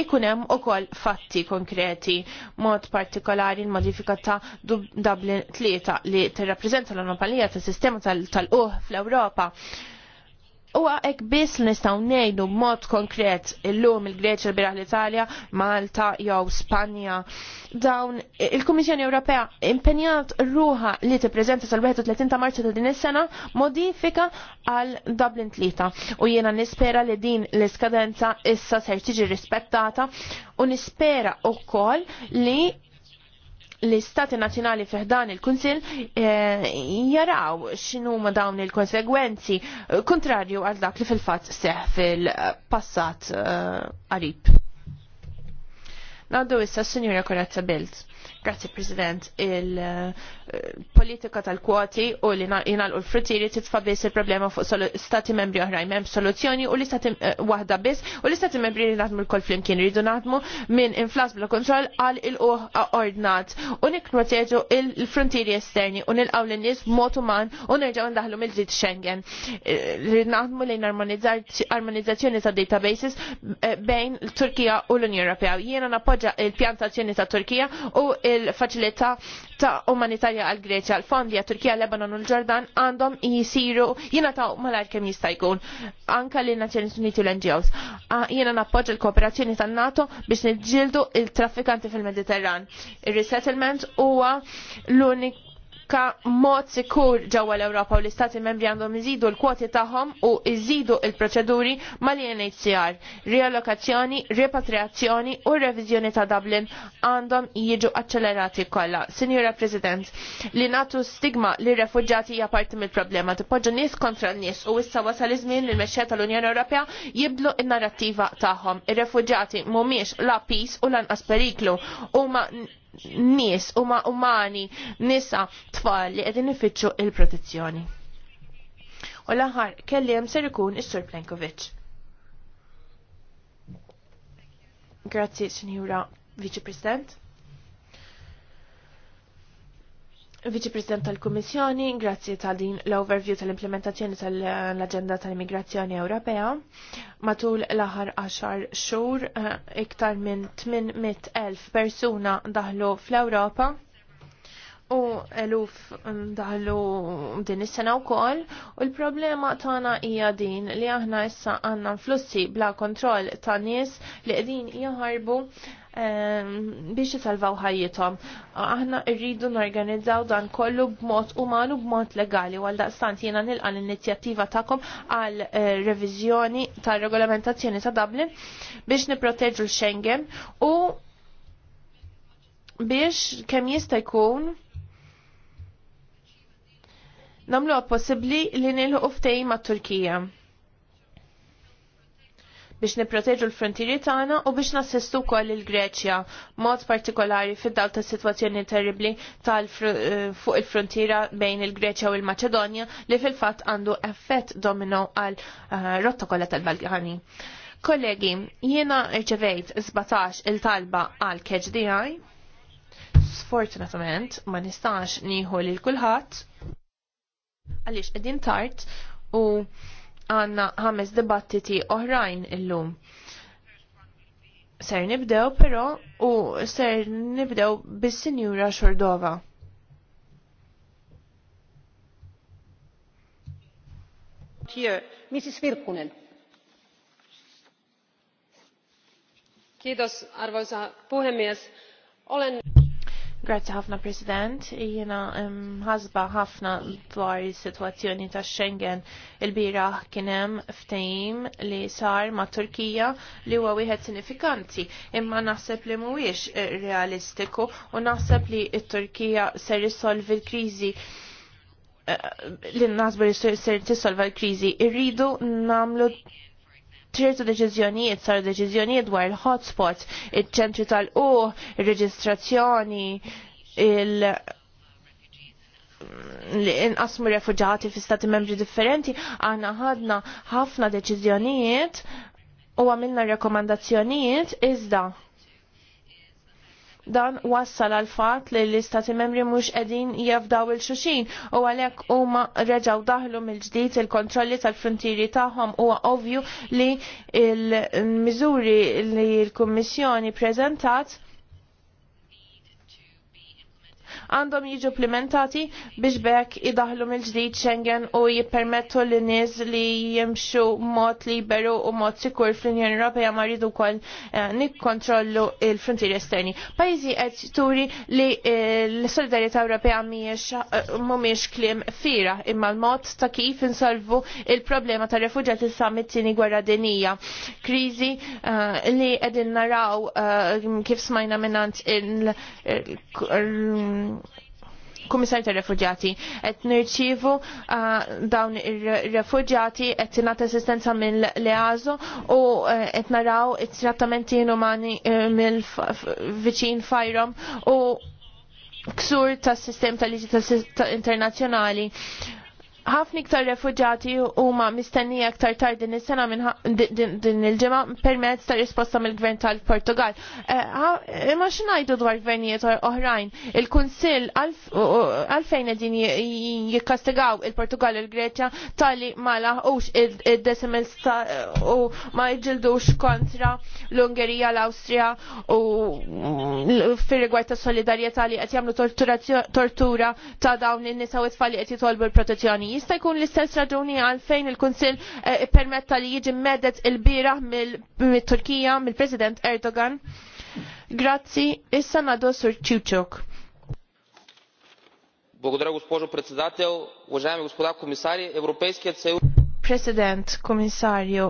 ikun hemm ukoll fatti konkreti mod partikolari l-modifika ta' Dublin 3 li tirrappreżenta l-anomalija tas sistema tal-uħ fl-Ewropa. U għek bis nistaw nejdu mod konkret il-lum il-Greċa, il-Biraħ l-Italja, Malta, jew Spanja. Dawn il-Komissjoni Ewropea impenjat ruħa li t-prezenta sal-31 ta' marzu ta' din is-sena modifika għal Dublin 3. U jiena nispera li din l-iskadenza issa ser tiġi rispettata u nispera koll li l-istati nazjonali fiħdan il-Kunsil eh, jaraw xinu ma dawn il-konsegwenzi eh, kontrarju għal dak li fil-fat seħ fil-passat qarib. Eh, Naddu issa s-Sinjura Korazza Bilt. Grazzi President, il-politika eh, tal-kwoti u li jinal u l-frittiri titfa biss il-problema fuq stati membri oħrajn mem soluzzjoni u l-istati eh, wahda biss u l-istati membri li natmu l-kol flimkien rridu natmu minn inflas bla kontrol għal il-uħ ordnat u nikproteġu il-frontieri esterni u nil-għaw l-nis b'mod uman u nerġaw ndaħlu mill ġit Schengen. Eh, naħdmu lejn armonizzazzjoni ta' databases bejn l Turkija u l-Unjoni Ewropea. Jiena napoġa il-pjantazzjoni ta' Turkija u il-faċilità ta' umanitarja għal Greċja, l fondi għal Turkija, Lebanon u l-Ġordan għandhom jisiru jina ta' malar kem jista' jkun anka li Nazzjoni Uniti u l-NGOs. Jina nappoġġa l-kooperazzjoni tan NATO biex nidġildu il-traffikanti fil-Mediterran. Il-resettlement huwa l-unik riċerka mod sikur ġewwa l-Ewropa u l-Istati membri għandhom iżidu l-kwoti tagħhom u iżidu l proċeduri mal-INHCR. Riallokazzjoni, repatriazzjoni u reviżjoni ta' Dublin għandhom jiġu accelerati kollha. Sinjura President, li natu stigma li refuġġati hija parti mill-problema tipoġġu nies kontra n-nies u issa wasal iż-żmien li l-mexxej tal-Unjoni Ewropea jiblu n-narrattiva tagħhom. Ir-refuġġati mhumiex la peace u lanqas periklu huma nies huma umani, nisa, tfal li qegħdin ifittxu il-protezzjoni. U l-aħħar kelli jem ser ikun is-Sur Plenkovic. Grazzi, Sinjura vice President. Viċi President tal-Kummissjoni, grazzi ta' din l-overview tal-implementazzjoni tal-Aġenda tal-Immigrazzjoni Ewropea. Matul l-aħħar 10 xhur eh, iktar minn 800,000 persuna daħlu fl-Ewropa u eluf mm, daħlu din is-sena wkoll u l-problema tagħna hija din li aħna issa għandna flussi bla kontroll ta' nies li qegħdin jaħarbu Ehm, biex jisalvaw ħajjithom. Aħna rridu norganizzaw dan kollu b'mod umanu b'mod legali għal daqstant jiena nilqa l-inizjattiva tagħkom għal eh, reviżjoni tar-regolamentazzjoni ta' Dublin biex nipproteġu l-Schengen u biex kemm jista' jkun namlu possibbli li nilħu uftej mat-Turkija biex nipproteġu l-frontieri tagħna u biex nassistu wkoll il-Greċja mod partikolari fid-dal ta' sitwazzjoni terribli tal eh, fuq il-frontiera bejn il-Greċja u l-Maċedonja li fil-fatt għandu effett domino għal eh, rotta kollha tal-Balkani. Kollegi, jiena rċevejt 17 il-talba għal KHDI. Sfortunatament, ma nistax nieħu lil kulħadd għaliex qegħdin tard u għanna ħames dibattiti oħrajn illum. Ser nibdew però u ser nibdew bis-Sinjura Xordova. Here, Mrs. Virkunen. Kiitos, arvoisa puhemies. Olen Grazzi ħafna President, jiena ħasba ħafna dwar is-sitwazzjoni ta' Schengen il-bira kienem ftehim li sar ma' Turkija li huwa wieħed sinifikanti, imma naħseb li mhuwiex eh, realistiku u naħseb li t-Turkija ser issolvi l-kriżi eh, li nasbu li ser solva l-kriżi. Irridu namlu ċertu deċiżjonijiet sar deċiżjonijiet dwar il-hotspots, il-ċentri tal-u, il-reġistrazzjoni, il-, li inqasmu refuġati fi stati membri differenti, għana ħadna ħafna deċiżjonijiet u għamilna rekomandazzjonijiet iżda Dan wassal għal fat li l-istati membri mhux qegħdin jafdaw il-xuxin u għalhekk huma reġgħu daħlu mill-ġdid il-kontrolli tal-frontieri tagħhom huwa ovju li l-miżuri li l-Kummissjoni prezentat għandhom jiġu implementati biex bekk idaħlu mill-ġdid Schengen u jippermettu li nies li jimxu mod liberu u mod sikur fl-Unjoni Ewropea ma rridu wkoll eh, nikkontrollu il-frontieri esterni. Pajjiżi qed turi li eh, l solidarieta Ewropea eh, mhumiex kliem fira imma l-mod ta' kif insolvu il-problema ta' refuġjati sa' mit-tieni gwerra dinija. Kriżi li qegħdin naraw kif smajna minnant il Um, Kummissar ta' Refugjati, et nirċivu uh, dawn ir-refugjati et nat assistenza mill leazo u uh, et naraw it-trattamenti inumani uh, mill-viċin fajrom u ksur tas sistem tal-liġi internazzjonali. internazjonali ħafna iktar refuġati huma mistennija iktar tard din is-sena minn din il-ġimgħa permezz ta' risposta mill-Gvern tal-Portugal. Eh, imma x'ngħidu dwar gvernijiet oħrajn? Il-Kunsill għalfejn qegħdin jikkastigaw il-Portugal u l-Greċja tali ma laħqux id-decimals u ma jġildux kontra l-Ungerija, l-Awstrija u fir-rigward ta' solidarjetà li qed jagħmlu tortura ta' dawn in-nisa u tfal li qed jitolbu l-protezzjoni Jista' jkun l-istess raġuni għalfejn il-Kunsill eh, permetta li jiġi medet il-bira mill-Turkija, mill-President Erdogan. Grazzi, issa nadu sur Ċiwċuk. Благодаря, госпожо председател. Уважаеми господа комисари, Европейският съюз... President, Komissarju,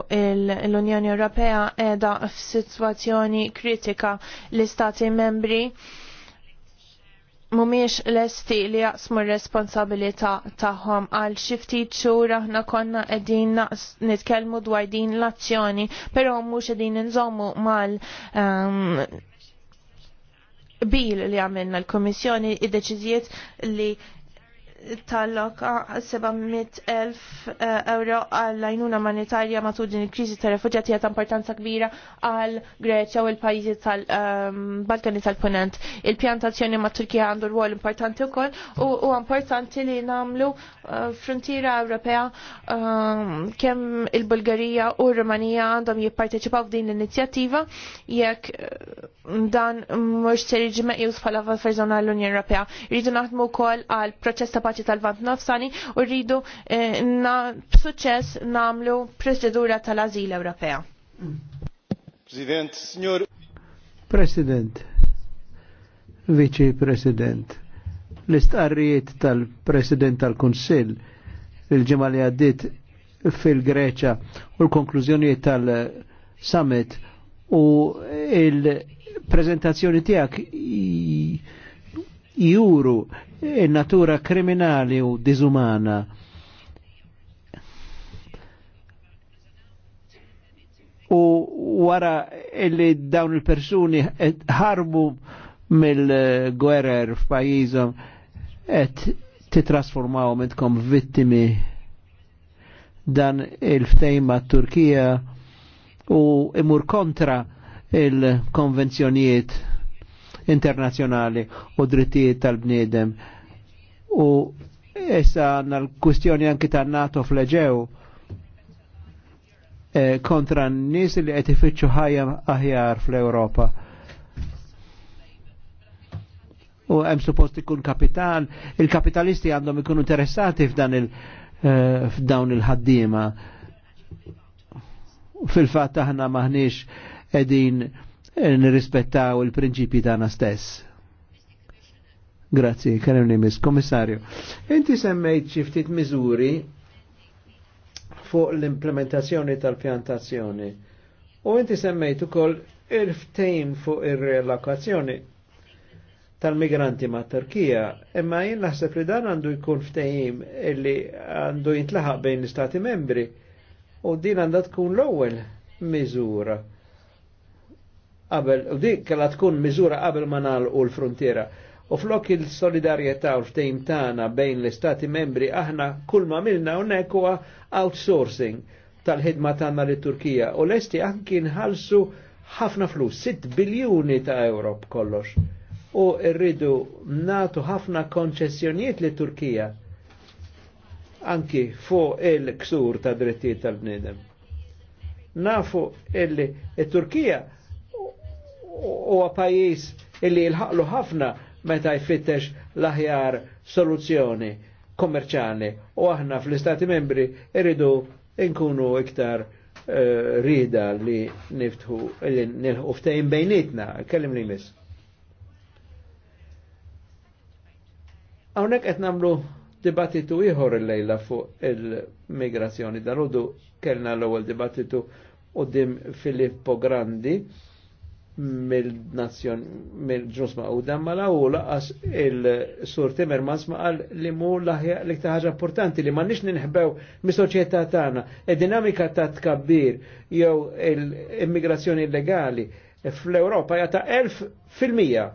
l-Unjoni Ewropea edha f'sitwazzjoni kritika l-Istati membri mumiex lesti li jaqsmu responsabilità tagħhom għal xi ftit xhur aħna konna qegħdin nitkellmu dwar din l-azzjoni, però mhux qegħdin inżommu mal um, bil li għamilna l-Komissjoni id-deċiżijiet li tal-loka tal-lok 700.000 eh, euro għall-għajnuna monetarja matul din il-kriżi ta' refuġjati ta' importanza kbira għal Greċja u l-pajjiżi tal-Balkani ehm, tal-Punent. Il-pjantazzjoni ma' Turkija għandu l-wol importanti wkoll u importanti li nagħmlu eh, frontiera Ewropea ehm, kemm il-Bulgarija u r-Rumanija għandhom jipparteċipaw f'din l-inizjattiva jekk eh, dan mhux se meqjus bħala f'żona l-Unjoni Ewropea. Jridu naħdmu wkoll għal proċesta kapaċi tal-vant nofsani u rridu eh, na, b'suċċess namlu proċedura tal-azil Ewropea. President, signor. President, Viċi President, l-istqarrijiet tal-President tal konsil il ġemal li għaddiet fil-Greċa u l-konklużjonijiet tal-summit u il-prezentazzjoni tiegħek juru natura kriminali u dizumana. U wara illi dawn il-persuni ħarbu mill-gwerer f'pajizom qed titrasformaw mitkom vittimi dan il-ftejma Turkija u imur kontra il-konvenzjonijiet internazjonali u drittijiet tal-bniedem. U issa għanna l-kustjoni anki ta' NATO fl-Eġew eh, kontra n-nis li qed ifittxu ħajja aħjar fl-Ewropa. U hemm suppost ikun kapital, il-kapitalisti għandhom ikunu interessati f'dan il- eh, f'dawn il-ħaddima. Fil-fatt aħna maħniex edin Eh, nirrispettaw il-prinċipji tagħna stess. Grazzi, kellem nimis. Komissarju, inti semmejt xi ftit miżuri fuq l-implementazzjoni tal-pjantazzjoni. U inti semmejt ukoll il il-ftejn fuq ir-relokazzjoni tal-migranti ma' Turkija, imma jien naħseb li dan għandu jkun ftehim illi għandu jintlaħaq bejn l-Stati membri u din għandha tkun l-ewwel miżura qabel, u dik kalla tkun miżura qabel ma nagħlqu l-frontiera. U flok il-solidarieta u ftejm tagħna bejn l-istati membri aħna kull ma milna hawnhekk huwa outsourcing tal-ħidma tagħna lit turkija u lesti anki nħallsu ħafna flus, 6 biljuni ta' euro kollox. U rridu natu ħafna konċessjonijiet li Turkija anki fuq il-ksur ta' drittijiet tal-bnidem. Nafu illi il-Turkija il huwa pajjiż illi jilħaqlu ħafna meta jfittex l-aħjar soluzzjoni kommerċjali u aħna fl-Istati membri irridu nkunu iktar uh, rida li niftħu li nilħu ftejn bejnietna, kellim li mis. Hawnhekk qed nagħmlu dibattitu ieħor illejla fuq il-migrazzjoni. Dan kellna l-ewwel dibattitu qudiem Filippo Grandi mill-nazzjon mill u damma la' u laqas il-sur Timmermans ma qal li mu laħja li ħaġa importanti li ma nix ninħbew mis-soċjetà tagħna id-dinamika ta' tkabbir jew l-immigrazzjoni illegali fl-Ewropa jata' 1000 elf fil-mija.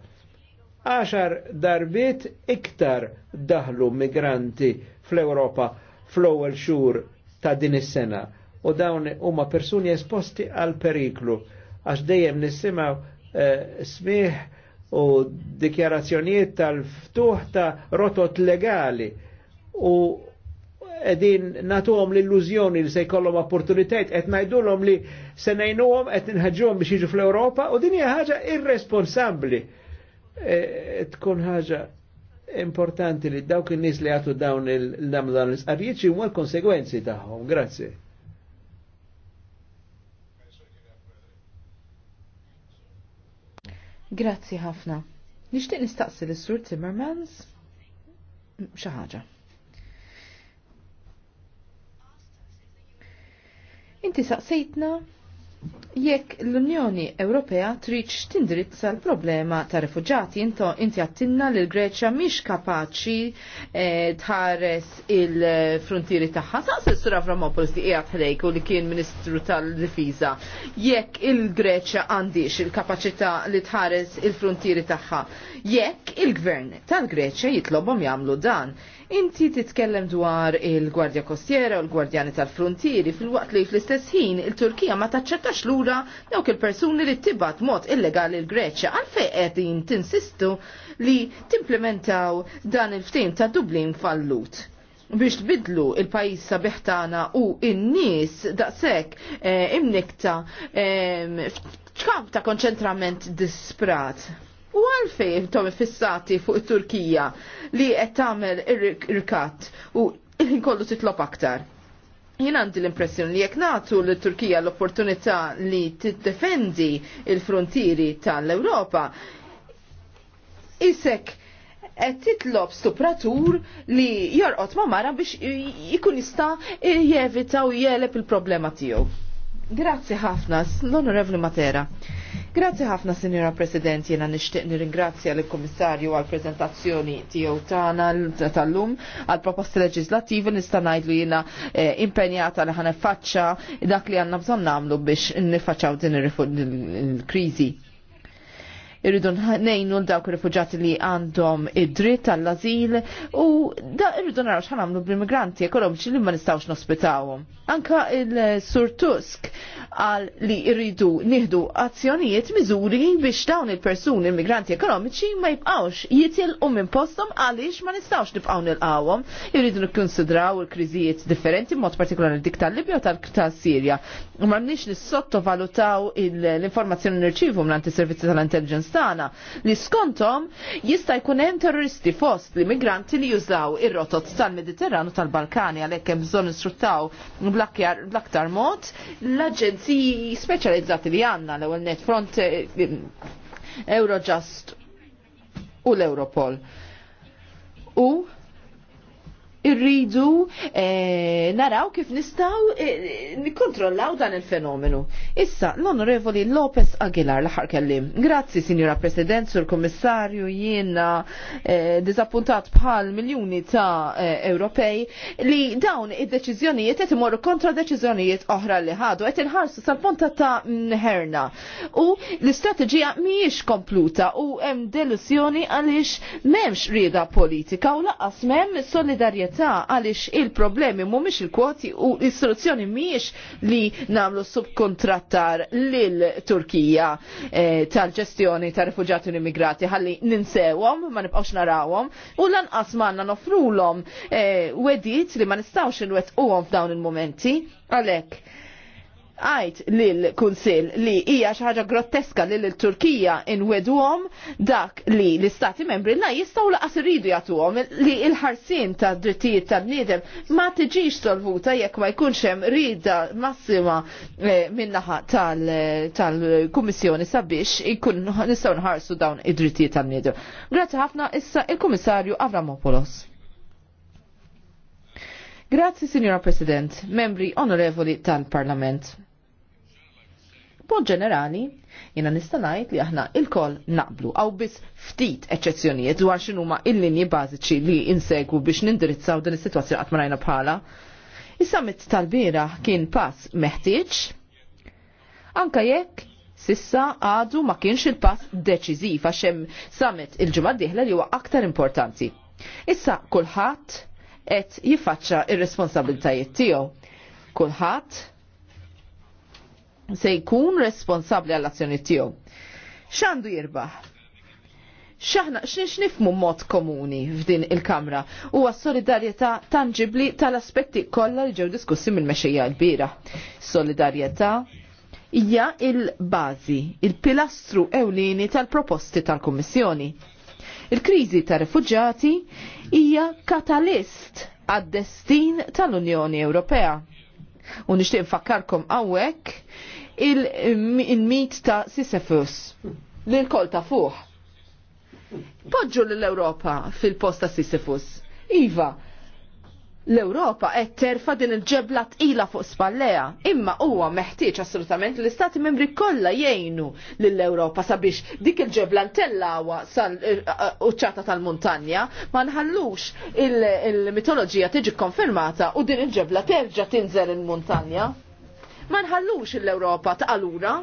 Għaxar darbiet iktar daħlu migranti fl-Ewropa fl-ewwel xhur ta' din is-sena u dawn huma persuni esposti għal periklu għax dejjem nisimaw eh, smih u dikjarazzjonijiet tal-ftuħ ta' rotot legali u edin natuhom l-illużjoni li se jkollhom opportunitajt qed ngħidulhom li se ngħinuhom qed inħaġġuhom biex jiġu fl-Ewropa u din hija ħaġa irresponsabbli. Eh, tkun ħaġa importanti li dawk in-nies li għatu dawn il-dam dan l isqarijiet xi konsegwenzi tagħhom. Grazzi. Grazzi ħafna. Nixtieq nistaqsi l-Sur Timmermans xi ħaġa. Inti saqsejtna jekk l-Unjoni Ewropea trid tindrizza l-problema ta' rifuġati into inti għattinna li l-Greċja mhix kapaċi eh, tħares il-frontieri tagħha. Saqs is-Sura Avramopoulos li qiegħed ħlejk u li kien Ministru tal-Difiża. Jekk il-Greċja għandix il-kapaċità li tħares il-frontieri tagħha, jekk il-Gvern tal-Greċja jitlobhom jagħmlu dan Inti titkellem dwar il-Gwardja Kostiera u l-Gwardjani tal-Frontieri fil-waqt li fl-istess ħin il-Turkija ma taċċettax lura dawk il-persuni li tibat mod illegali l-Greċja għalfej qegħdin tinsistu li timplementaw dan il-ftim ta' Dublin fallut biex tbidlu il-pajis sabiħtana u in-nies daqshekk eh, imnikta eh, f'kamp ta' konċentrament disprat. U għalfej tom fissati fuq it-Turkija li qed tagħmel ir-rikat u kollu titlob aktar. Jien għandi l-impressjoni li jekk nagħtu l turkija l-opportunità li tiddefendi il-frontieri tal-Ewropa, isek qed titlob stupratur li jorqot ma' mara biex jkun jista' jevita u jeleb il-problema tiegħu. Grazzi ħafna, l-Onorevli Matera. Grazzi ħafna, Sinjora President, jena nishtiq nirringrazzja l komissarju għal prezentazzjoni tiegħu tagħna tal-lum għal proposti leġislativi nista' ngħid li jiena eh, impenjata li ħana dak li għandna bżonn nagħmlu biex nifaċċaw din il-kriżi irridu nejnu l-dawk rifugġati li għandhom id-dritt għall-azil u da irridu naraw xħanamlu bl-immigranti ekonomiċi li ma nistawx nospitawhom. Anka il-Sur Tusk għal li irridu nieħdu azzjonijiet miżuri biex dawn il-persuni immigranti ekonomiċi ma jibqawx jitilqu minn postom għaliex ma nistawx nibqaw nilqawhom. Irridu nikkonsidraw il-kriżijiet differenti mod partikolari dik tal-Libja u tal-Sirja. Ma nix nissottovalutaw l-informazzjoni nirċivu mlant is-servizzi tal-intelligence tagħna li skontom jista' jkun hemm terroristi fost l-immigranti li jużaw ir-rotot tal-Mediterranu tal-Balkani għalhekk hemm bżonn isfruttaw bl-aktar mod l-aġenziji speċjalizzati li għandna l-ewwel net front eh, Eurojust u l-Europol. U irridu eh, naraw kif nistaw eh, nikontrollaw dan il-fenomenu. Issa, l-Onorevoli Lopez Aguilar l kelli. Grazzi, Signora President, Sur Kommissarju, jiena eh, dizappuntat bħal miljoni ta' Ewropej li dawn id-deċizjonijiet qed imorru kontra deċizjonijiet oħra li ħadu qed inħarsu sal-ponta ta' herna. U l-istrateġija mhijiex kompluta u hemm delusjoni għaliex m'hemmx rieda politika u laqas m'hemm solidarjetà solidarjetà għaliex il-problemi mhumiex il-kwoti u l-istruzzjoni mhijiex li nagħmlu subkontrattar lil Turkija eh, tal-ġestjoni tar rifuġati u immigrati ħalli ninsewhom ma nibqgħux narawhom u lanqas manna nofrulhom eh, wedit li ma nistgħux inwettquhom f'dawn il-momenti għalhekk għajt l-Kunsil li hija xi ħaġa grotteska li l-Turkija inwedwhom dak li l-Istati membri la jistgħu laqas iridu jagħtuhom li l-ħarsien ta' drittijiet tan-niedem ma tiġix solvuta jekk ma jkunx hemm rida massima eh, minnaħa tal-Kummissjoni sabiex ikun nistgħu nħarsu dawn id-drittijiet tal niedem Grazzi ħafna issa il-Kummissarju Avramopoulos. Grazzi, Signora President, membri onorevoli tal-Parlament. Bont ġenerali, jena nistanajt li aħna il koll naqblu, għaw bis ftit eccezzjonijiet dwar ma il-linji bażiċi li insegwu biex nindirizzaw din is-sitwazzjoni qatt marajna bħala. Is-summit tal-bira kien pass meħtieġ, anka jekk sissa għadu ma kienx il-pass deċiżiv għax hemm summit il-ġimgħa diħla li huwa aktar importanti. Issa kulħadd qed jiffaċċa ir responsabiltajiet tiegħu. Kulħadd se jkun responsabli għall-azzjoni tiegħu. X'għandu jirbaħ? X'aħna x'nix nifmu mod komuni f'din il-Kamra huwa solidarjetà tangibli tal-aspetti kollha li ġew diskussi mill-mexejja l-bira. Solidarjetà hija il-bażi, il-pilastru ewlieni tal-proposti tal-Kummissjoni. Il-kriżi ta' refuġjati hija katalist għad-destin tal-Unjoni Ewropea u nixtieq nfakkarkom hawnhekk il-mit ta' Sisyphus li l-kol ta' fuħ. Poġġu l-Ewropa fil posta Sisyphus. Iva, l-Europa qed terfa din il-ġebla tqila fuq spalleja, imma huwa meħtieġ assolutament li l-Istati membri kollha jgħinu lill-Ewropa sabiex dik il-ġebla ntellawa sal-uċċata eh, eh, tal-muntanja, ma nħallux il-mitoloġija tiġi konfermata u din il-ġebla terġa' tinżel il-muntanja. Ma nħallux l-Ewropa taqalura,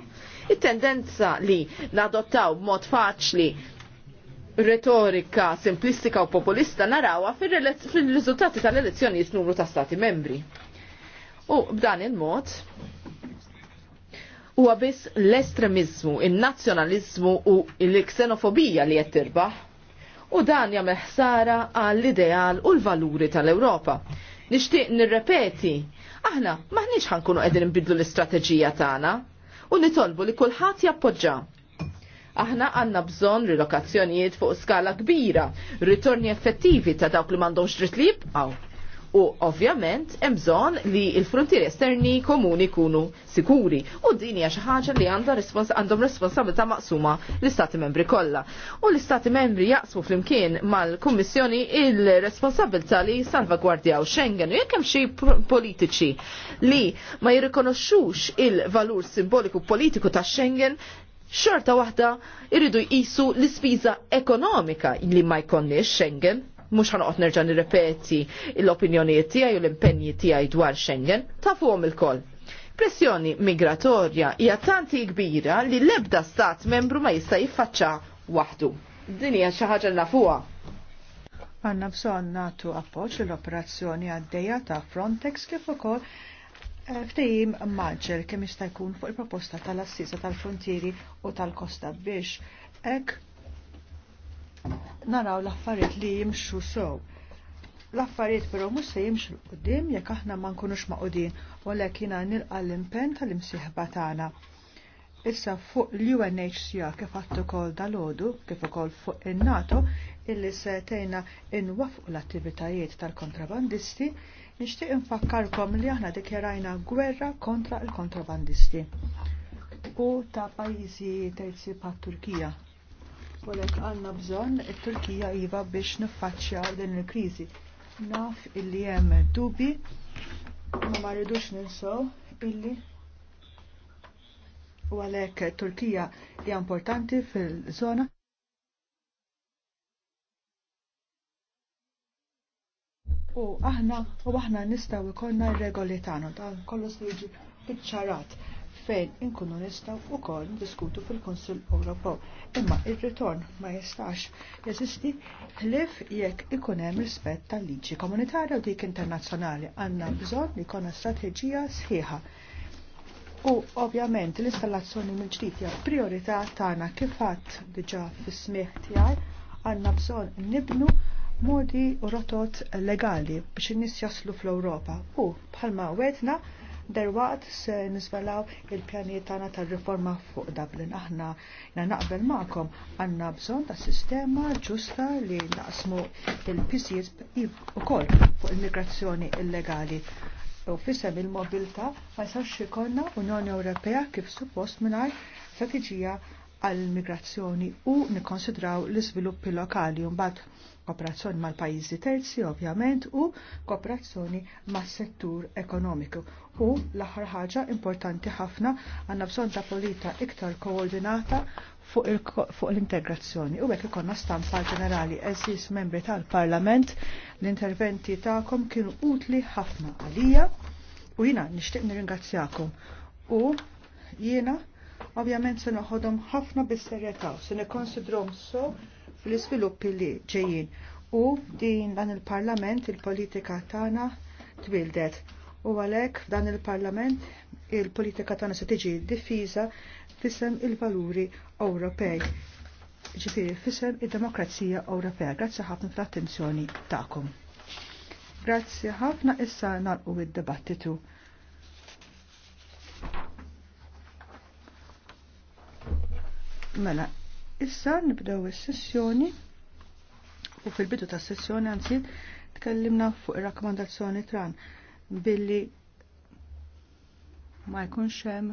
it-tendenza li nadottaw b'mod faċli retorika simplistika u populista narawa fil-riżultati fil tal-elezzjonijiet numru ta' stati membri. U b'dan il-mod huwa biss l-estremizmu, il nazjonalizmu u l xenofobija li qed tirbaħ. U dan jagħmel ħsara għall-ideal u l-valuri tal-Ewropa. Nixtieq nirrepeti, aħna maħniex ħankunu qegħdin nbidlu l-istrateġija tagħna u nitolbu li kulħadd jappoġġa aħna għanna bżon rilokazzjonijiet fuq skala kbira, ritorni effettivi ta' dawk li mandomx dritt li jibqaw. U ovvjament hemm bżonn li l-frontieri esterni komuni kunu sikuri u din hija xi ħaġa li għandha respons għandhom responsabilità maqsuma l-Istati Membri kollha. U l-Istati Membri jaqsmu flimkien mal-Kummissjoni il-responsabilità li salvagwardjaw Schengen u jekk hemm xi politiċi li ma jirrikonoxxux il-valur simboliku politiku ta' Schengen xorta waħda irridu jqisu l-ispiża ekonomika li ma jkollniex Schengen, mux ħanqot nerġa' nirrepeti l-opinjonijiet tiegħi u l-impenji tiegħi dwar Schengen, tafuhom il-koll pressjoni migratorja hija tanti kbira li l-ebda stat membru ma jista' jiffaċċa waħdu. Din hija xi ħaġa nafuha. Għanna bżonn nagħtu appoġġ l-operazzjoni għaddejja ta' Frontex kif ukoll ftehim maġġel kemm jista' jkun fuq il-proposta tal-assisa tal-frontieri u tal-kosta biex hekk naraw l-affarijiet li jimxu sew. L-affarijiet però mhux se jimxu l-qudiem jekk aħna ma nkunux maqudin u għalhekk jiena nilqa l-impenn tal-imsieħba tagħna. Issa fuq l-UNHCR kif għattu kol dal-ħodu, kif ukoll fuq il-NATO, illi setejna inwafqu l-attivitajiet tal-kontrabandisti, Nixtieq infakkarkom li aħna dikjarajna gwerra kontra l-kontrabandisti u ta' pajjiżi terzi pa' Turkija. U lek għandna bżonn it-Turkija iva biex niffaċċja din il-kriżi. Naf illi hemm dubi ma ma rridux ninsow illi u għalhekk Turkija hija importanti fil-żona. U aħna u aħna nistgħu jkollna r-regoli tagħna dan kollox jiġi fiċċarat fejn inkunu nistaw ukoll diskutu fil-Konsul Ewropew. Imma ir ritorn ma jistax jeżisti ħlif jekk ikun hemm rispett tal-liġi komunitarja u dik internazzjonali għandna bżonn li jkollna strateġija sħiħa. U ovvjament l-installazzjoni mill ġdid hija priorità tagħna kif għadd diġà fis-smieħ tiegħi għandna bżonn nibnu modi u rotot legali biex nis jaslu fl-Ewropa u bħalma wedna derwaqt se nisvelaw il-pjaniet tagħna tar-riforma fuq Dublin. Aħna jna naqbel maqom għandna bżonn ta' sistema ġusta li naqsmu il-pisijiet ukoll fuq il-migrazzjoni illegali. U fissem il-mobilta ma jsarx ikollna Unjoni Ewropea kif suppost mingħajr strategija għall-migrazzjoni u nikkonsidraw l-iżviluppi lokali mbagħad kooperazzjoni mal-pajjiżi terzi ovvjament u kooperazzjoni mas-settur ekonomiku. U l-aħħar ħaġa importanti ħafna għandna bżonn ta' polita iktar koordinata fuq l-integrazzjoni. U hekk ikonna stampa ġenerali eżis membri tal-Parlament l-interventi tagħkom kienu utli ħafna għalija u jiena nixtieq nirringrazzjakom. U jiena ovvjament se noħodhom ħafna bis-serjetà, se nikkonsidrom so l iżviluppi li ġejjin. U din dan il-Parlament il-politika tagħna tbildet. U għalhekk f'dan il-Parlament il-politika tagħna se tiġi diffiża fisem il-valuri Ewropej. Ġifiri fisem id-demokrazija Ewropea. Grazzi ħafna fl-attenzjoni tagħkom. Grazzi ħafna issa nalqu id-dibattitu. Mela, Issa nibdew is-sessjoni u fil-bidu ta' sessjoni anzi tkellimna fuq ir-rakkomandazzjoni tran billi ma jkunx hemm